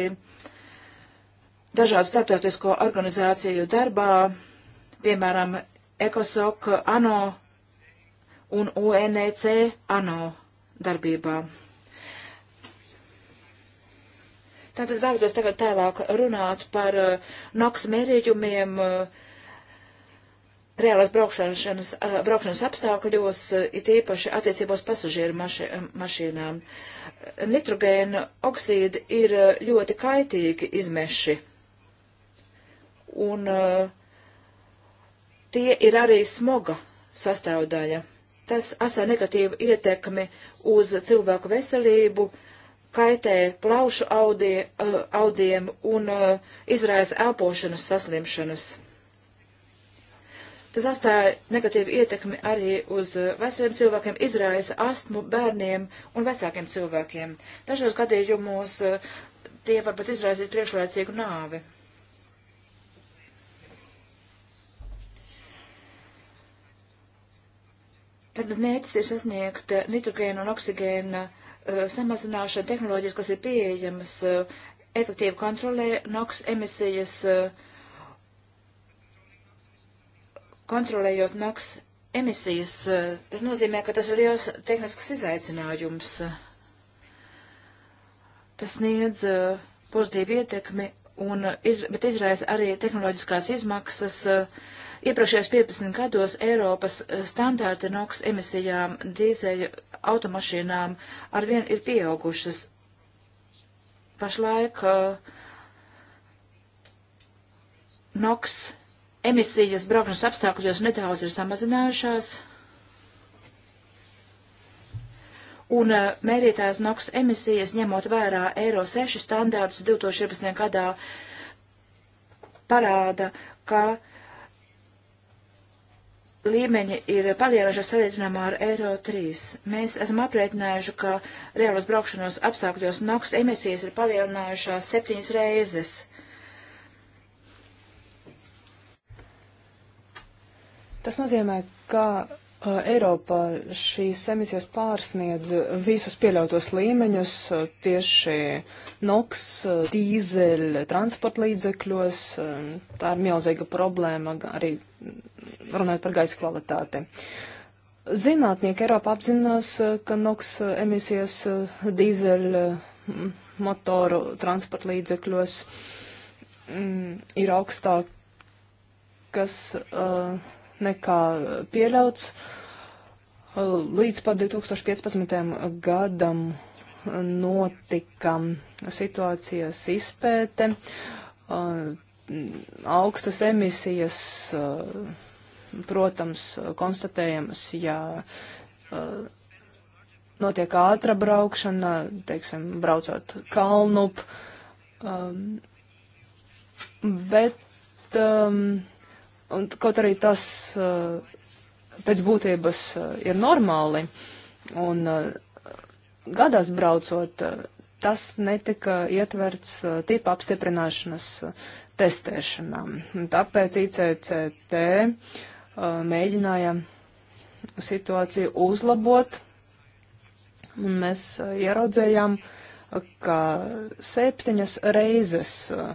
dažādu starptautisko organizāciju darbā, piemēram, ECOSOC ANO un UNEC ANO darbībā. Tātad vēlētos tagad tālāk runāt par uh, NOX mērījumiem, uh, reālās braukšanas, eh, braukšanas apstākļos, eh, it īpaši attiecībos pasažieru maši, eh, mašīnām. Nitrogēna oksīdi ir ļoti kaitīgi izmeši. Un tie ir arī smoga sastāvdaļa. Tas atstāja negatīvu ietekmi uz cilvēku veselību, kaitē plaušu audie, audiem un izraisa elpošanas saslimšanas. Tas atstāja negatīvu ietekmi arī uz eh, veseliem cilvēkiem, izraisa astmu bērniem un vecākiem cilvēkiem. Dažos gadījumos eh, tie var pat izraisīt priekšlaicīgu nāvi. Tad mērķis ir sasniegt eh, nitrogēna un oksigēna uh, samazināšanu tehnoloģijas, kas ir pieejamas uh, efektīvi kontrolē NOx emisijas uh, kontrolējot NOX emisijas, eh, tas nozīmē, ka tas ir liels tehnisks izaicinājums. Tas sniedz eh, pozitīvu ietekmi, un, iz, bet izraisa arī tehnoloģiskās izmaksas. Iepriekšējos 15 gados Eiropas eh, standārti NOX emisijām dīzeļu automašīnām arvien ir pieaugušas. Pašlaik uh, NOX emisijas braukšanas apstākļos nedaudz ir samazinājušās, un eh, mērītājs NOX emisijas ņemot vērā Eiro 6 standārtus 2011. gadā parāda, ka līmeņi ir palielinājušies salīdzinājumā ar Eiro 3. Mēs esam aprēķinājuši, ka reālos braukšanos apstākļos NOX emisijas ir palielinājušās septiņas reizes Tas nozīmē, ka uh, Eiropā šīs emisijas pārsniedz visus pieļautos līmeņus uh, tieši NOX, uh, dīzeļa, transporta līdzekļos. Um, tā ir milzīga problēma arī runājot par gaisa kvalitāti. Zinātnieki Eiropā apzinās, uh, ka NOX uh, emisijas uh, dīzeļa motoru transporta līdzekļos mm, ir augstākas. Uh, nekā pieļauts. Uh, līdz pat 2015. gadam notika situācijas izpēte, uh, augstas emisijas, uh, protams, konstatējamas, ja notiek ātra braukšana, teiksim, braucot kalnup, um, bet um, Un kaut arī tas uh, pēc būtības uh, ir normāli, un uh, gadās braucot, uh, tas netika ietverts uh, tipa apstiprināšanas uh, testēšanā. Un tāpēc ICCT uh, mēģināja situāciju uzlabot, un mēs uh, ieraudzējām, uh, ka septiņas reizes uh,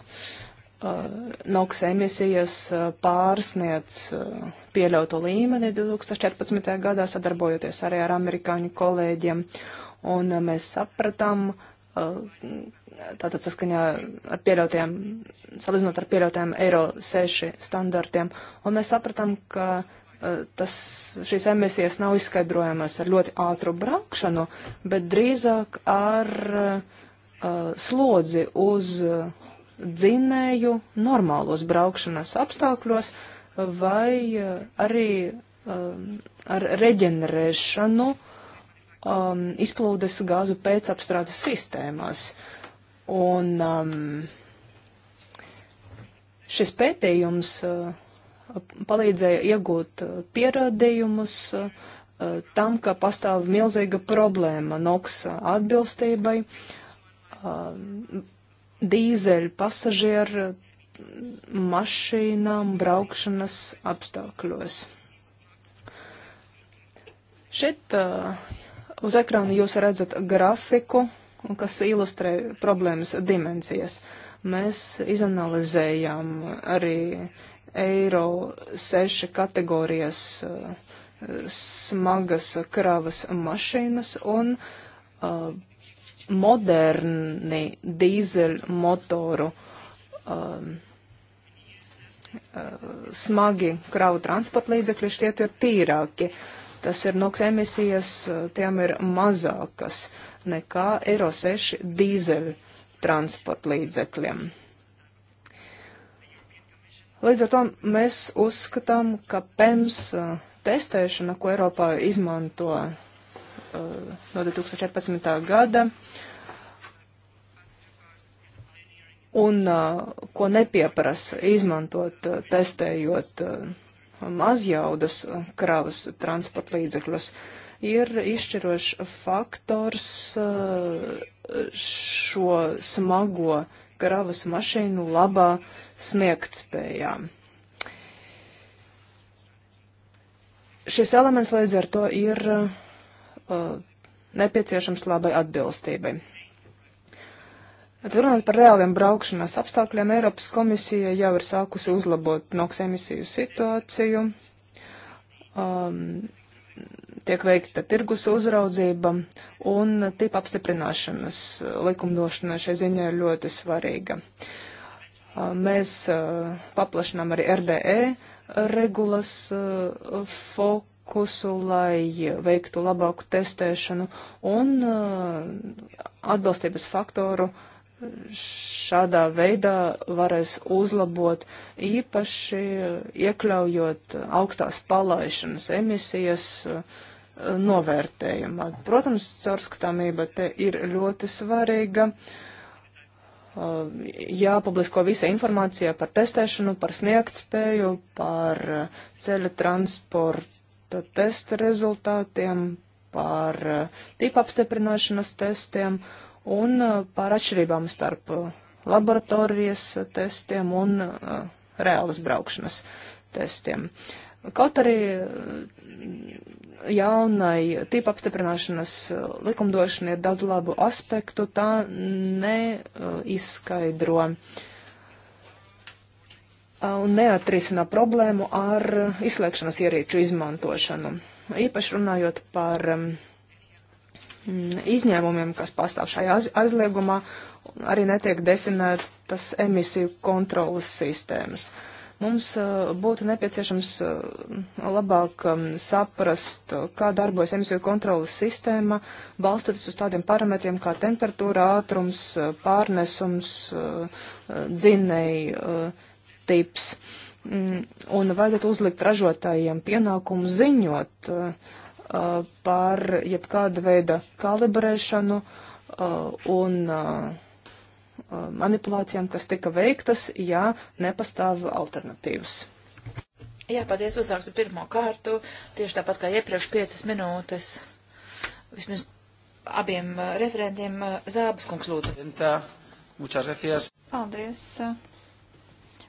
Uh, NOX emisijas uh, pārsniedz uh, pieļautu līmeni 2014. gadā, sadarbojoties arī ar amerikāņu kolēģiem. Un mēs sapratām, tātad saskaņā ar pieļautajām, salīdzinot ar pieļautajām Eiro 6 standartiem, un mēs sapratām, ka tas, šīs emisijas nav izskaidrojamas ar ļoti ātru braukšanu, bet drīzāk ar uh, slodzi uz uh, dzinēju normālos braukšanas apstākļos vai eh, arī um, ar reģenerēšanu um, izplūdes gāzu pēcapstrādes sistēmās. Un um, šis pētījums uh, palīdzēja iegūt uh, pierādījumus uh, tam, ka pastāv milzīga problēma NOX atbilstībai. Uh, dīzeļu pasažieru mašīnām braukšanas apstākļos. Šeit uh, uz ekrāna jūs redzat grafiku, kas ilustrē problēmas dimensijas. Mēs izanalizējām arī eiro seši kategorijas uh, smagas kravas mašīnas un uh, moderni dīzeļmotoru um, uh, smagi kravu transporta līdzekļi šķiet ir tīrāki. Tas ir NOX emisijas, uh, tiem ir mazākas nekā Eiro 6 dīzeļu transporta līdzekļiem. Līdz ar to mēs uzskatām, ka PEMS uh, testēšana, ko Eiropā izmanto no 2014. gada. Un ko nepieprasa izmantot, testējot mazjaudas kravas transporta līdzekļus, ir izšķirošs faktors šo smago kravas mašīnu labā sniegtspējā. Šis elements līdz ar to ir uh, Uh, nepieciešams labai atbilstībai. Runājot par reāliem braukšanās apstākļiem, Eiropas komisija jau ir sākusi uzlabot NOX emisiju situāciju. Um, tiek veikta tirgus uzraudzība un tipa apstiprināšanas likumdošana šai ziņā ir ļoti svarīga. Uh, mēs uh, paplašinām arī RDE regulas fokusu kursu, lai veiktu labāku testēšanu un uh, atbalstības faktoru šādā veidā varēs uzlabot, īpaši uh, iekļaujot augstās palaišanas emisijas uh, novērtējumā. Protams, caurskatāmība te ir ļoti svarīga. Jāpublisko visa informācija par testēšanu, par sniegtspēju, par ceļa transportu testa rezultātiem, par eh, tipu apstiprināšanas testiem un eh, par atšķirībām starp eh, laboratorijas testiem un reālas braukšanas testiem. Kaut arī jaunai tipu apstiprināšanas likumdošana ir daudz labu aspektu, tā neizskaidro uh, un neatrisinā problēmu ar izslēgšanas ierīču izmantošanu. Īpaši runājot par izņēmumiem, kas pastāv šajā aizliegumā, arī netiek definētas emisiju kontrolas sistēmas. Mums būtu nepieciešams labāk saprast, kā darbojas emisiju kontrolas sistēma, balstoties uz tādiem parametriem kā temperatūra, ātrums, pārnesums, dzinēji atbilstības, mm, un vajadzētu uzlikt ražotājiem pienākumu ziņot uh, par jebkāda veida kalibrēšanu uh, un uh, manipulācijām, kas tika veiktas, ja nepastāv alternatīvas. Jā, paldies, uzsāksim pirmo kārtu. Tieši tāpat kā iepriekš piecas minūtes. Vismaz abiem referentiem Zābas kungs lūdzu. Paldies,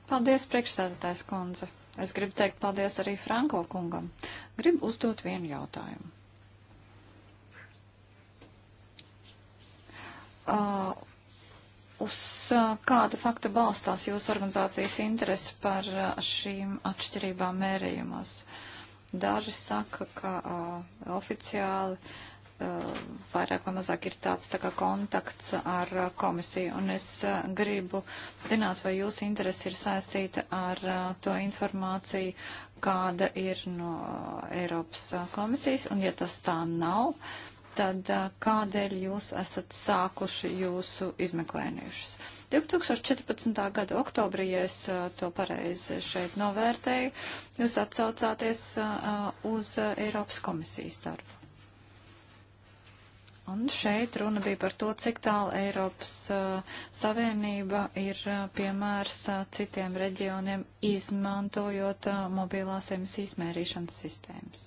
Paldies, priekšsēdētājs kundze. Es gribu teikt paldies arī Franko kungam. Gribu uzdot vienu jautājumu. Uh, uz uh, kāda fakta balstās jūsu organizācijas interesi par uh, šīm atšķirībām mērījumos? Daži saka, ka uh, oficiāli uh, Eh, vairāk vai mazāk ir tāds tā kā kontakts ar eh, komisiju. Un es eh, gribu zināt, vai jūsu interesi ir saistīta ar to informāciju, kāda ir no Eiropas komisijas. Un ja tas tā nav, tad kādēļ jūs esat sākuši jūsu izmeklējumus? 2014. gada oktobrī, ja es to pareizi šeit novērtēju, jūs atsaucāties uz Eiropas komisijas darbu. Un šeit runa bija par to, cik tālu Eiropas uh, Savienība ir uh, piemērs uh, citiem reģioniem, izmantojot uh, mobilās emisijas mērīšanas sistēmas.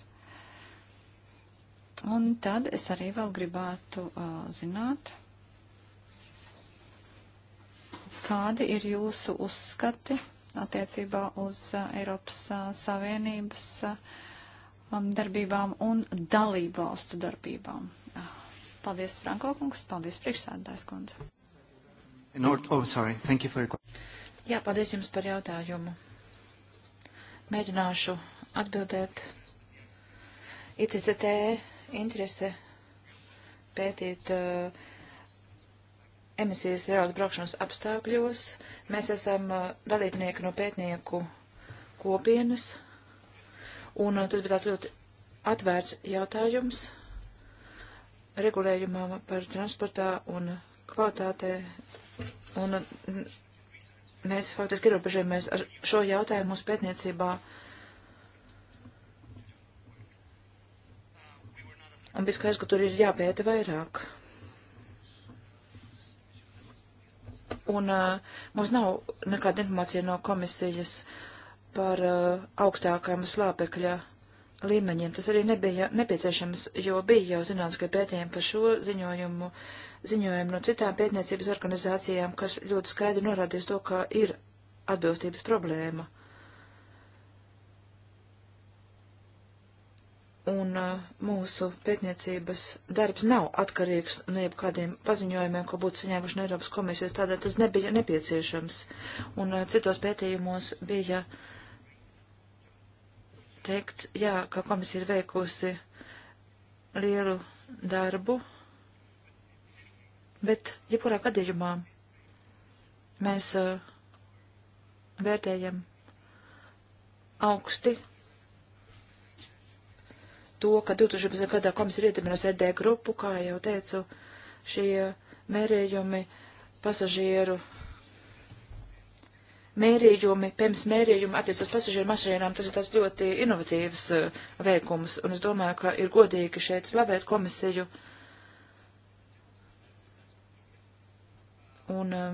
Un tad es arī vēl gribētu uh, zināt, kādi ir jūsu uzskati attiecībā uz uh, Eiropas Savienības um, darbībām un dalībvalstu darbībām. Uh Paldies, Franko kungs, paldies, priekšsēdētājs kundze. Nord, oh, sorry, thank you for your Jā, paldies jums par jautājumu. Mēģināšu atbildēt. ICCT interese pētīt uh, emisijas reāls braukšanas apstākļos. Mēs esam uh, dalībnieki no pētnieku kopienas, un uh, tas bija tāds ļoti atvērts jautājums regulējumam par transportā un kvalitātē. Un mēs faktiski ierobežojamies ar šo jautājumu mūsu pētniecībā. Un bija skaidrs, ka tur ir jāpēta vairāk. Un uh, mums nav nekāda informācija no komisijas par uh, augstākām slāpekļa uh, līmeņiem. Tas arī nebija nepieciešams, jo bija jau zināms, ka pētījumi par šo ziņojumu, ziņojumu no citām pētniecības organizācijām, kas ļoti skaidri norādīs to, ka ir atbilstības problēma. Un uh, mūsu pētniecības darbs nav atkarīgs no jebkādiem paziņojumiem, ko būtu saņēmuši no Eiropas komisijas, tādēļ tas nebija nepieciešams. Un uh, citos pētījumos bija uh, teikts, jā, ka komisija ir veikusi lielu darbu, bet jebkurā gadījumā mēs uh, vērtējam augsti to, ka 2015. gadā komisija ir iedibinājusi RD grupu, kā jau teicu, šie mērījumi pasažieru mērījumi, pirms mērījumi attiec uz pasažieru mašīnām, tas ir tāds ļoti inovatīvs uh, veikums, un es domāju, ka ir godīgi šeit slavēt komisiju. Un uh,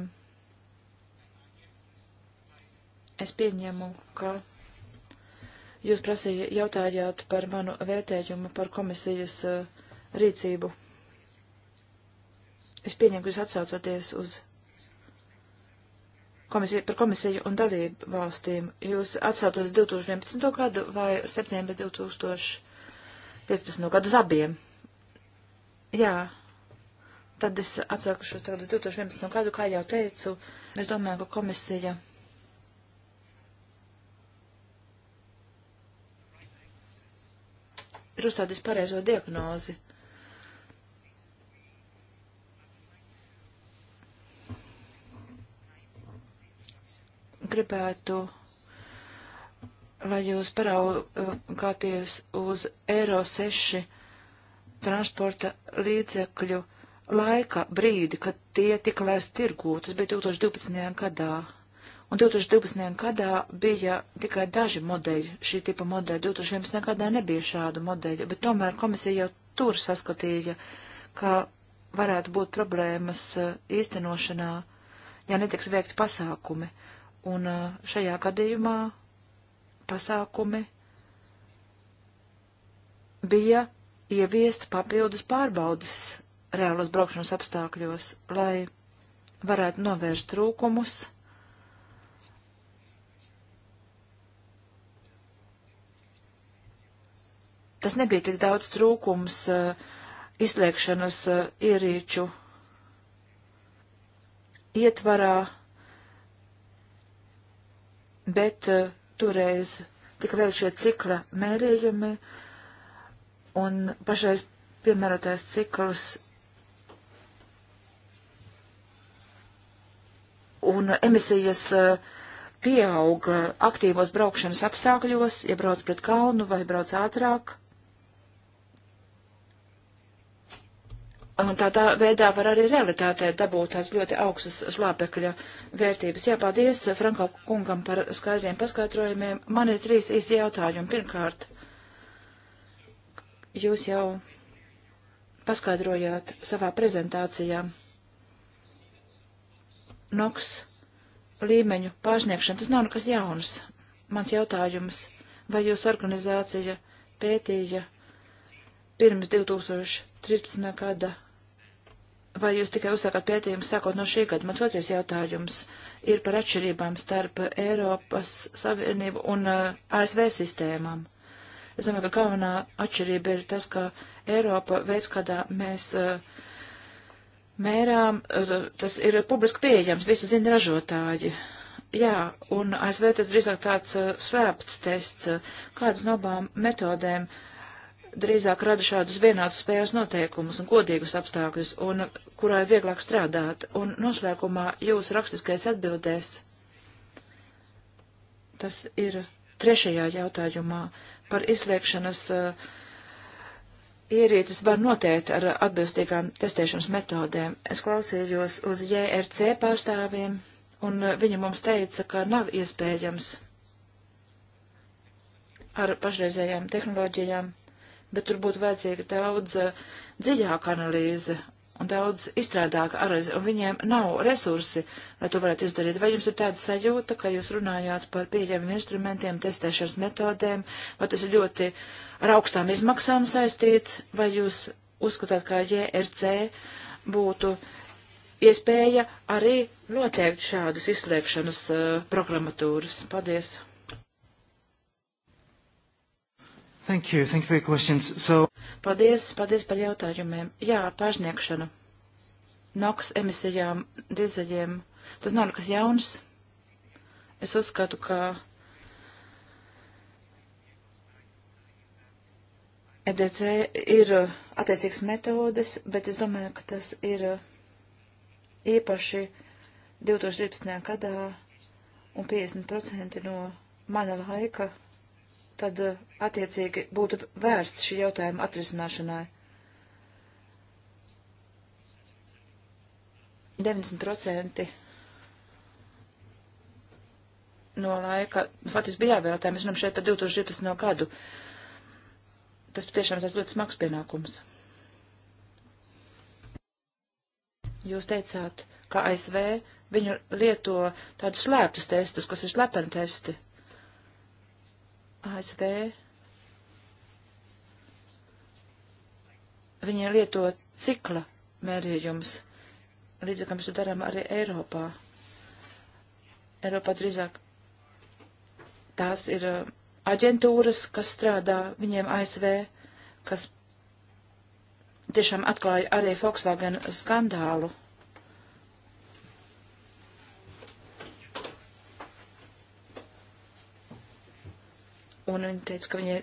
es pieņemu, ka jūs prasīja, jautājāt par manu vērtējumu par komisijas uh, rīcību. Es pieņemu, ka jūs atsaucaties uz komisiju, par komisiju un dalību valstīm. Jūs atsaucaties 2011. gadu vai septembri 2015. gadu uz abiem? Jā. Tad es atsākušos tagad 2011. gadu, kā jau teicu, es domāju, ka komisija. Ir uzstādījis pareizo diagnozi. Uh, gribētu, lai jūs paraugāties uz Eiro 6 transporta līdzekļu laika brīdi, kad tie tika laist tirgū. Tas bija 2012. gadā. Un 2012. gadā bija tikai daži modeļi, šī tipa modeļi. 2011. gadā nebija šādu modeļu, bet tomēr komisija jau tur saskatīja, ka varētu būt problēmas uh, īstenošanā, ja netiks veikti pasākumi. Uh, Un šajā gadījumā pasākumi bija ieviest papildus pārbaudas reālos braukšanas apstākļos, lai varētu novērst trūkumus. Tas nebija tik daudz trūkums uh, izslēgšanas uh, ierīču ietvarā, bet uh, toreiz tika vēl šie cikla mērījumi, un pašais piemērotais cikls un emisijas uh, pieauga aktīvos braukšanas apstākļos, ja brauc pret kalnu vai brauc ātrāk. Un tādā tā veidā var arī realitātē dabūt tās ļoti augstas slāpekļa vērtības. Jā, paldies eh, Franko kungam par skaidriem paskaidrojumiem. Man ir trīs īsi jautājumi. Pirmkārt, jūs jau paskaidrojāt savā prezentācijā NOX līmeņu pārsniegšanu. Tas nav nekas jauns. Mans jautājums, vai jūsu organizācija pētīja pirms 2013. gada vai jūs tikai uzsākat pētījumu sākot no šī gada? Mans otrais jautājums ir par atšķirībām starp Eiropas Savienību un uh, ASV sistēmām. Es domāju, ka galvenā atšķirība ir tas, ka Eiropa veids, kādā mēs uh, mērām, uh, tas ir publiski pieejams, visi zina ražotāji. Jā, un ASV tas drīzāk tāds uh, slēpts tests, uh, kādas no abām metodēm drīzāk rada šādus vienādus spēles noteikumus un godīgus apstākļus, un kurā ir vieglāk strādāt. Un noslēgumā jūsu rakstiskais atbildēs, tas ir trešajā jautājumā par izslēgšanas uh, ierīces var noteikt ar atbilstīgām testēšanas metodēm. Es klausījos uz JRC pārstāvjiem, un eh, viņi mums teica, ka nav iespējams ar pašreizējām tehnoloģijām bet tur būtu vajadzīga daudz eh, dziļāka analīze un daudz izstrādāka analīze, un viņiem nav resursi, lai to varētu izdarīt. Vai jums ir tāda sajūta, ka jūs runājāt par pieejamiem instrumentiem, testēšanas metodēm, vai tas ir ļoti ar augstām izmaksām saistīts, vai jūs uzskatāt, kā JRC būtu iespēja arī noteikt šādas izslēgšanas uh, programmatūras? Paldies! Thank you. Thank you for your questions. So... Paldies, paldies par jautājumiem. Jā, pārsniegšana. NOX emisijām, dizeļiem. Tas nav nekas jauns. Es uzskatu, ka EDC ir uh, attiecīgs metodes, bet es domāju, ka tas ir uh, īpaši 2012. gadā un 50% no mana laika tad eh, attiecīgi būtu vērsts šī jautājuma atrisināšanai. 90% no laika, faktiski bija jāvēltē, mēs zinām šeit par 2012. No gadu. Tas patiešām tas ļoti smags pienākums. Jūs teicāt, ka ASV viņu lieto tādus slēptus testus, kas ir slepeni testi. ASV viņi lieto cikla mērījums, līdzīgi kā mēs to darām arī Eiropā. Eiropā drīzāk tās ir uh, aģentūras, kas strādā viņiem ASV, kas tiešām atklāja arī Volkswagen skandālu. un viņa teica, ka viņa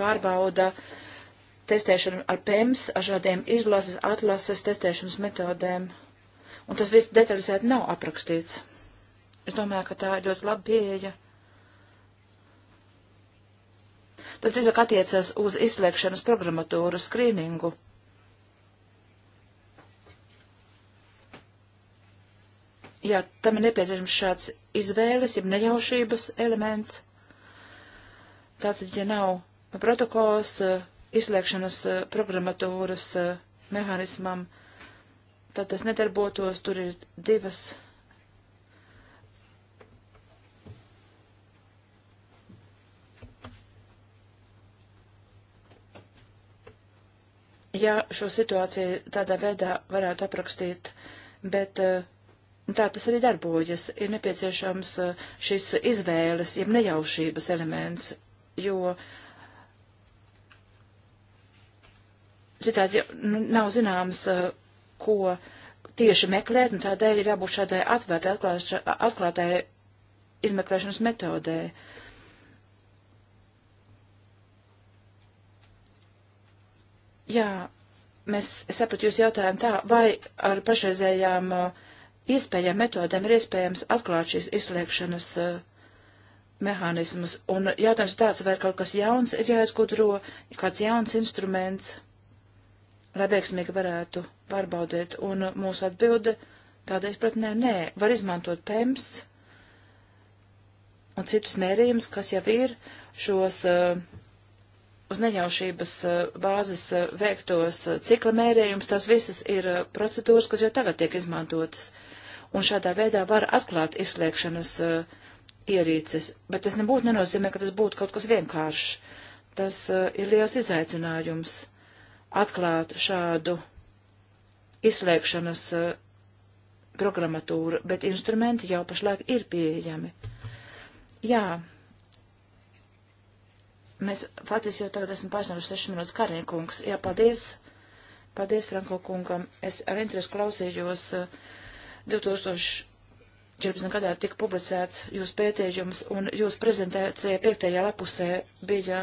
pārbauda testēšanu ar PEMS, ar šādiem izlases, atlases testēšanas metodēm, un tas viss detalizēti nav aprakstīts. Es domāju, ka tā ir ļoti laba pieeja. Tas drīzāk attiecas uz izslēgšanas programmatūru skrīningu. Jā, tam ir nepieciešams šāds izvēles, jeb nejaušības elements. Tātad, ja nav protokols eh, izslēgšanas eh, programmatūras eh, mehānismam, tad tas nedarbotos, tur ir divas. Ja šo situāciju tādā veidā varētu aprakstīt, bet uh, Tā tas arī darbojas. Ir nepieciešams šis izvēles, jeb nejaušības elements, jo citādi nu, nav zināms, eh, ko tieši meklēt, un tādēļ ir jābūt šādai atvērtai, atklātai izmeklēšanas metodē. Jā, mēs sapratu jūs jautājumu tā, vai ar pašreizējām eh, iespējām metodēm ir iespējams atklāt šīs izslēgšanas uh, mehānismus. Un jautājums tāds, vai ir kaut kas jauns ir jāizgudro, kāds jauns instruments, lai veiksmīgi varētu pārbaudīt. Un mūsu atbilde tādā izpratnē, nē, var izmantot PEMS un citus mērījumus, kas jau ir šos uh, uz nejaušības uh, bāzes uh, veiktos uh, cikla mērījums, tās visas ir uh, procedūras, kas jau tagad tiek izmantotas. Un šādā veidā var atklāt izslēgšanas uh, ierīces, bet tas nebūtu nenozīmē, ka tas būtu kaut kas vienkāršs. Tas uh, ir liels izaicinājums atklāt šādu izslēgšanas uh, programmatūru, bet instrumenti jau pašlaik ir pieejami. Jā, mēs faktiski jau tagad esam pārsnieguši 6 minūtes Karniekungs. Jā, paldies, paldies Franko kungam. Es ar interesi klausījos uh, 2000. 14. gadā tika publicēts jūsu pētījums, un jūsu prezentācija piektajā lapusē bija.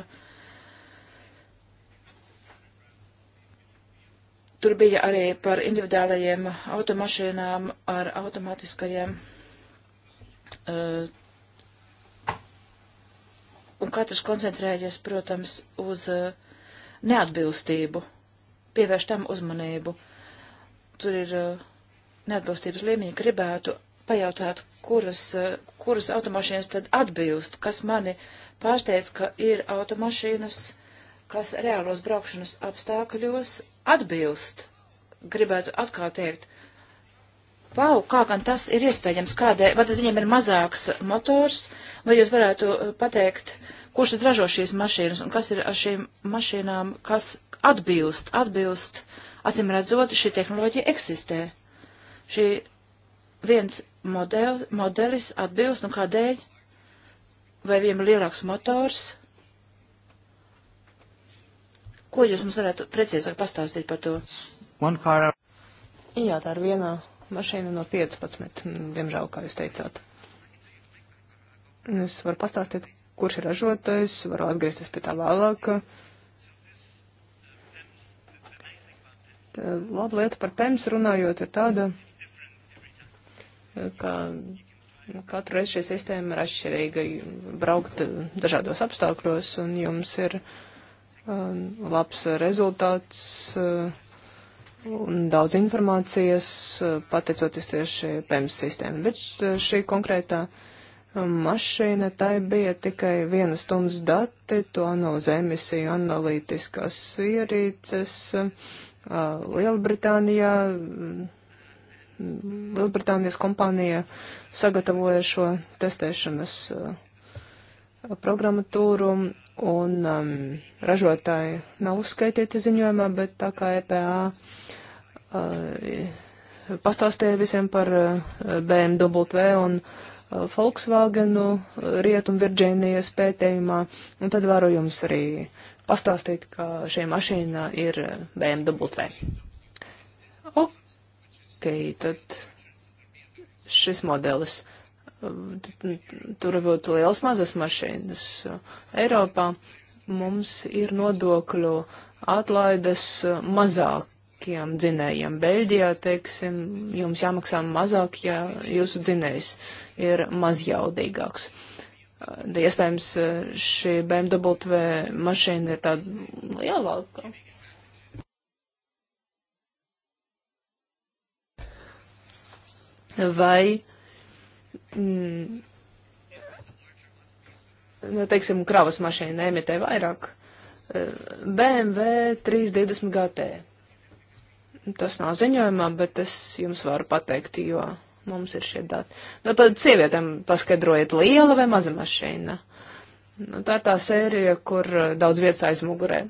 Tur bija arī par individuālajiem automašīnām ar automatiskajiem. Uh, eh, un katrs koncentrējies, protams, uz uh, neatbilstību, pievērš tam uzmanību. Tur ir uh, neatbilstības līmeņi, gribētu pajautāt, kuras, eh, kuras automašīnas tad atbilst, kas mani pārsteidz, ka ir automašīnas, kas reālos braukšanas apstākļos atbilst. Gribētu atkal teikt, Pau, kā gan tas ir iespējams, kādēļ, vai tas viņiem ir mazāks motors, vai jūs varētu eh, pateikt, kurš tad ražo šīs mašīnas un kas ir ar šīm mašīnām, kas atbilst, atbilst, acīm redzot, šī tehnoloģija eksistē. Šī viens model, modelis atbilst, nu kādēļ, vai viņam ir lielāks motors. Ko jūs mums varētu precīzāk pastāstīt par to? Jā, tā ir viena mašīna no 15, diemžēl, kā jūs teicāt. Es varu pastāstīt, kurš ir ražotais, varu atgriezties pie tā vēlāk. Tā laba lieta par PEMS runājot ir tāda, ka nu, katru reizi šī sistēma ir atšķirīga, braukt dažādos apstākļos, un jums ir um, labs rezultāts uh, un daudz informācijas, uh, pateicoties tieši PEMS sistēma. Bet uh, šī konkrētā um, mašīna, tai bija tikai viena stundas dati, to analizē emisiju analītiskās ierīces Lielbritānijā Lielbritānijas kompānija sagatavoja šo testēšanas uh, programmatūru, un um, ražotāji nav uzskaitīti ziņojumā, bet tā kā EPA uh, pastāstīja visiem par uh, BMW un uh, Volkswagenu uh, Rietum Virģīnijas pētījumā, un tad varu jums arī pastāstīt, ka šī mašīna ir BMW. Ok Ok, tad šis modelis. Tur būtu liels mazas mašīnas. Eiropā mums ir nodokļu atlaides mazākiem dzinējiem. Beļģijā, teiksim, jums jāmaksā mazāk, ja jūsu dzinējs ir mazjaudīgāks. Iespējams, šī BMW mašīna ir tāda lielāka. vai, mm, nu, teiksim, kravas mašīna emitē vairāk. BMW 320 GT. Tas nav ziņojumā, bet es jums varu pateikt, jo mums ir šie dati. Nu, tad sievietēm paskaidrojiet, liela vai maza mašīna. Nu, tā ir tā sērija, kur eh, daudz vietas aizmugurē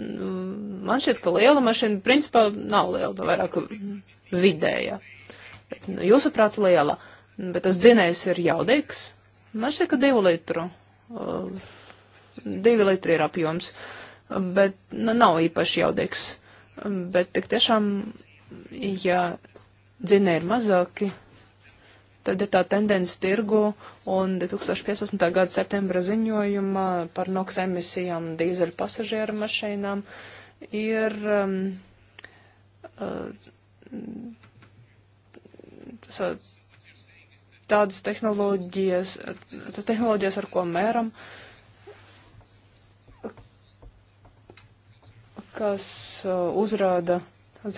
man šķiet, ka liela mašīna principā nav liela, bet vairāk vidēja. Bet, nu, jūsuprāt, liela, bet tas dzinējs ir jaudīgs. Man šķiet, ka divu litru. Uh, divi litri ir apjoms, bet nu, nav īpaši jaudīgs. Bet tik tiešām, ja dzinēji ir mazāki, Tad ir tā tendence tirgu un 2015. gada septembra ziņojumā par NOX emisijām dīzeļu pasažieru mašīnām ir um, uh, tas, uh, tādas tehnoloģijas, tā tehnoloģijas, ar ko mēram, kas uh, uzrāda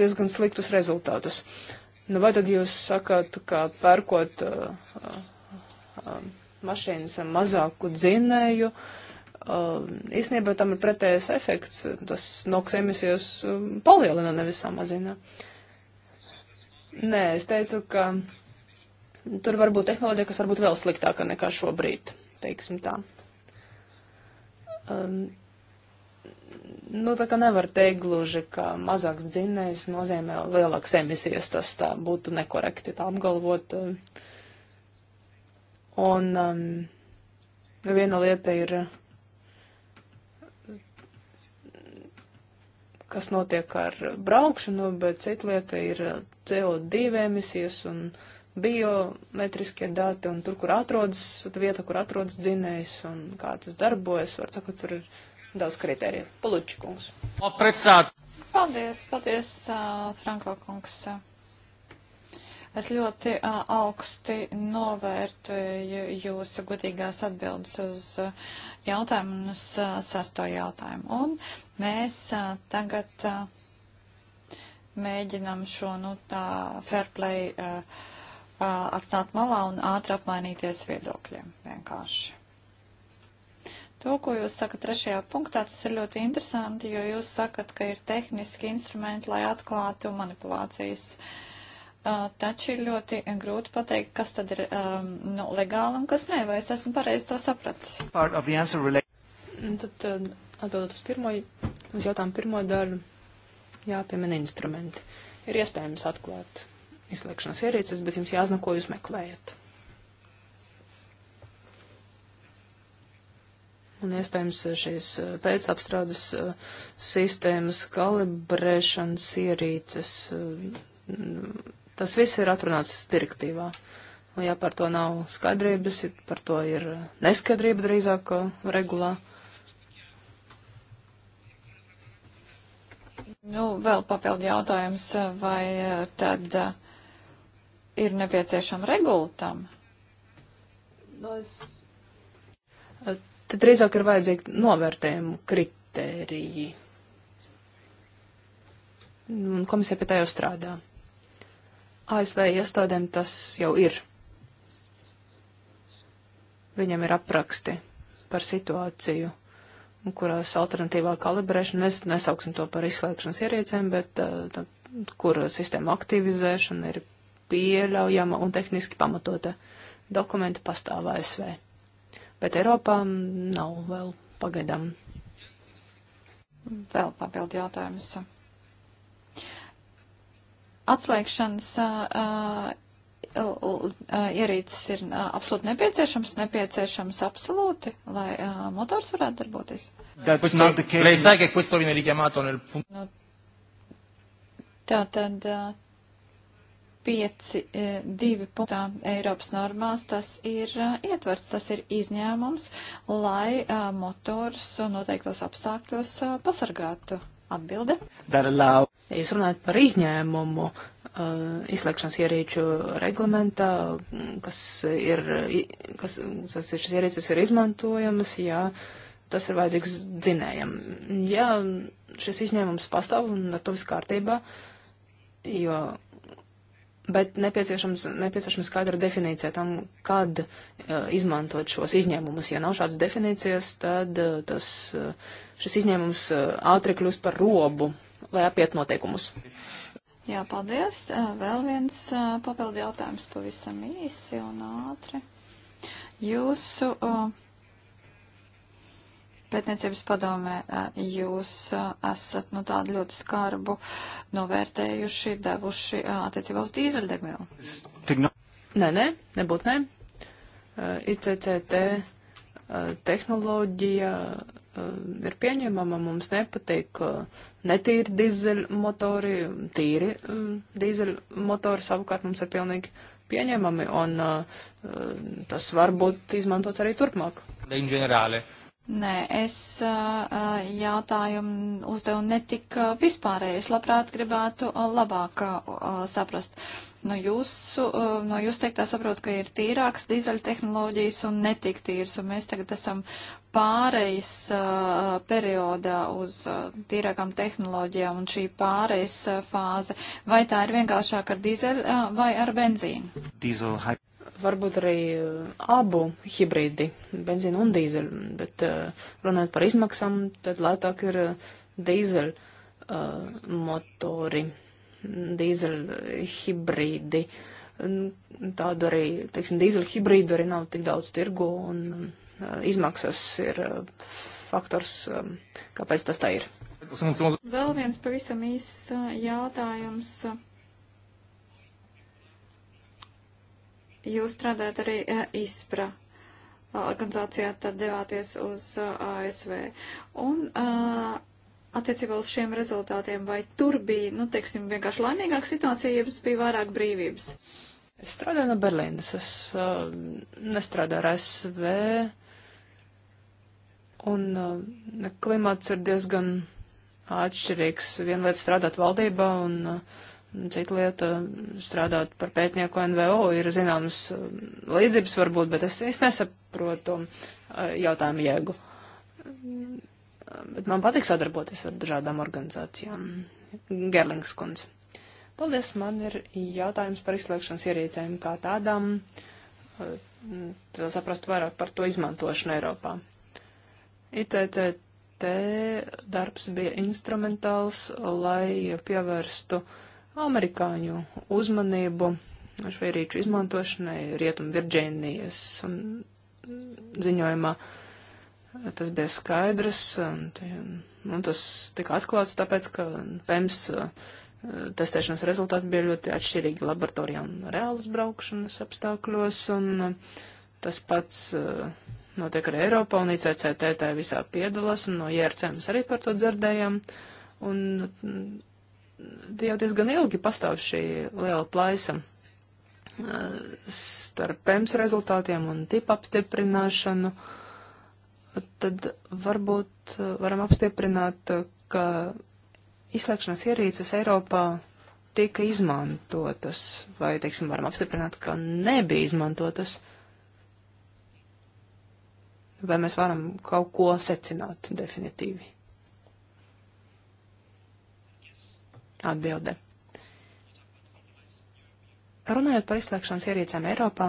diezgan sliktus rezultātus. Uh, Nu, vai tad jūs sakāt, ka pērkot uh, uh, mašīnas ar mazāku dzinēju, uh, īstenībā tam ir pretējais efekts, tas noks emisijas uh, palielina, nevis samazina. Nē, es teicu, ka tur var būt tehnoloģija, kas varbūt vēl sliktāka nekā šobrīd, teiksim tā. Um, nu, tā kā nevar teikt gluži, ka mazāks dzinējs nozīmē lielāks emisijas, tas tā būtu nekorekti tā apgalvot. Un um, viena lieta ir, kas notiek ar braukšanu, bet cita lieta ir CO2 emisijas un biometriskie dati un tur, kur atrodas, vieta, kur atrodas dzinējs un kā tas darbojas, var sakot, tur ir daudz kritēriju. Paluči, kungs. Aprecāt. Paldies, paldies, uh, Franko kungs. Es ļoti uh, augsti novērtēju jūsu gudīgās atbildes uz uh, jautājumu un uz uh, sasto jautājumu. Un mēs uh, tagad. Uh, mēģinam šo nu, tā fair play uh, uh, atstāt malā un ātri apmainīties viedokļiem vienkārši. To, ko jūs sakat trešajā punktā, tas ir ļoti interesanti, jo jūs sakat, ka ir tehniski instrumenti, lai atklātu manipulācijas. Uh, taču ir ļoti grūti pateikt, kas tad ir um, nu, legāli un kas nē, vai es esmu pareizi to sapratis. Tad uh, atbildot uz pirmo, uz jautājumu pirmo daļu, jāpiemina instrumenti. Ir iespējams atklāt izslēgšanas ierīces, bet jums jāzina, ko jūs meklējat. Un iespējams eh, šīs eh, pēcapstrādes eh, sistēmas kalibrēšanas ierīces, tas viss ir atrunāts direktīvā. Un ja par to nav skaidrības, par to ir neskaidrība drīzāk regulā. Nu, vēl papildu jautājums, vai tad ir nepieciešama regula tam? No, nu, es Tad drīzāk ir vajadzīgi novērtējumu kritēriji. Un komisija pie tā jau strādā. ASV iestādēm tas jau ir. Viņam ir apraksti par situāciju, kurās alternatīvā kalibrēšana, es nesauksim to par izslēgšanas ierīcēm, bet eh, tā, kur sistēma aktivizēšana ir pieļaujama un tehniski pamatota. Dokumenti pastāv ASV bet Eiropā nav vēl pagaidām. Vēl papildu jautājumus. Atslēgšanas uh, ierīces ir uh, absolūti nepieciešams, nepieciešams absolūti, lai uh, motors varētu darboties. Lei sa che questo viene richiamato nel punto. No, nu, tā tad. Uh, 5, 2 e, punktā Eiropas normās, tas ir e, ietverts, tas ir izņēmums, lai e, motors noteiktos apstākļos pasargātu. Atbilde. Darlau. Ja jūs runājat par izņēmumu uh, izslēgšanas ierīču reglamentā, kas ir, kas, tas ir šis ierīces ir izmantojamas, jā, tas ir vajadzīgs dzinējam. Jā, šis izņēmums pastāv un ar to viss kārtībā, jo bet nepieciešams, nepieciešams skaidra definīcija tam, kad uh, izmantot šos izņēmumus. Ja nav šādas definīcijas, tad uh, tas, uh, šis izņēmums uh, ātri kļūst par robu, lai apiet noteikumus. Jā, paldies. Vēl viens uh, papildu jautājums pavisam īsi un ātri. Jūsu uh, pētniecības padomē jūs esat nu, tādu ļoti skarbu novērtējuši, devuši attiecībā uz dīzeļdegvielu. Nē, nē, nebūtu nē. ICCT tehnoloģija ir pieņemama, mums nepatīk netīri dīzeļmotori, tīri dīzeļmotori savukārt mums ir pilnīgi pieņemami, un tas var būt izmantots arī turpmāk. In generale, uh, Nē, es jautājumu uzdevu netik vispārēji. Es labprāt gribētu labāk saprast. No jūsu, no jūsu teiktā saprotu, ka ir tīrāks dīzeļa tehnoloģijas un netik tīrs, un mēs tagad esam pārejas uh, periodā uz uh, tīrākām tehnoloģijām, un šī pārejas uh, fāze, vai tā ir vienkāršāk ar dīzeļu vai ar benzīnu? Diesel, varbūt arī eh, abu hibrīdi, benzīnu un dīzeļu, bet eh, runājot par izmaksām, tad lētāk ir eh, dīzeļu motori, dīzeļu hibrīdi. Tādu arī, teiksim, dīzeļu hibrīdu arī nav tik daudz tirgu un izmaksas ir faktors, kāpēc tas tā ir. Vēl viens pavisam īsts jautājums Jūs strādājat arī e, ISPRA e, organizācijā, tad devāties uz e, ASV. Un attiecībā uz šiem rezultātiem, vai tur bija, nu, teiksim, vienkārši laimīgāka situācija, ja bija vairāk brīvības? Es strādāju no Berlīnas, es uh, nestrādāju ar ASV, un uh, klimats ir diezgan atšķirīgs. Viena lieta strādāt valdībā, un uh, Cita lieta strādāt par pētnieku NVO ir zināmas um, līdzības varbūt, bet es, es nesaprotu uh, jautājumu jēgu. Bet man patīk sadarboties ar dažādām organizācijām. Gerlings kundze. Paldies, man ir jautājums par izslēgšanas ierīcēm kā tādām. Tad uh, saprast vairāk par to izmantošanu Eiropā. ICCT darbs bija instrumentāls, lai pievērstu uh, amerikāņu uzmanību šo ierīču izmantošanai Rietumu Virģēnijas mm, ziņojumā. Tas bija skaidrs, un tas tika atklāts tāpēc, ka PEMS eh, testēšanas rezultāti bija ļoti atšķirīgi laboratorijā un reālas braukšanas apstākļos, un eh, tas pats eh, notiek arī Eiropā, un ICCT tā visā piedalās, un no IRC mēs arī par to dzirdējām, un mm, jau diezgan ilgi pastāv šī liela plaisa starp PEMS rezultātiem un tipu apstiprināšanu, tad varbūt varam apstiprināt, ka izslēgšanas ierīces Eiropā tika izmantotas, vai, teiksim, varam apstiprināt, ka nebija izmantotas. Vai mēs varam kaut ko secināt definitīvi? Atbilde. Runājot par izslēgšanas ierīcēm Eiropā,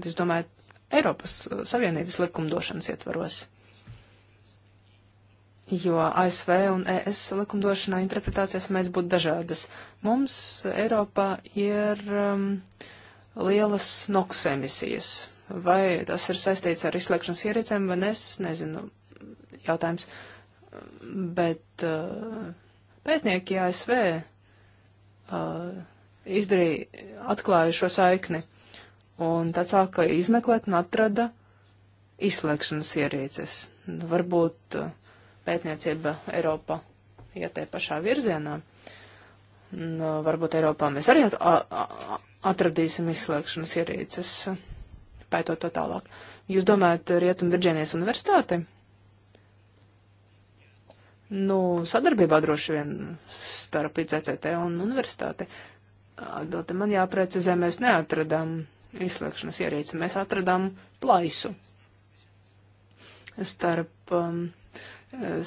es domāju, Eiropas Savienības likumdošanas ietvaros, jo ASV un ES likumdošanā interpretācijas mēs būtu dažādas. Mums Eiropā ir um, lielas NOX emisijas. Vai tas ir saistīts ar izslēgšanas ierīcēm vai nē, es nezinu. Jautājums. Bet uh, Pētnieki ASV uh, izdarīja, atklāja šo saikni, un tad sāka izmeklēt un atrada izslēgšanas ierīces. Nu, varbūt uh, pētniecība Eiropa iet te pašā virzienā. Un, nu, uh, varbūt Eiropā mēs arī at atradīsim izslēgšanas ierīces, pētot to tālāk. Jūs domājat Rietum Virģēnijas universitāti? Nu, sadarbībā droši vien starp ICCT un universitāti. Atbildi man jāprecizē, mēs neatradām izslēgšanas ierīci, mēs atradām plaisu starp um,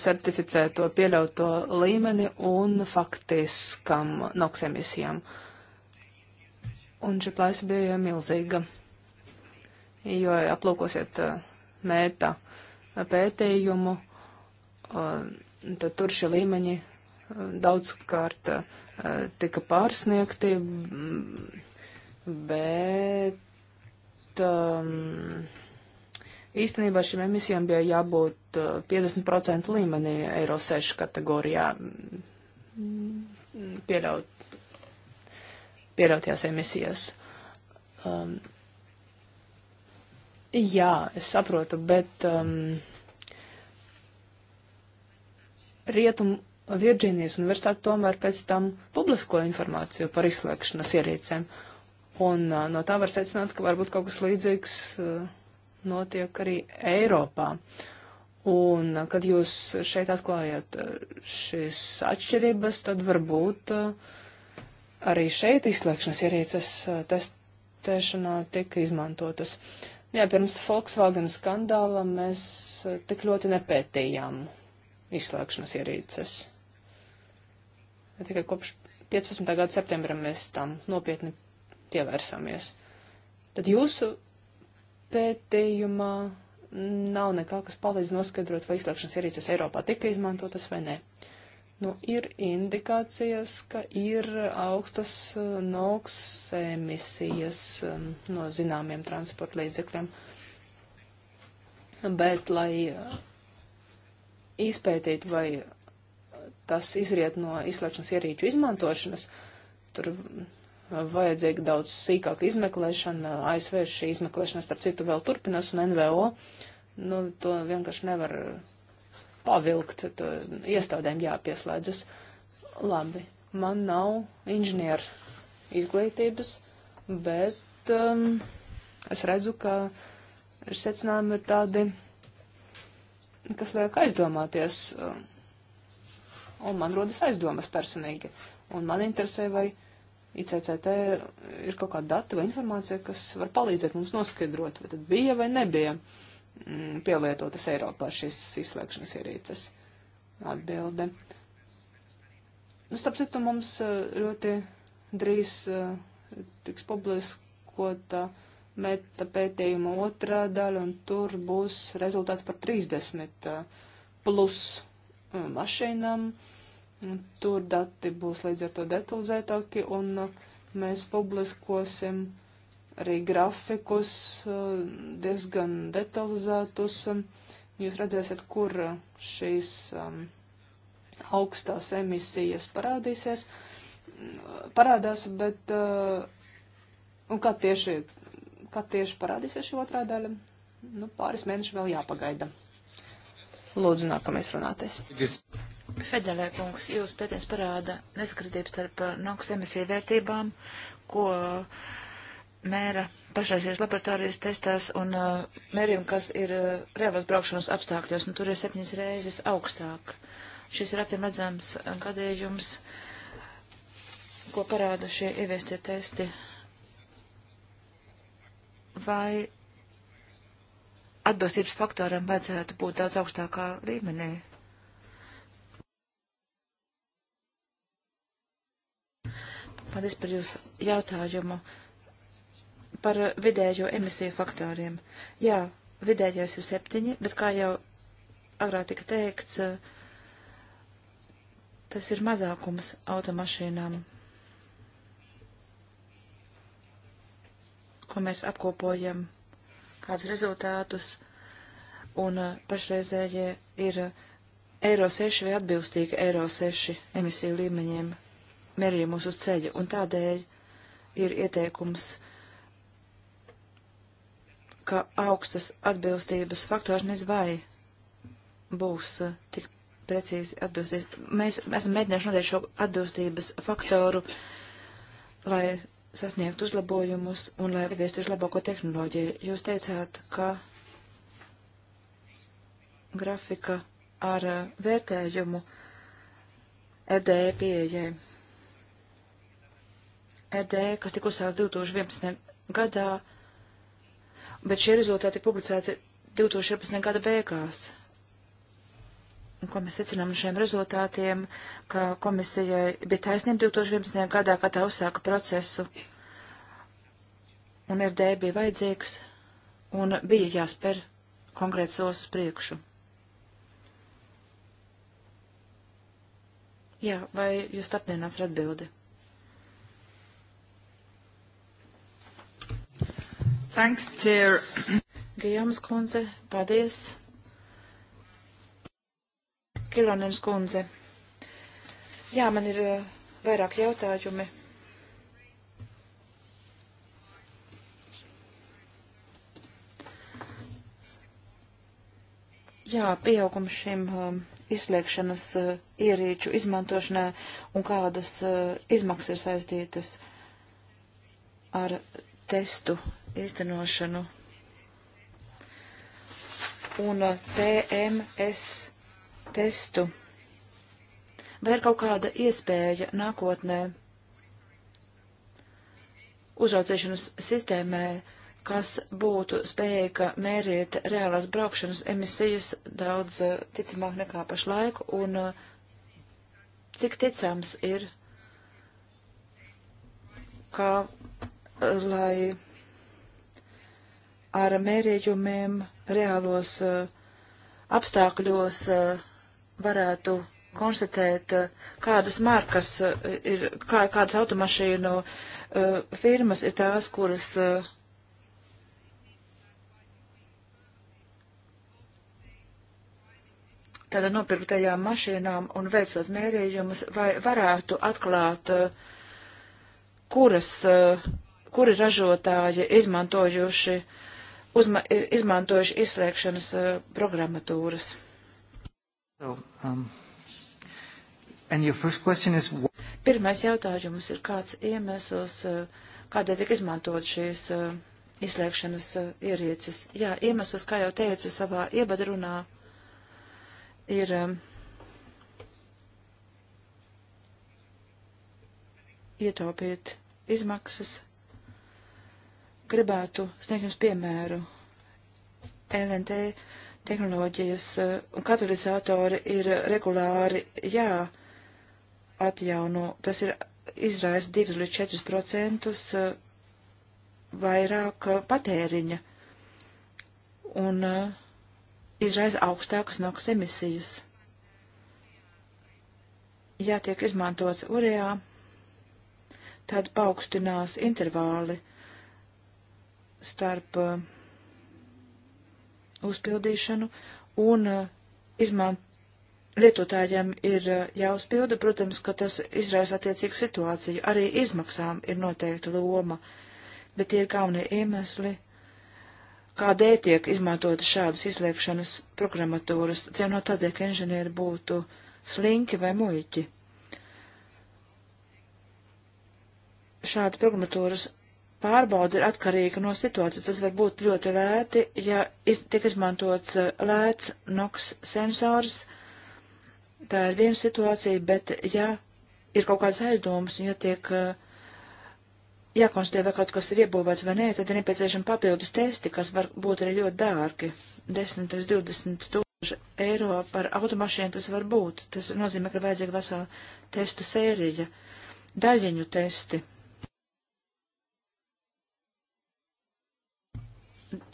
certificēto pieļauto līmeni un faktiskam NOX emisijām. Un šī plaisa bija milzīga, jo aplūkosiet uh, mēta pētījumu. Uh, tad tur šie līmeņi eh, daudzkārt eh, tika pārsniegti, bet um, īstenībā šīm emisijām bija jābūt 50% eh, līmenī Eiro 6 kategorijā pieļaut, pieļautajās emisijās. Um, ehm, jā, es saprotu, bet. Um, Rietumu Virģīnijas universitāte tomēr pēc tam publisko informāciju par izslēgšanas ierīcēm. Un uh, no tā var secināt, ka varbūt kaut kas līdzīgs uh, notiek arī Eiropā. Un uh, kad jūs šeit atklājat uh, šīs atšķirības, tad varbūt uh, arī šeit izslēgšanas ierīces uh, testēšanā tika izmantotas. Jā, pirms Volkswagen skandāla mēs uh, tik ļoti nepētījām izslēgšanas ierīces. Ja tikai kopš 15. gada septembra mēs tam nopietni pievērsāmies. Tad jūsu pētījumā nav nekā, kas palīdz noskaidrot, vai izslēgšanas ierīces Eiropā tika izmantotas vai nē. Nu, ir indikācijas, ka ir augstas uh, NOX emisijas um, no zināmiem transporta līdzekļiem. Bet, lai uh, izpētīt, vai tas izriet no izslēgšanas ierīču izmantošanas. Tur vajadzīga daudz sīkāka izmeklēšana. ASV šī izmeklēšana, starp citu, vēl turpinās un NVO. Nu, to vienkārši nevar pavilkt, to iestādēm jāpieslēdzas. Labi, man nav inženieru izglītības, bet um, es redzu, ka secinājumi ir tādi kas liek aizdomāties, eh, un man rodas aizdomas personīgi, un man interesē, vai ICCT ir kaut kāda data vai informācija, kas var palīdzēt mums noskaidrot, vai tad bija vai nebija mm, pielietotas Eiropā šīs izslēgšanas ierīces atbilde. Nu, starp citu, mums eh, ļoti drīz eh, tiks publiskota uh, meta pētījuma otrā daļa, un tur būs rezultāti par 30 eh, plus eh, mašīnām. Tur dati būs līdz ar to detalizētāki, un eh, mēs publiskosim arī grafikus diezgan detalizētus. Jūs redzēsiet, kur šīs augstās emisijas parādīsies, parādās, bet un kā tieši kad tieši parādīsies šī otrā daļa. Nu, pāris mēneši vēl jāpagaida. Lūdzu, nākamais runātais. Federē kungs, jūs pētījums parāda nesakritību starp uh, NOX emisiju vērtībām, ko mēra pašaisies laboratorijas testās un uh, mērījumi, kas ir uh, reālās braukšanas apstākļos, un nu, tur ir septiņas reizes augstāk. Šis ir acīm redzams gadījums, ko parāda šie ieviestie testi. Uh, vai atbilstības faktoram vajadzētu būt daudz augstākā līmenī. Paldies par jūsu jautājumu par vidējo emisiju faktoriem. Jā, vidējais ir septiņi, bet kā jau agrāk tika teikts, tas ir mazākums automašīnām. ko mēs apkopojam, kādus rezultātus, un uh, pašreizējie ir uh, Eiro 6 vai atbilstīgi Eiro 6 emisiju līmeņiem mērījumus uz ceļa, un tādēļ ir ieteikums, ka augstas atbilstības faktors nezvai būs uh, tik precīzi atbilstīs. Mēs esam mēģinājuši nodeikt šo atbilstības faktoru, lai sasniegt uzlabojumus un lai ieviestu vislabāko tehnoloģiju. Jūs teicāt, ka grafika ar uh, vērtējumu RD e pieejai. RD, e kas tika uzsākts 2011. gadā, bet šie rezultāti publicēti 2011. gada beigās ko mēs secinām no šiem rezultātiem, ka komisijai bija taisnība 2011. gadā, kad tā uzsāka procesu, un RD bija vajadzīgs, un bija jāspēr konkrēts solis uz priekšu. Jā, vai jūs apmienāts ar atbildi? Thanks, Chair. Gijomas kundze, paldies. Kilonenes kundze. Jā, man ir eh, vairāk jautājumi. Jā, pieaugums šim um, izslēgšanas uh, ierīču izmantošanai un kādas uh, izmaksas ir saistītas ar testu īstenošanu. Un uh, TMS testu. Vai ir kaut kāda iespēja nākotnē uzraucēšanas sistēmē, kas būtu spējīga mērīt reālās braukšanas emisijas daudz eh, ticamāk nekā pašlaik, un eh, cik ticams ir, kā eh, lai ar mērījumiem reālos apstākļos uh, varētu konstatēt, eh, kādas markas eh, ir, kā, kādas automašīnu uh, firmas ir tās, kuras uh, tādā nopirktajām mašīnām un veicot mērījumus, vai varētu atklāt, kuras, kuri ražotāji izmantojuši, uzma, izmantojuši izslēgšanas programmatūras. So, um, is... Pirmais jautājums ir, kāds iemesls, uh, kādēļ tika izmantot šīs uh, izslēgšanas uh, ierīces? Jā, iemesls, kā jau teicu savā iebadrunā, ir. Um, ietaupīt izmaksas. Gribētu sniegt jums piemēru. LNT uh, tehnoloģijas eh, un katalizatori ir regulāri jāatjauno. Tas ir izraisa 2 līdz 4 procentus eh, vairāk eh, patēriņa un izraisa augstākas noks emisijas. Ja tiek izmantots urejā, tad paaugstinās intervāli starp uh, uzpildīšanu, un eh, izmant, lietotājiem ir eh, jāuzpilda, protams, ka tas izraisa attiecīgu situāciju. Arī izmaksām ir noteikta loma, bet tie ir galvenie iemesli, kādēļ tiek izmantota šādas izliekšanas programmatūras, cienot tādēļ, ka inženieri būtu slinki vai muļķi. Šāda programmatūras pārbauda ir atkarīga no situācijas. Tas var būt ļoti lēti, ja iz, tiek izmantots eh, lēts NOX sensors. Tā ir viena situācija, bet ja ir kaut kādas aizdomas, un ja tiek eh, jākonstatē, vai kaut kas ir iebūvēts vai nē, tad ir nepieciešami papildus testi, kas var būt arī ļoti dārgi. 10 līdz 20 tūkstoši eiro par automašīnu tas var būt. Tas nozīmē, ka ir vajadzīga vesela testu sērija, daļiņu testi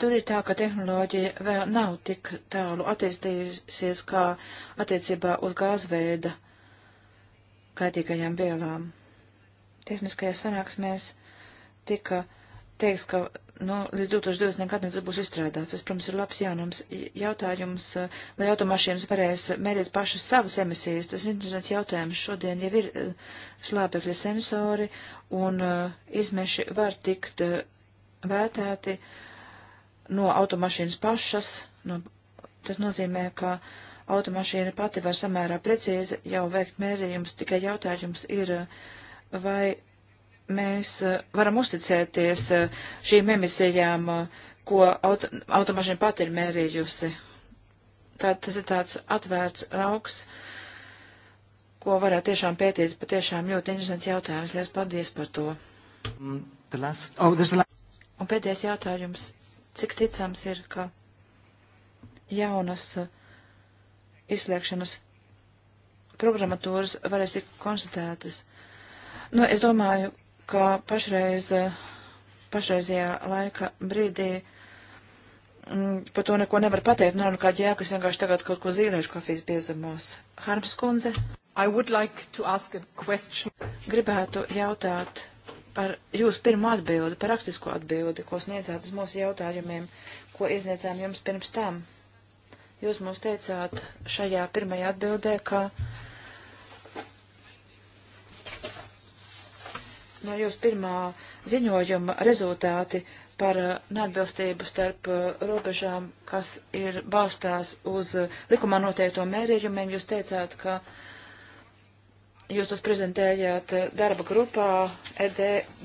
Tur ir tā, ka tehnoloģija vēl nav tik tālu attīstījusies kā attiecībā uz gāzveida kaitīgajām vielām. Tehniskajās sanāksmēs tika teiks, ka nu, līdz 2020. gadam tas būs izstrādāts. Tas, protams, ir labs jaunums. Jautājums, vai automašīnas varēs mērīt pašas savas emisijas, tas ir interesants jautājums. Šodien jau ir eh, slāpekļa sensori un uh, izmeši var tikt uh, vērtēti. Uh, no automašīnas pašas. No, nu, tas nozīmē, ka automašīna pati var samērā precīzi jau veikt mērījumus, tikai jautājums ir, vai mēs eh, varam uzticēties eh, šīm emisijām, eh, ko auto, automašīna pati ir mērījusi. Tā, tas ir tāds atvērts lauks, ko varētu tiešām pētīt, patiešām ļoti interesants jautājums. Liels paldies par to. Mm, the last... oh, the... Un pēdējais jautājums Cik ticams ir, ka jaunas uh, izslēgšanas programmatūras varēs tikt konstatētas? Nu, es domāju, ka pašreiz, uh, pašreizajā laika brīdī mm, par to neko nevar pateikt. Nu, nav nekāda jēga, kas vienkārši tagad kaut ko zīmēšu kafijas biezumos. Harms kundze. Like Gribētu jautāt par jūsu pirmo atbildi, par rakstisko atbildi, ko sniedzāt uz mūsu jautājumiem, ko iesniedzām jums pirms tam. Jūs mums teicāt šajā pirmajā atbildē, ka no jūsu pirmā ziņojuma rezultāti par uh, neatbilstību starp uh, robežām, kas ir balstās uz uh, likumā noteikto mērījumiem, jūs teicāt, ka uh, Jūs tos prezentējāt eh, darba grupā, ED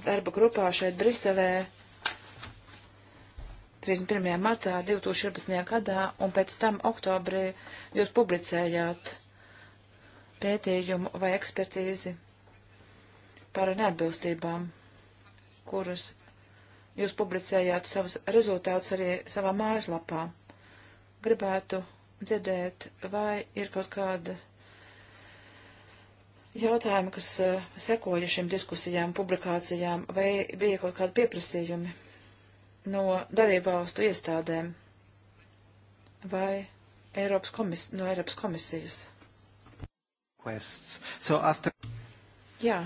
darba grupā šeit Briselē 31. martā 2014. gadā, un pēc tam oktobrī jūs publicējāt pētījumu vai ekspertīzi par neatbilstībām, kuras jūs publicējāt savus rezultātus arī savā mājaslapā. Gribētu dzirdēt, vai ir kaut kādas jautājumi, kas uh, sekoja šīm diskusijām, publikācijām, vai bija kaut kādi pieprasījumi no dalībvalstu iestādēm vai Eiropas komis no Eiropas komisijas? So after... Jā.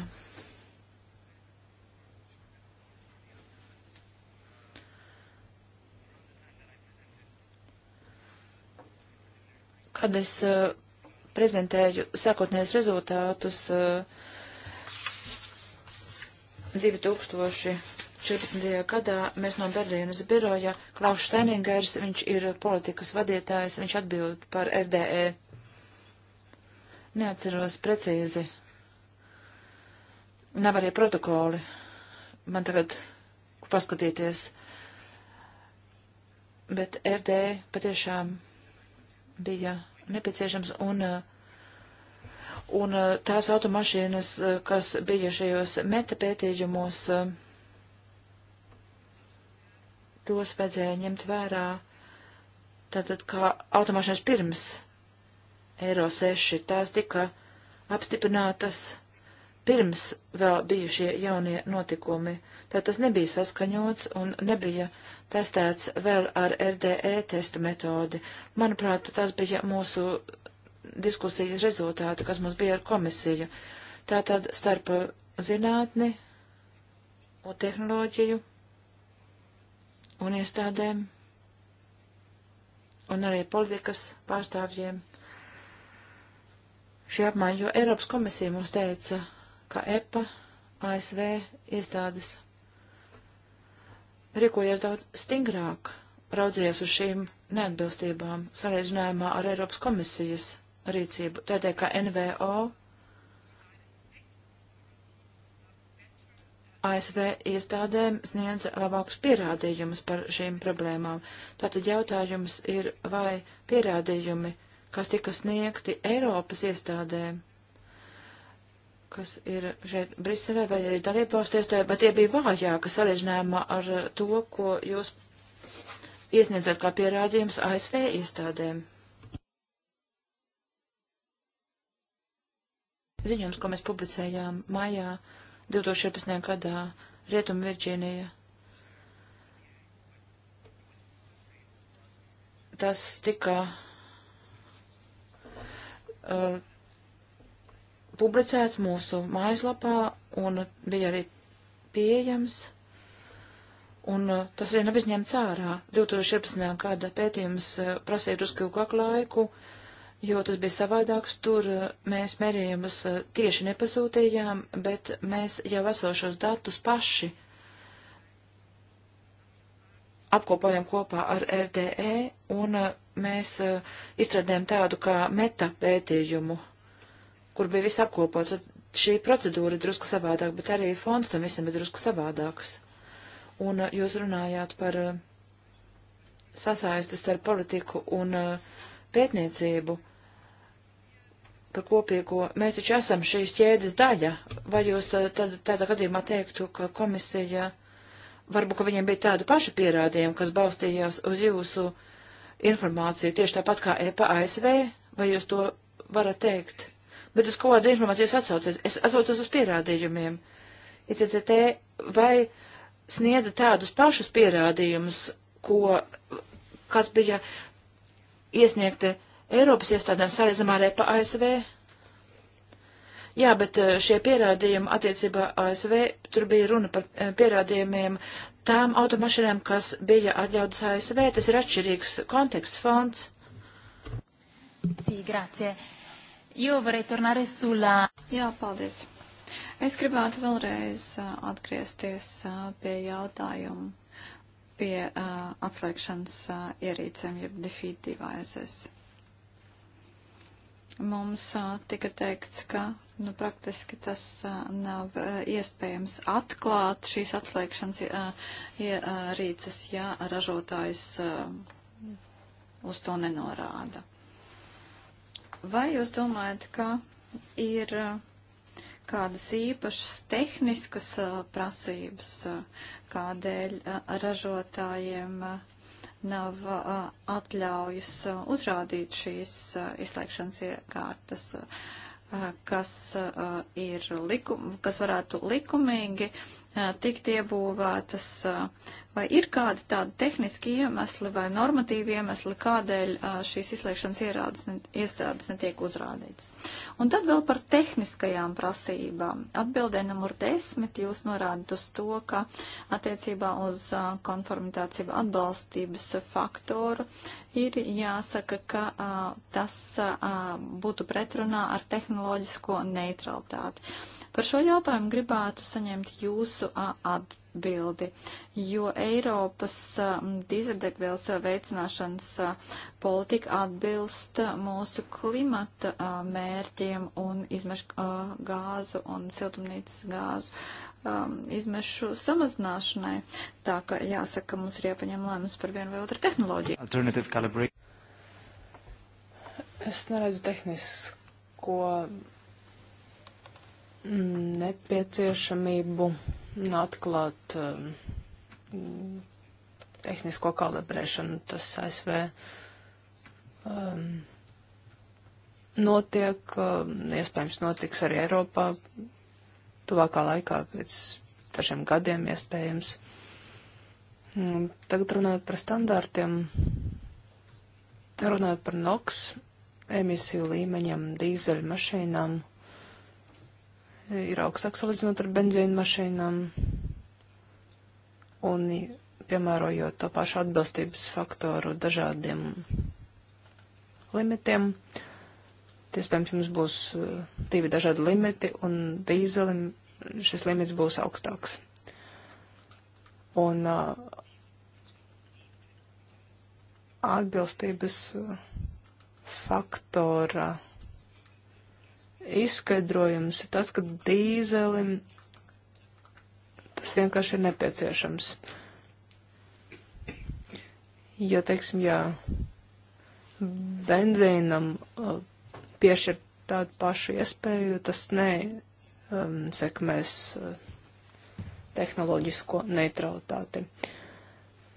Kad es uh, prezentēju sākotnējos rezultātus uh, eh, 2014. gadā. Mēs no Berlīnas biroja Klaus Steiningers, viņš ir politikas vadītājs, viņš atbild par RDE. Neatceros precīzi. Nav arī protokoli. Man tagad paskatīties. Bet RD e patiešām bija nepieciešams un, un tās automašīnas, kas bija šajos metapētījumos, tos vajadzēja ņemt vērā tātad kā automašīnas pirms Eiro 6, tās tika apstiprinātas pirms vēl bija šie jaunie notikumi, tā tas nebija saskaņots un nebija testēts vēl ar RDE testa metodi. Manuprāt, tas bija mūsu diskusijas rezultāti, kas mums bija ar komisiju. Tātad starp zinātni un tehnoloģiju un iestādēm un arī politikas pārstāvjiem šī apmaiņa, jo Eiropas komisija mums teica, ka EPA, ASV iestādes rīkojies daudz stingrāk, raudzījies uz šīm neatbilstībām salīdzinājumā ar Eiropas komisijas rīcību, tādēļ, ka NVO ASV iestādēm sniedza labākus pierādījumus par šīm problēmām. Tātad jautājums ir, vai pierādījumi, kas tika sniegti Eiropas iestādēm, kas ir šeit Briselē vai arī dalībvalstu tiesā, bet tie bija vājāki salīdzinājumā ar to, ko jūs iesniedzat kā pierādījums ASV iestādēm. Ziņojums, ko mēs publicējām maijā 2014. gadā Rietumu Virģīnija. Tas tika uh, publicēts mūsu mājaslapā un bija arī pieejams. Un uh, tas arī nav izņemts ārā. 2014. gada pētījums uh, prasīja drusku ilgāku laiku, jo tas bija savādāks. Tur uh, mēs mērījumus tieši nepasūtījām, bet mēs jau esošos datus paši apkopojam kopā ar RDE un mēs izstrādājam tādu kā meta pētījumu kur bija viss apkopots. Šī procedūra ir drusku savādāk, bet arī fonds tam visam ir drusku savādāks. Un eh, jūs runājāt par eh, sasaisti starp politiku un eh, pētniecību, par kopīgo. Mēs taču esam šīs ķēdes daļa. Vai jūs tad, tad, tādā gadījumā teiktu, ka komisija varbūt, ka viņiem bija tādi paši pierādījumi, kas balstījās uz jūsu informāciju, tieši tāpat kā EPA ASV, vai jūs to varat teikt? bet uz kādu informāciju es atsaucos. Es atsaucos uz pierādījumiem. ICCT vai sniedza tādus pašus pierādījumus, ko, kas bija iesniegti Eiropas iestādēm sarezamā arī pa ASV. Jā, bet eh, šie pierādījumi attiecībā ASV, tur bija runa par eh, pierādījumiem tām automašīnām, kas bija atļautas ASV. Tas ir atšķirīgs konteksts fonds. Sī, grācie. Io vorrei tornare sulla... Jā, paldies. Es gribētu vēlreiz atgriezties pie jautājumu pie uh, atslēgšanas uh, ierīcēm, jeb defeat devices. Mums uh, tika teikts, ka nu, praktiski tas uh, nav uh, iespējams atklāt šīs atslēgšanas uh, ierīces, ja ražotājs uh, uz to nenorāda. Vai jūs domājat, ka ir uh, kādas īpašas tehniskas uh, prasības, uh, kādēļ ražotājiem nav atļaujas uzrādīt šīs izslēgšanas iekārtas? kas ir likum, kas varētu likumīgi tikt iebūvētas, vai ir kādi tādi tehniski iemesli vai normatīvi iemesli, kādēļ šīs izslēgšanas ierādes, iestādes netiek uzrādīts. Un tad vēl par tehniskajām prasībām. Atbildē numur desmit jūs norādat uz to, ka attiecībā uz konformitāciju atbalstības faktoru ir jāsaka, ka tas būtu pretrunā ar tehnoloģisko neutralitāti. Par šo jautājumu gribētu saņemt jūsu atbildi, jo Eiropas dīzeļdegvielas veicināšanas politika atbilst mūsu klimata mērķiem un izmešu gāzu un siltumnīcas gāzu izmešu samazināšanai. Tā ka jāsaka, mums ir jāpaņem lēmums par vienu vai otru tehnoloģiju. Es neredzu tehnisko nepieciešamību atklāt um, tehnisko kalibrēšanu. Tas ASV um, eh, notiek, um, iespējams, notiks arī Eiropā tuvākā laikā, pēc dažiem gadiem iespējams. Um, tagad runājot par standārtiem, runājot par NOX emisiju līmeņiem dīzeļu mašīnām ir augstāks salīdzinot ar benzīnu mašīnām. Un piemērojot to pašu atbilstības faktoru dažādiem limitiem, iespējams, jums būs eh, divi dažādi limiti, un dīzelim šis limits būs augstāks. Un uh, atbilstības eh, faktora izskaidrojums ir tas, ka dīzelim tas vienkārši ir nepieciešams. Jo, teiksim, jā, benzīnam uh, piešķirt tādu pašu iespēju, tas nesekmēs um, uh, tehnoloģisko neutralitāti.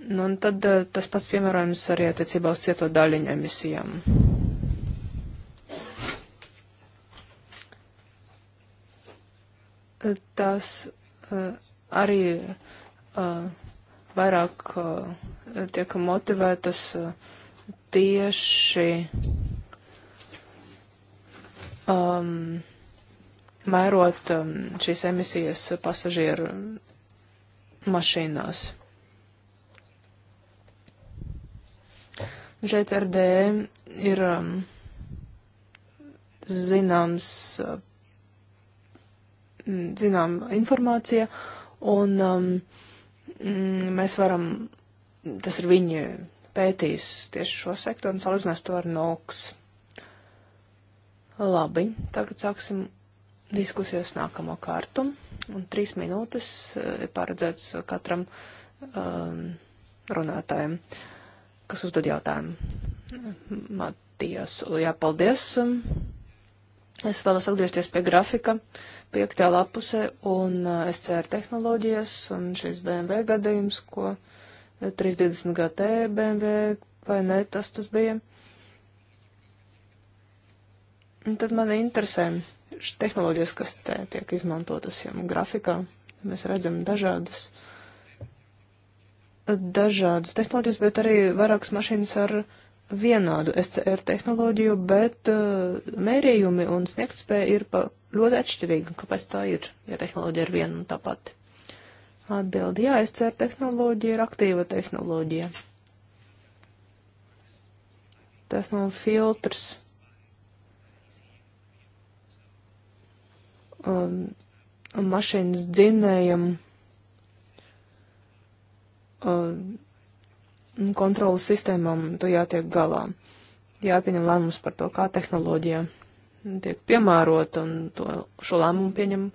Nu, un tad uh, tas pats piemērojams arī attiecībā uz cieto daļiņu emisijām. tās eh, arī eh, vairāk eh, tiek motivētas tieši um, mērot um, šīs emisijas pasažieru mašīnās. Šeit RD ir um, zināms Mm, zinām informācija, un um, mm, mēs varam, tas ir viņi pētīs tieši šo sektoru un salīdzinās to ar NOX. Labi, tagad sāksim diskusijas nākamo kārtu, un trīs minūtes eh, ir paredzēts katram um, runātājiem, kas uzdod jautājumu. Matijas, jā, paldies. Es vēlos atgriezties pie grafika. Uh, piektā lapusē un uh, SCR tehnoloģijas un šis BMW gadījums, ko 320 GT BMW vai ne tas tas bija. Un tad man interesē tehnoloģijas, kas te tiek izmantotas jau grafikā. Mēs redzam dažādas, dažādas tehnoloģijas, bet arī vairākas mašīnas ar vienādu SCR tehnoloģiju, bet uh, mērījumi un sniegtspēja ir pa ļoti atšķirīgi, un kāpēc tā ir, ja tehnoloģija ir viena un tā pati. Atbildi, jā, SCR tehnoloģija ir aktīva tehnoloģija. Tas nav filtrs. Um, mašīnas dzinējam um, kontrolas sistēmām tu jātiek galā. Jāpieņem lēmums par to, kā tehnoloģija tiek piemērota un to, šo lēmumu pieņem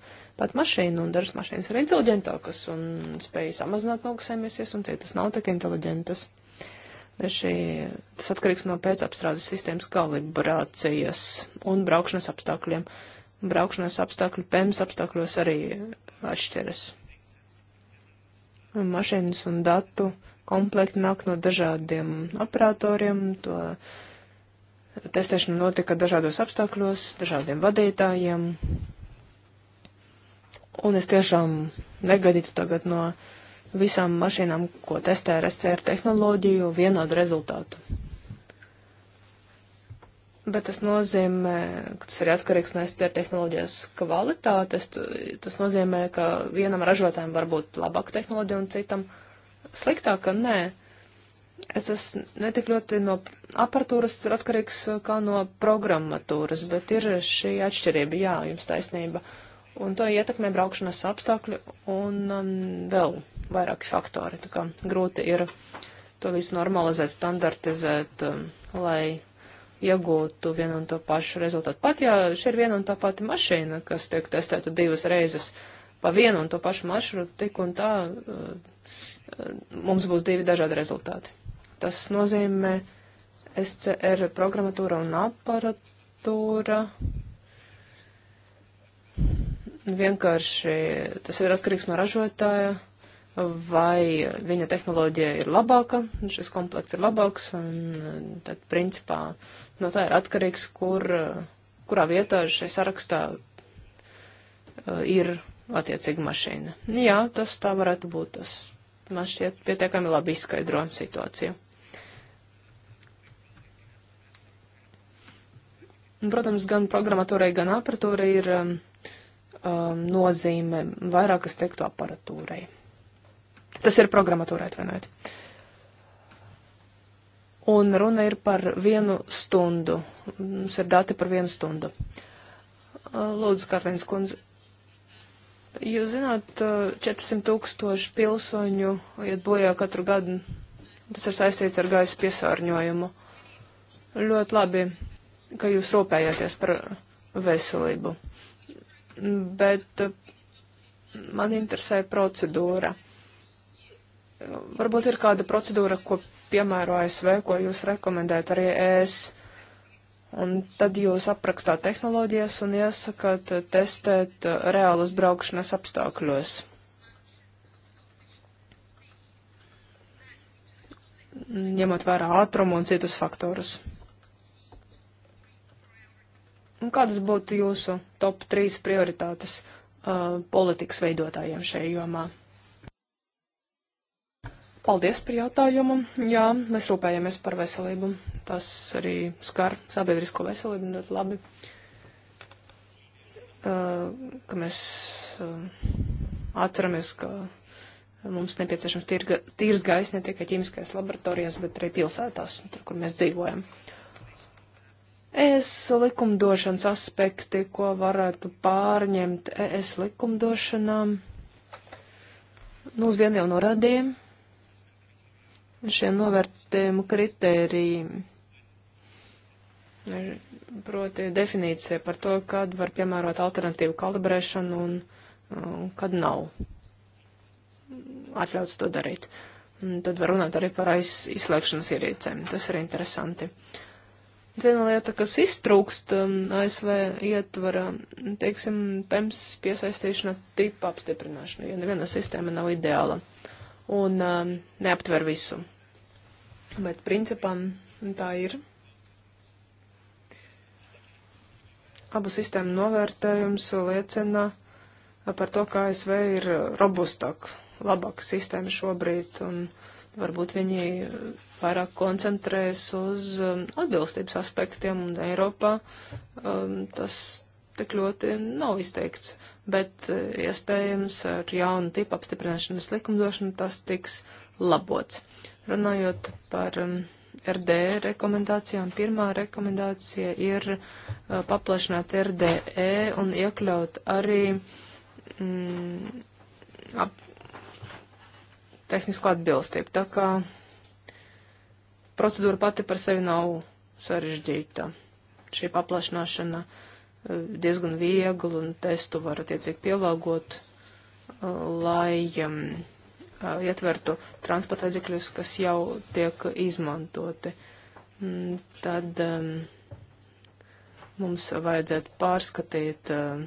pat mašīna, un dažas mašīnas ir inteliģentākas un spēj samazināt nokusēmiesies, un citas nav tik inteliģentas. Šī, tas atkarīgs no pēcapstrādes sistēmas kalibrācijas un braukšanas apstākļiem. Braukšanas apstākļi PEMS apstākļos arī atšķiras. Mašīnas un datu komplekti nāk no dažādiem operatoriem, to uh, Testēšana notika dažādos apstākļos, dažādiem vadītājiem. Un es tiešām negadītu tagad no visām mašīnām, ko testē ar SCR tehnoloģiju, vienādu rezultātu. Bet tas nozīmē, ka tas ir atkarīgs no SCR tehnoloģijas kvalitātes. Tas nozīmē, ka vienam ražotājam var būt labāka tehnoloģija un citam sliktāka. Nē, es esmu netik ļoti no aparatūras atkarīgs eh, kā no programmatūras, bet ir šī atšķirība, jā, jums taisnība. Un to ietekmē braukšanas apstākļi un um, vēl vairāki faktori. Tā kā grūti ir to visu normalizēt, standartizēt, um, lai iegūtu vienu un to pašu rezultātu. Pat ja šī ir viena un tā pati mašīna, kas tiek testēta divas reizes pa vienu un to pašu maršrutu, tik un tā uh, uh mums būs divi dažādi rezultāti. Tas nozīmē SCR programmatūra un aparatūra. Vienkārši tas ir atkarīgs no ražotāja, vai viņa tehnoloģija ir labāka, šis komplekts ir labāks, un eh, tad principā no tā ir atkarīgs, kur, eh, kurā vietā šajā sarakstā eh, ir attiecīga mašīna. Jā, tas tā varētu būt. Tas man šķiet pietiekami labi izskaidro situāciju. Protams, gan programmatūrai, gan aparatūrai ir um, um, nozīme vairākas teiktu aparatūrai. Tas ir programmatūrai atvienot. Un runa ir par vienu stundu. Mums ir dati par vienu stundu. Uh, lūdzu, Kārlīns kundze, jūs zināt, 400 uh, tūkstoši pilsoņu iet bojā katru gadu. Tas ir saistīts ar gaisa piesārņojumu. Ļoti labi ka jūs rūpējaties par veselību. Bet eh, man interesē procedūra. Varbūt ir kāda procedūra, ko piemēro ASV, ko jūs rekomendējat arī ES. Un tad jūs aprakstāt tehnoloģijas un iesakāt eh, testēt eh, reālus braukšanas apstākļos. ņemot vērā ātrumu un citus faktorus. Un kādas būtu jūsu top 3 prioritātes uh, politikas veidotājiem šajā jomā? Paldies par jautājumu. Jā, mēs rūpējamies par veselību. Tas arī skar sabiedrisko veselību ļoti labi. Uh, ka mēs uh, atceramies, ka mums nepieciešams tīrs gaiss ne tikai ķīmiskajās laboratorijās, bet arī pilsētās, tur, kur mēs dzīvojam. Uh, ES likumdošanas aspekti, ko varētu pārņemt ES likumdošanām. Nu, uz vienu jau norādījām. Šie novērtējumu kritēriji, proti definīcija par to, kad var piemērot alternatīvu kalibrēšanu un, un kad nav atļauts to darīt. Un tad var runāt arī par aiz, izslēgšanas ierīcēm. Tas ir interesanti. Uh, Viena lieta, kas iztrūkst um, ASV ietvarā, teiksim, PEMS piesaistīšana tipa apstiprināšana, jo neviena sistēma nav ideāla un um, neaptver visu. Bet principā tā ir. Abu sistēmu novērtējums liecina par to, ka ASV ir robustāk, labāka sistēma šobrīd, un varbūt viņi pārāk koncentrējas uz um, atbilstības aspektiem, un Eiropā um, tas tik ļoti nav izteikts. Bet uh, iespējams ar jaunu tipu apstiprināšanas likumdošanu tas tiks labots. Runājot par um, RD rekomendācijām, pirmā rekomendācija ir uh, paplašināt RDE un iekļaut arī mm, ap, tehnisko atbilstību. Tā kā procedūra pati par sevi nav sarežģīta. Šī paplašināšana eh, diezgan viegli un testu var attiecīgi pielāgot, eh, lai um, ietvertu transporta līdzekļus, kas jau tiek izmantoti. Mm, tad um, mums vajadzētu pārskatīt uh,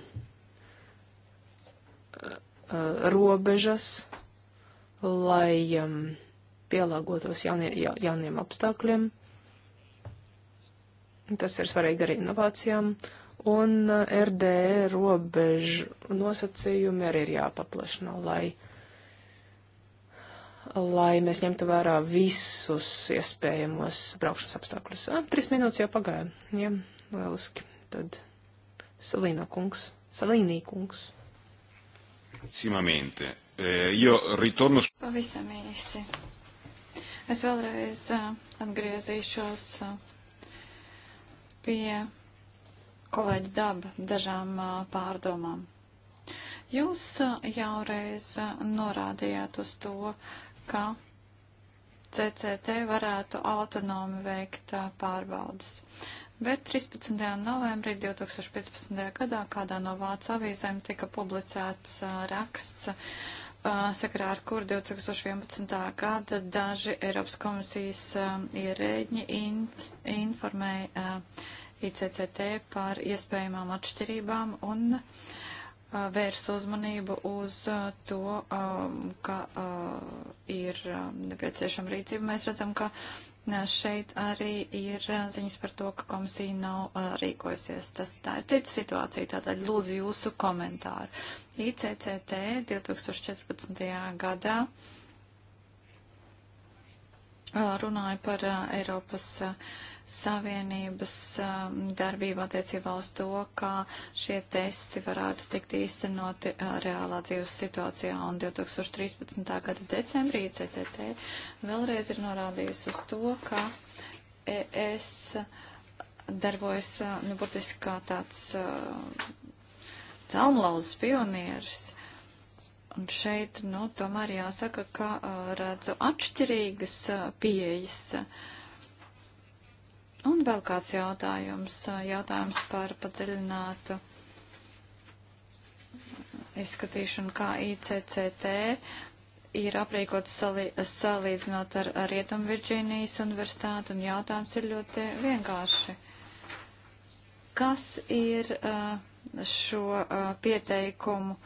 uh, robežas, lai um, pielāgotos jaunie, ja, jauniem apstākļiem. Tas ir svarīgi arī inovācijām. Un eh, RDE robežu nosacījumi arī ir jāpaplašina, lai, lai mēs ņemtu vērā visus iespējamos braukšanas apstākļus. A, ah, trīs minūtes jau pagāja. Ja, lieliski. Tad Salīna kungs. Salīnī kungs. Simamente. E, jo ritornu... Pavisam īsi Es vēlreiz atgriezīšos pie kolēģa daba dažām pārdomām. Jūs jau reiz norādījāt uz to, ka CCT varētu autonomi veikt pārbaudas. Bet 13. novembrī 2015. gadā kādā no Vācu avīzēm tika publicēts raksts sakarā ar kur 2011. gada daži Eiropas komisijas ierēģi informēja ICCT par iespējamām atšķirībām un uh, Uh, vērs uzmanību uz uh, to, um, ka uh, ir um, nepieciešama rīcība. Mēs redzam, ka šeit arī ir ziņas par to, ka komisija nav rīkojusies. Tas tā ir cita situācija, tātad lūdzu jūsu komentāru. ICCT 2014. gadā runāja par Eiropas. Uh, Savienības um, darbību attiecībā uz to, kā šie testi varētu tikt īstenoti uh, reālā dzīves situācijā. Un 2013. gada decembrī CCT vēlreiz ir norādījusi uz to, ka es darbojas, uh, nu, burtiski kā tāds uh, celmlauzs pionieris. Un šeit, nu, tomēr jāsaka, ka redzu atšķirīgas pieejas. Uh, Un vēl kāds jautājums, jautājums par padziļinātu izskatīšanu, kā ICCT ir aprīkots salī, salīdzinot ar, ar Rietumu Virģīnijas universitāti, un jautājums ir ļoti vienkārši. Kas ir uh, šo uh, pieteikumu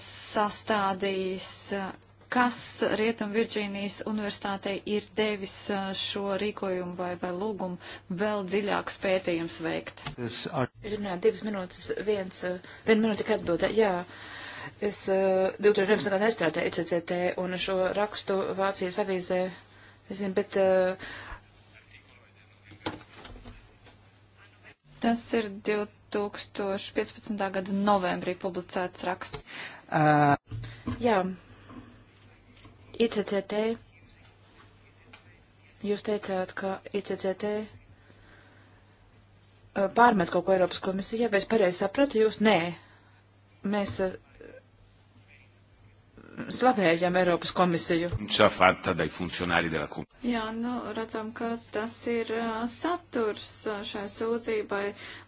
sastādījis uh, kas Rietum Virģīnijas universitātei ir devis uh, šo rīkojumu vai, vai lūgumu vēl dziļāks pētījums veikt? Ar... Runājot divas minūtes, viens, uh, viena minūte tikai atbildē, jā. Es 2011. gadā strādāju ECCT un šo rakstu Vācijas avīzē, es zinu, bet uh, Tas ir 2015. gada novembrī publicēts raksts. Uh. Jā, ICCT. Jūs teicāt, ka ICCT pārmet kaut ko Eiropas komisijā, vai es pareizi sapratu, jūs nē. Mēs slavējam Eiropas komisiju. Jā, nu, redzam, ka tas ir saturs šai sūdzībai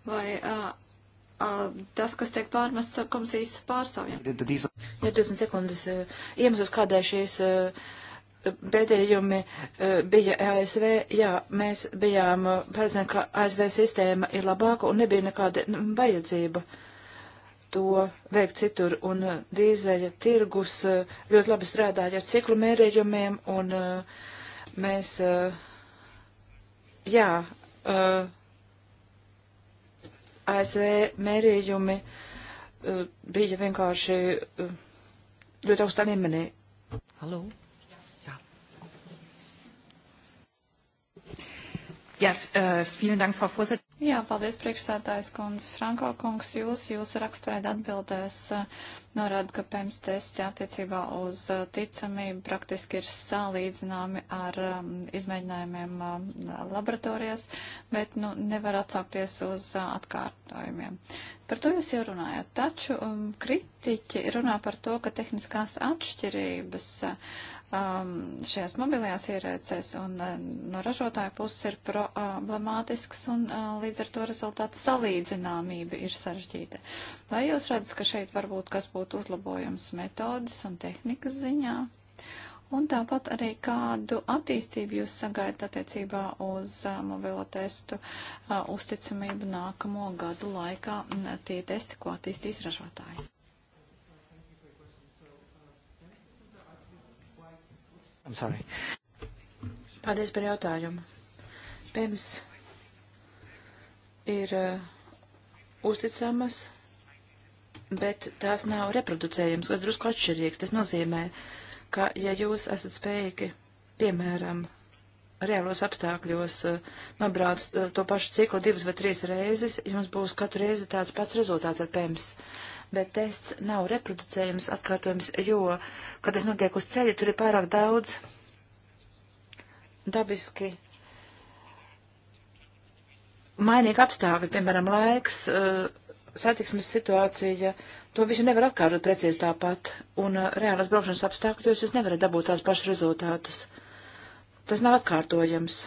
vai tas, kas tiek pārmests komisijas pārstāvjiem. Ja 20 sekundes eh, iemesls, kādēļ šīs eh, pēdējumi eh, bija ASV, jā, mēs bijām paredzēti, ka ASV sistēma ir labāka un nebija nekāda nu, vajadzība to veikt citur, un dīzeļa tirgus ļoti labi strādāja ar ciklu mērījumiem, un mēs, jā, Uh, ASV mērījumi uh, bija vienkārši uh, ļoti augstā līmenī. Halo? Jā. Jā, uh, vielen dank, Frau Vorsitz. Jā, paldies, priekšsētājs kundze. Franko kungs, jūs, jūs rakstveida atbildēs eh, norāda, ka PEMS testi attiecībā uz eh, ticamību praktiski ir salīdzināmi ar um, izmēģinājumiem um, laboratorijas, bet nu, nevar atsākties uz uh, atkārtojumiem. Par to jūs jau runājat, taču um, kritiķi runā par to, ka tehniskās atšķirības uh, um, šajās mobilajās ierēcēs un uh, no ražotāja puses ir problemātisks un uh, līdz ar to rezultātu salīdzināmība ir sarežģīta. Vai jūs redzat, ka šeit varbūt kas būtu uzlabojums metodas un tehnikas ziņā? Un tāpat arī kādu attīstību jūs sagaidat attiecībā uz uh, mobilo testu uh, uzticamību nākamo gadu laikā, tie testi, ko attīstīs ražotāji. I'm sorry. Paldies par jautājumu. PEMS ir uh, uzticamas, bet tās nav reproducējamas, kas drusku atšķirīgi. Tas nozīmē, ka ja jūs esat spējīgi, piemēram, reālos apstākļos uh, nobrauc uh, to pašu ciklu divas vai trīs reizes, jums būs katru reizi tāds pats rezultāts ar PEMS. Uh, bet tests nav reproducējums, atkārtojums, jo, kad tas notiek uz ceļa, tur ir pārāk daudz dabiski mainīgi apstākļi, piemēram, laiks, eh, satiksmes situācija, to visu nevar atkārtot precīzi tāpat, un eh, reālas braukšanas apstākļos jūs nevarat dabūt tās pašas rezultātus. Tas nav atkārtojams,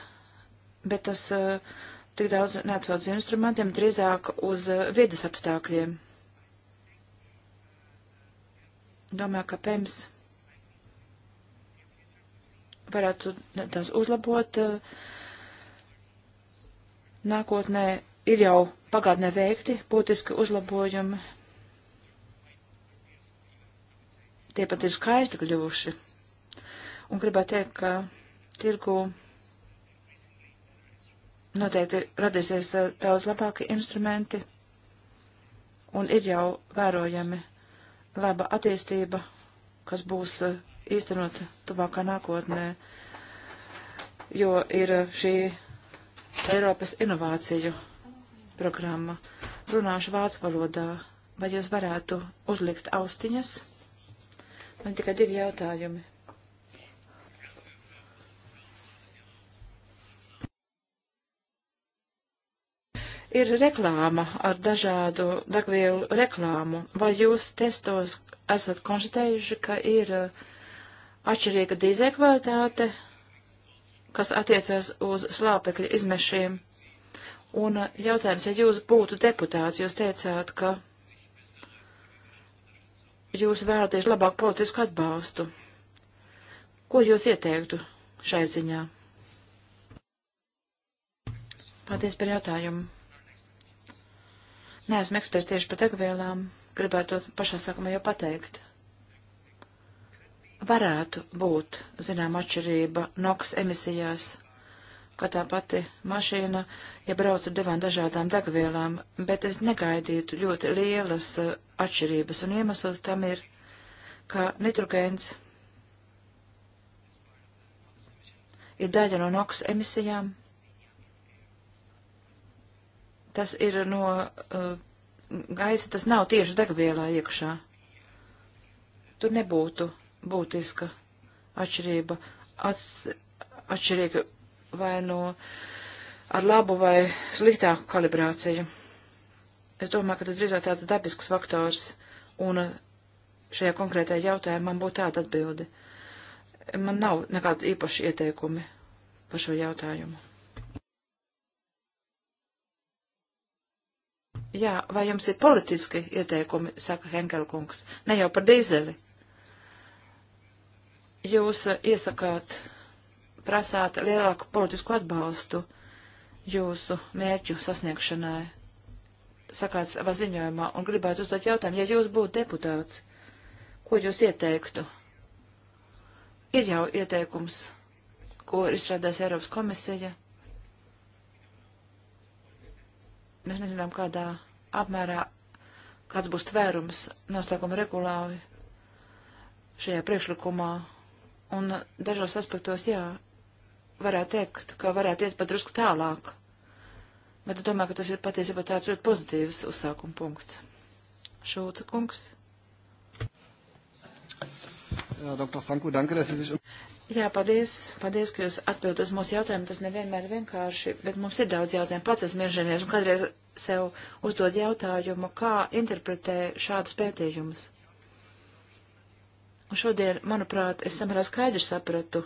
bet tas eh, tik daudz neatsauc instrumentiem, drīzāk uz viedas apstākļiem. Domāju, ka PEMS varētu nedaudz uzlabot. Eh, nākotnē ir jau pagātnē veikti būtiski uzlabojumi. Tie pat ir skaisti kļuvuši. Un gribētu teikt, ka tirgu noteikti radīsies eh, daudz labāki instrumenti, un ir jau vērojami laba attīstība, kas būs eh, īstenot tuvākā nākotnē, jo ir eh, šī Eiropas inovāciju programma. Runāšu vācu valodā. Vai jūs varētu uzlikt austiņas? Man tikai divi jautājumi. ir reklāma ar dažādu degvielu reklāmu. Vai jūs testos esat konstatējuši, ka ir uh, atšķirīga dīzekvalitāte, kas attiecas uz slāpekļa izmešiem? Un uh, jautājums, ja jūs būtu deputāts, jūs teicāt, ka jūs vēlaties labāk politisku atbalstu. Ko jūs ieteiktu šai ziņā? Paldies par jautājumu. Neesmu eksperts tieši par degvielām, gribētu to pašā sākumā jau pateikt. Varētu būt, zinām, atšķirība NOx emisijās, ka tā pati mašīna, ja brauc ar divām dažādām degvielām, bet es negaidītu ļoti lielas eh, atšķirības, un iemesls tam ir, ka nitrogēns ir daļa no NOx emisijām, tas ir no uh, gaisa, tas nav tieši degvielā iekšā. Tur nebūtu būtiska atšķirība, ats, atšķirīga vai no ar labu vai sliktāku kalibrāciju. Es domāju, ka tas drīzāk tāds dabisks faktors, un eh, šajā konkrētajā jautājumā man būtu tāda atbilde. Man nav nekāda īpaša ieteikumi par šo jautājumu. Jā, vai jums ir politiski ieteikumi, saka Henkelkungs, ne jau par dīzeli? Jūs eh, iesakāt, prasāt lielāku politisku atbalstu jūsu mērķu sasniegšanai, sakāt savā ziņojumā, un gribētu uzdot jautājumu, ja jūs būtu deputāts, ko jūs ieteiktu? Ir jau ieteikums, ko ir izstrādājis Eiropas komisija mēs nezinām, kādā apmērā, kāds būs tvērums noslēguma regulāri šajā priekšlikumā. Un dažos aspektos, jā, varētu teikt, ka varētu iet pat drusku tālāk. Bet es domāju, ka tas ir patiesībā tāds ļoti pozitīvs uzsākuma punkts. Šulca kungs. Ja, Dr. Franku, danke, dass Sie sich... Um- Jā, paldies. Paldies, ka jūs atbildat uz mūsu jautājumu. Tas nevienmēr ir vienkārši, bet mums ir daudz jautājumu. Pats esmu inženieris un kādreiz sev uzdod jautājumu, kā interpretē šādus pētījumus. Un šodien, manuprāt, es samērā skaidri sapratu,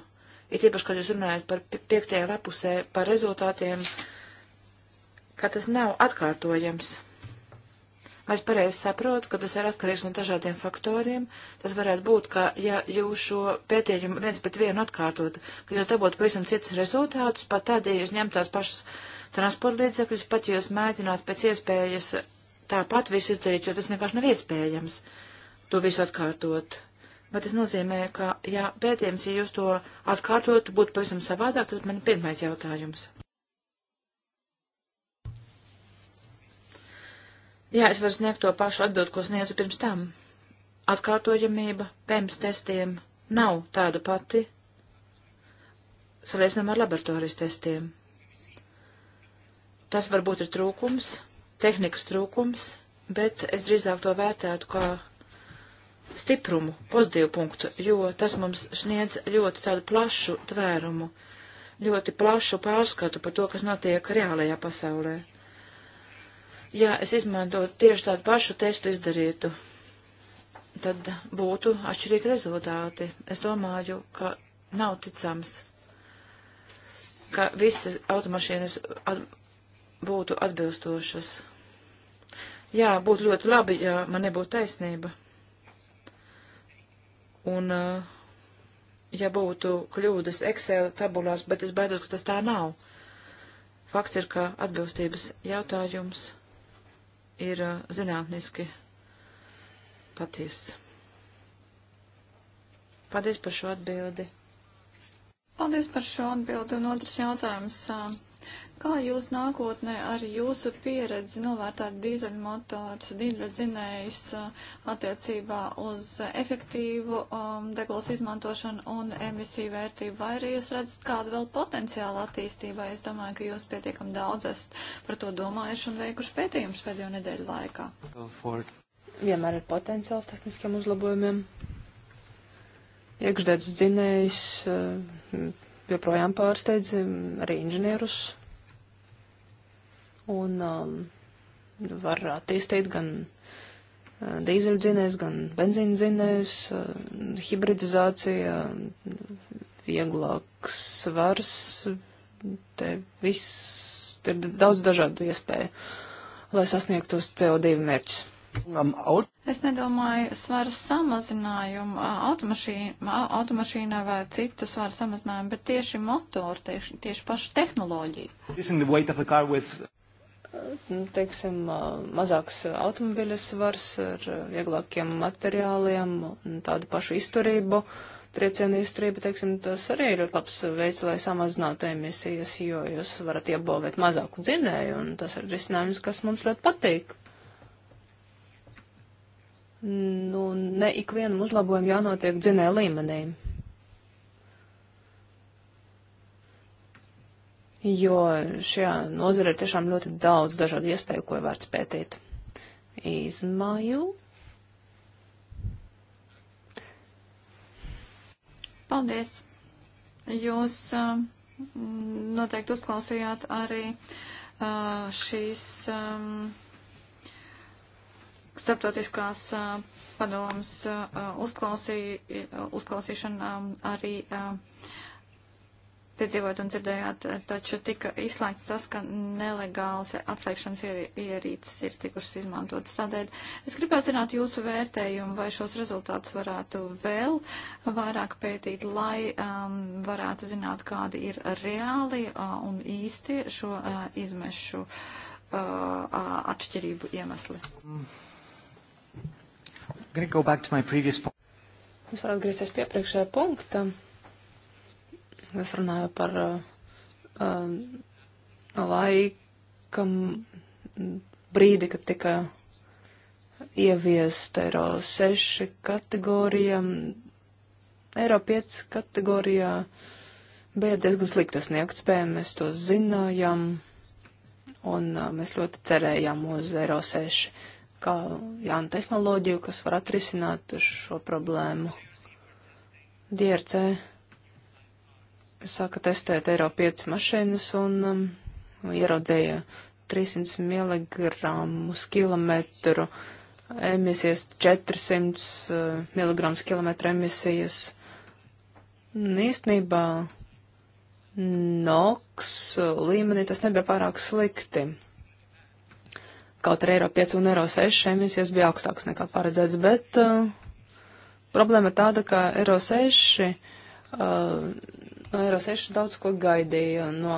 ir īpaši, kad jūs runājat par piektajā lapusē, par rezultātiem, ka tas nav atkārtojams. Vai es pareizi saprotu, ka tas ir atkarīgs no dažādiem faktoriem? Tas varētu būt, ka ja jūs šo pētījumu viens pret vienu atkārtot, ka jūs dabūtu pavisam citus rezultātus, pat tad, ja jūs ņemt tās pašas transporta līdzekļus, pat ja jūs mēģināt pēc iespējas tāpat visu izdarīt, jo tas vienkārši nav iespējams to visu atkārtot. Bet tas nozīmē, ka, ja pētījums, ja jūs to atkārtot, būtu pavisam savādāk, tas man ir pirmais jautājums. Jā, es varu sniegt to pašu atbildi, ko sniedzu pirms tam. Atkārtojamība PEMS testiem nav tāda pati, salīdzinām ar laboratorijas testiem. Tas varbūt ir trūkums, tehnikas trūkums, bet es drīzāk to vērtētu kā stiprumu, pozitīvu punktu, jo tas mums sniedz ļoti tādu plašu tvērumu, ļoti plašu pārskatu par to, kas notiek reālajā pasaulē ja es izmantotu tieši tādu pašu testu izdarītu, tad būtu atšķirīgi rezultāti. Es domāju, ka nav ticams, ka visas automašīnas at būtu atbilstošas. Jā, būtu ļoti labi, ja man nebūtu taisnība. Un, eh, ja būtu kļūdas Excel tabulās, bet es baidos, ka tas tā nav. Fakts ir, ka atbilstības jautājums ir uh, zinātniski patiesa. Paldies par šo atbildi. Paldies par šo atbildi. Un otrs jautājums. Uh, Kā jūs nākotnē ar jūsu pieredzi novērtāt dīzeļmotors, dīzeļdzinējus uh, attiecībā uz efektīvu um, degvielas izmantošanu un emisiju vērtību? Vai arī jūs redzat kādu vēl potenciālu attīstībai? Es domāju, ka jūs pietiekam daudz esat par to domājuši un veikuši pētījumus pēdējo nedēļu laikā. Ford. Vienmēr ir potenciāls tehniskiem uzlabojumiem. Iekšdedz dzinējs uh, joprojām pārsteidz um, arī inženierus un um, var attīstīt gan uh, dīzeļdzinējus, gan benzīndzinējus, uh, hibridizācija, vieglāks svars, te viss, te ir daudz dažādu iespēju, lai sasniegtu tos CO2 mērķus. Es nedomāju svara samazinājumu automašīnā, automašīnā vai citu svara samazinājumu, bet tieši motoru, tieši, tieši pašu tehnoloģiju. With teiksim, mazāks automobiļu svars ar vieglākiem materiāliem un tādu pašu izturību, triecienu izturību, teiksim, tas arī ir ļoti labs veids, lai samazinātu emisijas, jo jūs varat iebūvēt mazāku dzinēju, un tas ir risinājums, kas mums ļoti patīk. Nu, ne ikvienam uzlabojumam jānotiek dzinēja līmenī. jo šajā nozarē ir tiešām ļoti daudz dažādu iespēju, ko vērts pētīt. Izmailu. Paldies! Jūs uh, noteikti uzklausījāt arī uh, šīs um, starptautiskās uh, padomas uh, uzklausī, uh, uzklausīšana um, arī uh, piedzīvot un dzirdējāt, taču tika izslēgts tas, ka nelegāls atslēgšanas ierīces ir tikušas izmantotas. Tādēļ es gribētu zināt jūsu vērtējumu, vai šos rezultātus varētu vēl vairāk pētīt, lai um, varētu zināt, kādi ir reāli uh, un īsti šo uh, izmešu uh, atšķirību iemesli. Es varu atgriezties pie priekšējā punkta. Es runāju par uh, um, laikam brīdi, kad tika ieviesta Eiro 6 kategorija. Eiro 5 kategorijā bija diezgan slikta sniegtspēja, mēs to zinājām, un uh, mēs ļoti cerējām uz Eiro 6 kā jaunu tehnoloģiju, kas var atrisināt šo problēmu. DRC sāka testēt Eiro 5 mašīnas un um, ieraudzēja 300 mg kilometru emisijas, 400 uh, mg kilometru emisijas. Un īstenībā NOX līmenī tas nebija pārāk slikti. Kaut arī Eiro 5 un Eiro 6 emisijas bija augstāks nekā paredzēts, bet uh, problēma tāda, ka Eiro 6 uh, no Eiro 6 daudz ko gaidīja. No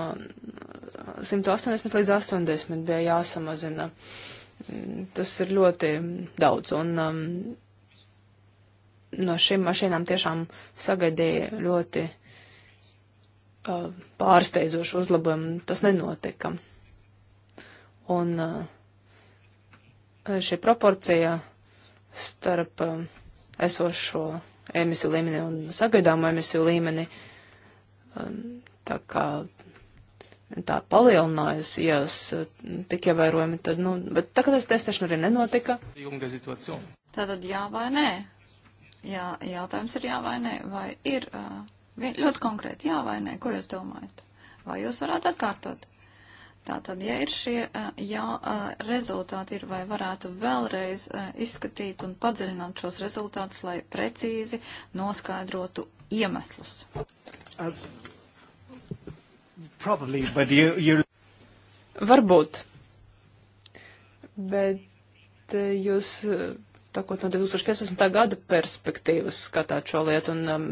180 līdz 80 bija jāsamazina. Tas ir ļoti daudz. Un um, no šīm mašīnām tiešām sagaidīja ļoti uh, pārsteidzošu uzlabojumu. Tas nenotika. Un uh, šī proporcija starp uh, esošo emisiju līmeni un sagaidāmo emisiju līmeni uh, Ehm, tā kā tā palielinājusies eh, tik ievērojami, tad, nu, bet tā kā tas testēšana nu arī nenotika. Tātad jā vai nē? Jā, jautājums ir jā vai nē, vai ir uh, ļoti konkrēti jā vai nē, ko jūs domājat? Vai jūs varētu atkārtot? Tātad, ja ir šie eh, jā, rezultāti, ir vai varētu vēlreiz izskatīt un padziļināt šos rezultātus, lai precīzi noskaidrotu iemeslus. Uh, probably, but you, you... Varbūt. Bet eh, jūs eh, tā kā no 2015. gada perspektīvas skatāt šo lietu, un um,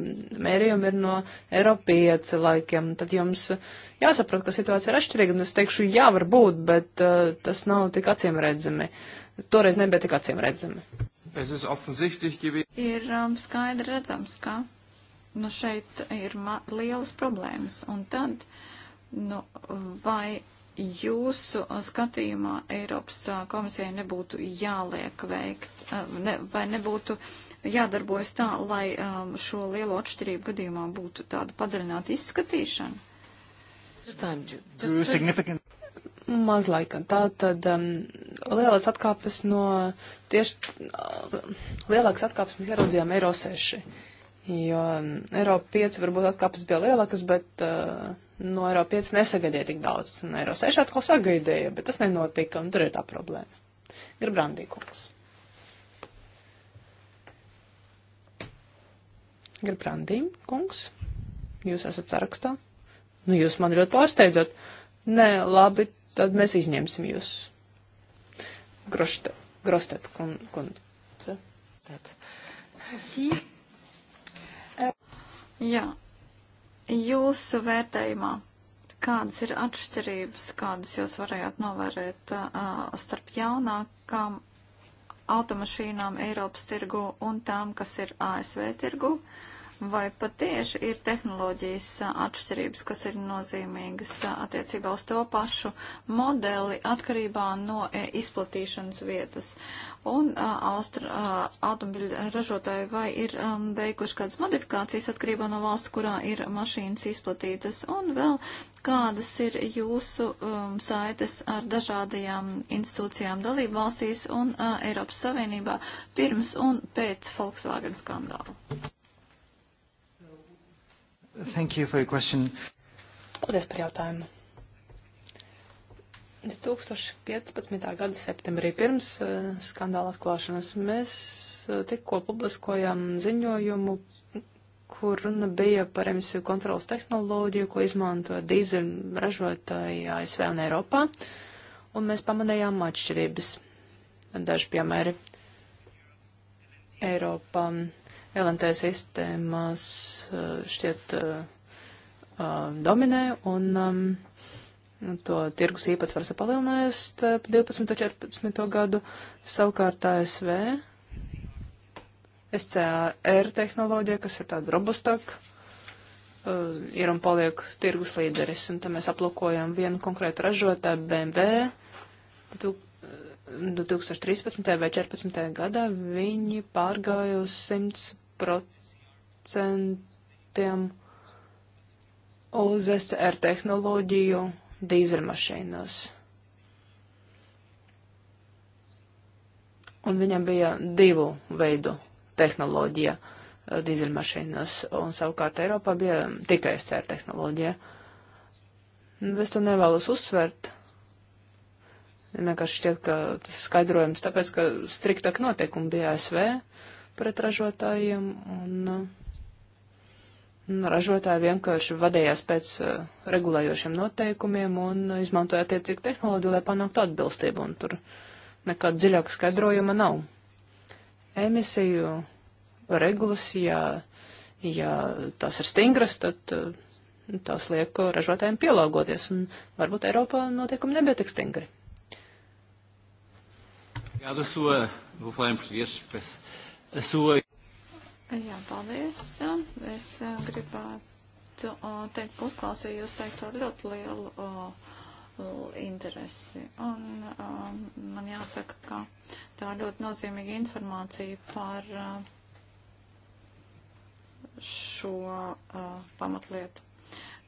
mērījumi ir no Eiropa 5 laikiem, tad jums eh, jāsaprot, ka situācija ir atšķirīga, un es teikšu, jā, varbūt, bet uh, tas nav tik acīm redzami. Toreiz nebija tik acīm redzami. Ir um, skaidri redzams, ka nu šeit ir lielas problēmas. Un tad, nu, vai jūsu skatījumā Eiropas komisijai nebūtu jāliek veikt, ne, vai nebūtu jādarbojas tā, lai um, šo lielo atšķirību gadījumā būtu tāda padziļināta izskatīšana? Mazlaika. Tā tad um, lielas atkāpes no tieši uh, lielākas atkāpes mēs ieraudzījām Eiro 6. Jo mm, Eiropa 5 varbūt atkāpes bija lielākas, bet uh, no Eiropa 5 nesagaidīja tik daudz. Un Eiro 6 atkal sagaidīja, bet tas nenotika, un tur ir tā problēma. Gribrandī kungs. Gribrandī kungs, jūs esat sarakstā? Nu, jūs man ļoti pārsteidzat. Nē, labi, tad mēs izņemsim jūs. Grostet, Grostet kundze. Tad. Sīk. Jā, jūsu vērtējumā kādas ir atšķirības, kādas jūs varējāt novērēt uh, starp jaunākām automašīnām Eiropas tirgu un tām, kas ir ASV tirgu? Uh, vai patieši ir tehnoloģijas atšķirības, kas ir nozīmīgas attiecībā uz to pašu modeli atkarībā no e, izplatīšanas vietas. Un automobiļu ražotāji vai ir um, veikuši kādas modifikācijas atkarībā no valsts, kurā ir mašīnas izplatītas, un vēl kādas ir jūsu um, saites ar dažādajām institūcijām dalību valstīs un uh, Eiropas Savienībā pirms un pēc Volkswagen skandāla. Thank you for your question. Paldies par jautājumu. 2015. gada septembrī pirms uh, skandāla atklāšanas mēs uh, tikko publiskojām ziņojumu, kur runa bija par emisiju kontrolas tehnoloģiju, ko izmanto dīzeļu ražotāji ASV un Eiropā, un mēs pamanījām atšķirības. Daži piemēri. Eiropā LNT sistēmas eh, šķiet eh, eh, dominē un um, to tirgus īpatsvars ir palielinājies 12. un 14. gadu. Savukārt ASV SCR tehnoloģija, kas ir tāda robustāk, uh, ir un paliek tirgus līderis. Un tad mēs aplūkojam vienu konkrētu ražotāju BMW. Tu, 2013. vai 2014. gadā viņi pārgāja uz 100 procentiem uz SR tehnoloģiju dīzeļmašīnās. Un viņam bija divu veidu tehnoloģija eh, dīzeļmašīnas, un savukārt Eiropā bija tikai SCR tehnoloģija. Nu, es to nevēlos uzsvert. Vienkārši šķiet, ka tas skaidrojums tāpēc, ka striktāk noteikumi bija ASV, pret ražotājiem, un, un ražotāji vienkārši vadījās pēc uh, regulējošiem noteikumiem un izmantoja attiecīgu tehnoloģiju, lai panāktu atbilstību, un tur nekāda dziļāka skaidrojuma nav. Emisiju regulas, ja, ja tās ir stingras, tad uh, tās liek ražotājiem pielāgoties, un varbūt Eiropā notiekumi nebija tik stingri. Obrigado. A sua. Vou falar em português, peço soļi. Jā, paldies. Es eh, gribētu eh, teikt, uzklausīju jūs teikt ar ļoti lielu o, eh, interesi. Un o, man jāsaka, ka tā ir ļoti nozīmīga informācija par šo o, pamatlietu.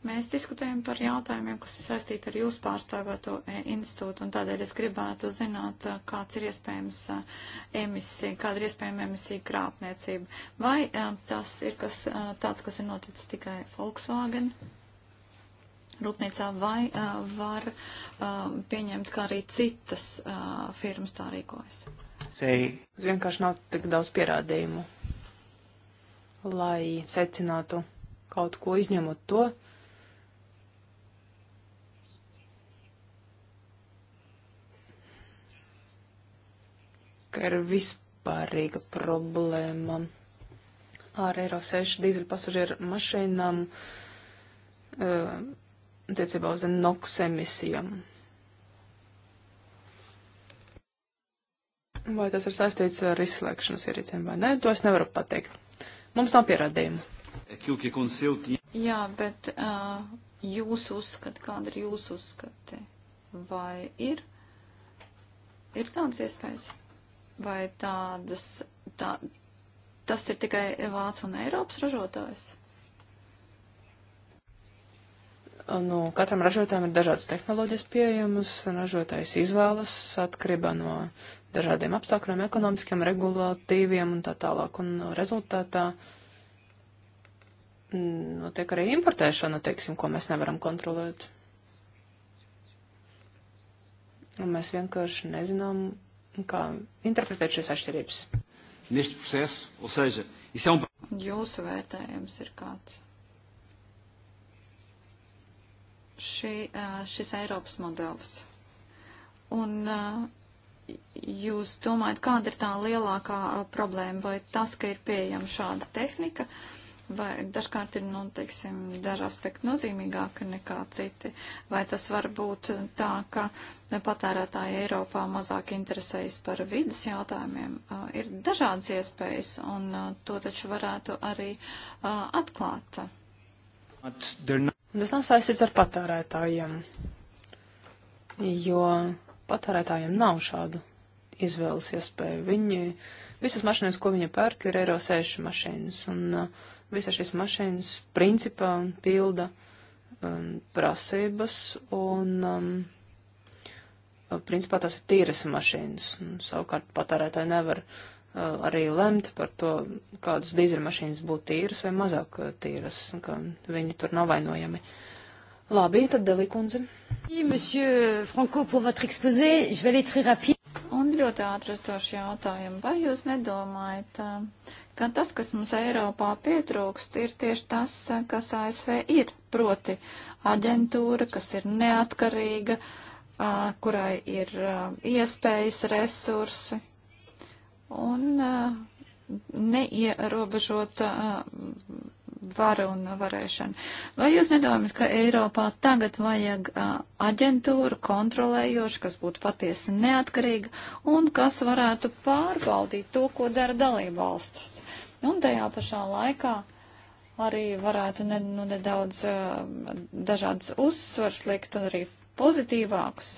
Mēs diskutējam par jautājumiem, kas ir saistīti ar jūsu pārstāvēto e, institūtu, un tādēļ es gribētu zināt, e, kāds ir iespējams e, emisija, kāda ir iespējama emisija krāpniecība. Vai tas ir kas, tāds, kas ir noticis tikai Volkswagen rūpnīcā, vai var pieņemt, kā arī citas firmas tā rīkojas? Sei. Vienkārši nav tik daudz pierādījumu, lai secinātu kaut ko izņemot to ka ir vispārīga problēma ar Eiro 6 dīzeļu pasažieru mašīnām e, attiecībā uz NOx emisijām. Vai tas ir saistīts ar izslēgšanas ierīcēm vai nē, to es nevaru pateikt. Mums nav pierādījumu. Jā, bet uh, jūsu uzskati, kāda ir jūsu uzskati? Vai ir, ir tādas iespējas? vai tādas, tā, tas ir tikai Vācu un Eiropas ražotājs? Uh, nu, katram ražotājam ir dažādas tehnoloģijas pieejamas, ražotājs izvēlas atkarībā no dažādiem apstākļiem, ekonomiskiem, regulatīviem un tā tālāk. Un rezultātā mm, notiek nu, arī importēšana, teiksim, ko mēs nevaram kontrolēt. Un mēs vienkārši nezinām, kā interpretēt šīs atšķirības. Um Jūsu vērtējums ir kāds? Šī, šis Eiropas modelis. Un jūs domājat, kāda ir tā lielākā problēma? Vai tas, ka ir pieejama šāda tehnika? Uh, vai dažkārt ir, nu, teiksim, daži aspekti nozīmīgāki nekā citi, vai tas var būt tā, ka patērētāji Eiropā mazāk interesējas par vidas jautājumiem. Uh, ir dažādas iespējas, un uh, to taču varētu arī uh, atklāt. Tas nav saistīts ar patērētājiem, jo patērētājiem nav šādu izvēles iespēju. Viņi, visas mašīnas, ko viņi pērk, ir Eiro 6 mašīnas, un uh, Visa šīs mašīnas principā pilda um, prasības un um, uh, principā tās ir tīras mašīnas. Un, savukārt patērētāji nevar uh, arī lemt par to, kādas dīzeļmašīnas būtu tīras vai mazāk uh, tīras, un ka viņi tur nav vainojami. Labi, tad Delikundze. Oui, monsieur Franco, pour votre exposé, je vais aller très rapide. Un ļoti ātri uzdošu jautājumu, vai jūs nedomājat, eh, ka tas, kas mums Eiropā pietrūkst, ir tieši tas, eh, kas ASV ir, proti aģentūra, kas ir neatkarīga, eh, kurai ir iespējas, resursi un neierobežota varu un varēšanu. Vai jūs nedomājat, ka Eiropā tagad vajag aģentūru kontrolējošu, kas būtu patiesi neatkarīga un kas varētu pārbaudīt to, ko dara dalībvalstis? Un tajā pašā laikā arī varētu ne, nu, nedaudz dažādas uzsvars likt un arī pozitīvākus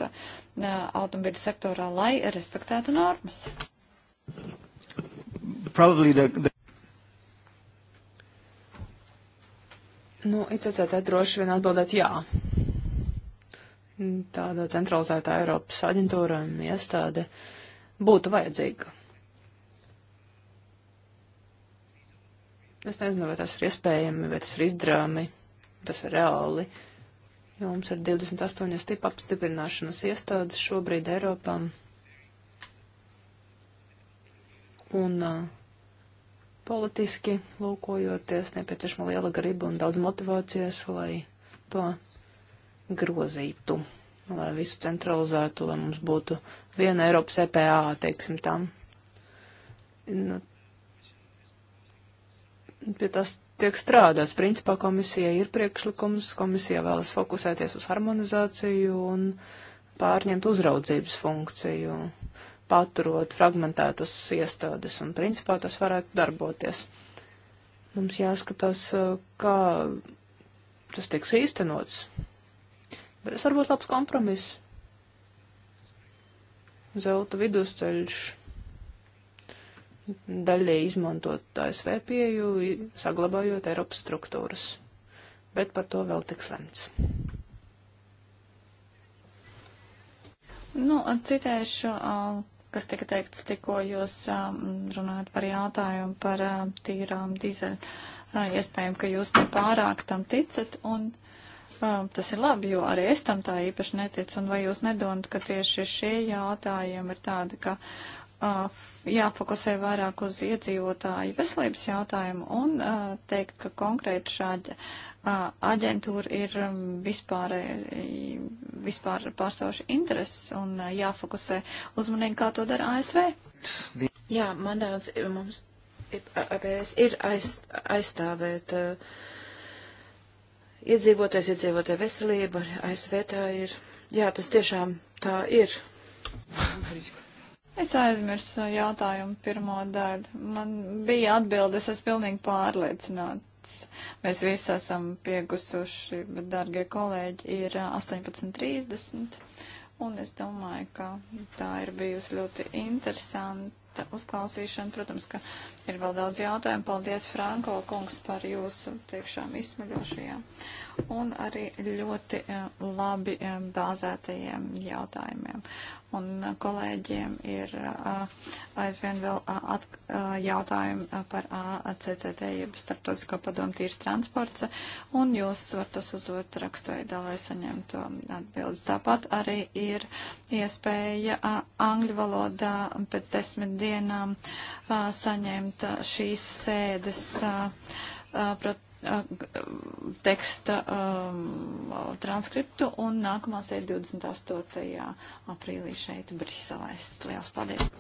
automobiļu sektorā, lai respektētu normas. Probably the, the Nu, ICCT droši vien atbildēt jā. Tāda centralizētā Eiropas aģentūra un iestāde būtu vajadzīga. Es nezinu, vai tas ir iespējami, vai tas ir izdarāmi, tas ir reāli. Jo mums ir 28 tipu apstiprināšanas iestādes šobrīd Eiropā. Un uh, politiski lūkojoties, nepieciešama liela griba un daudz motivācijas, lai to grozītu, lai visu centralizētu, lai mums būtu viena Eiropas EPA, teiksim tam. Nu, pie tās tiek strādāts. Principā komisija ir priekšlikums, komisija vēlas fokusēties uz harmonizāciju un pārņemt uzraudzības funkciju. Uh, paturot fragmentētas iestādes, un principā tas varētu darboties. Mums jāskatās, kā tas tiks īstenots. Bet tas varbūt labs kompromiss. Zelta vidusceļš daļai izmantot ASV pieju, saglabājot Eiropas struktūras. Bet par to vēl tiks lemts. Nu, citēšu uh, kas tika teikts tikko jūs um, runājat par jautājumu par um, tīrām dīzeļu. Uh, iespējams, ka jūs nepārāk tam ticat, un um, tas ir labi, jo arī es tam tā īpaši neticu, un vai jūs nedomājat, ka tieši šie jautājumi ir tādi, ka uh, jāfokusē vairāk uz iedzīvotāju veselības jautājumu un uh, teikt, ka konkrēti šādi aģentūra ir um, vispār, vispār pārstāvoša intereses un jāfokusē uzmanīgi, kā to dara ASV. Jā, mandāts mums ABS ir aiz, aizstāvēt iedzīvoties, iedzīvotāja veselība, ASV tā ir. Jā, tas tiešām tā ir. Es aizmirsu jautājumu pirmo daļu. Man bija atbildes, es pilnīgi pārliecināta pats. Mēs visi esam piegusuši, bet, dārgie kolēģi, ir 18.30. Un es domāju, ka tā ir bijusi ļoti interesanta uzklausīšana. Protams, ka ir vēl daudz jautājumu. Paldies, Franko kungs, par jūsu tiešām izsmeļošajām un arī ļoti labi bāzētajiem jautājumiem un uh, kolēģiem ir uh, aizvien vēl uh, at, jautājumi par ACCT, jeb starptautisko padomu tīrs transports, un jūs varat tos uzdot rakstveidā, lai saņemtu atbildes. Tāpat arī ir iespēja angļu valodā pēc desmit dienām saņemt šīs sēdes. Prot, teksta um, transkriptu un nākamā sēde 28. aprīlī šeit Briselēs. Lielas paldies!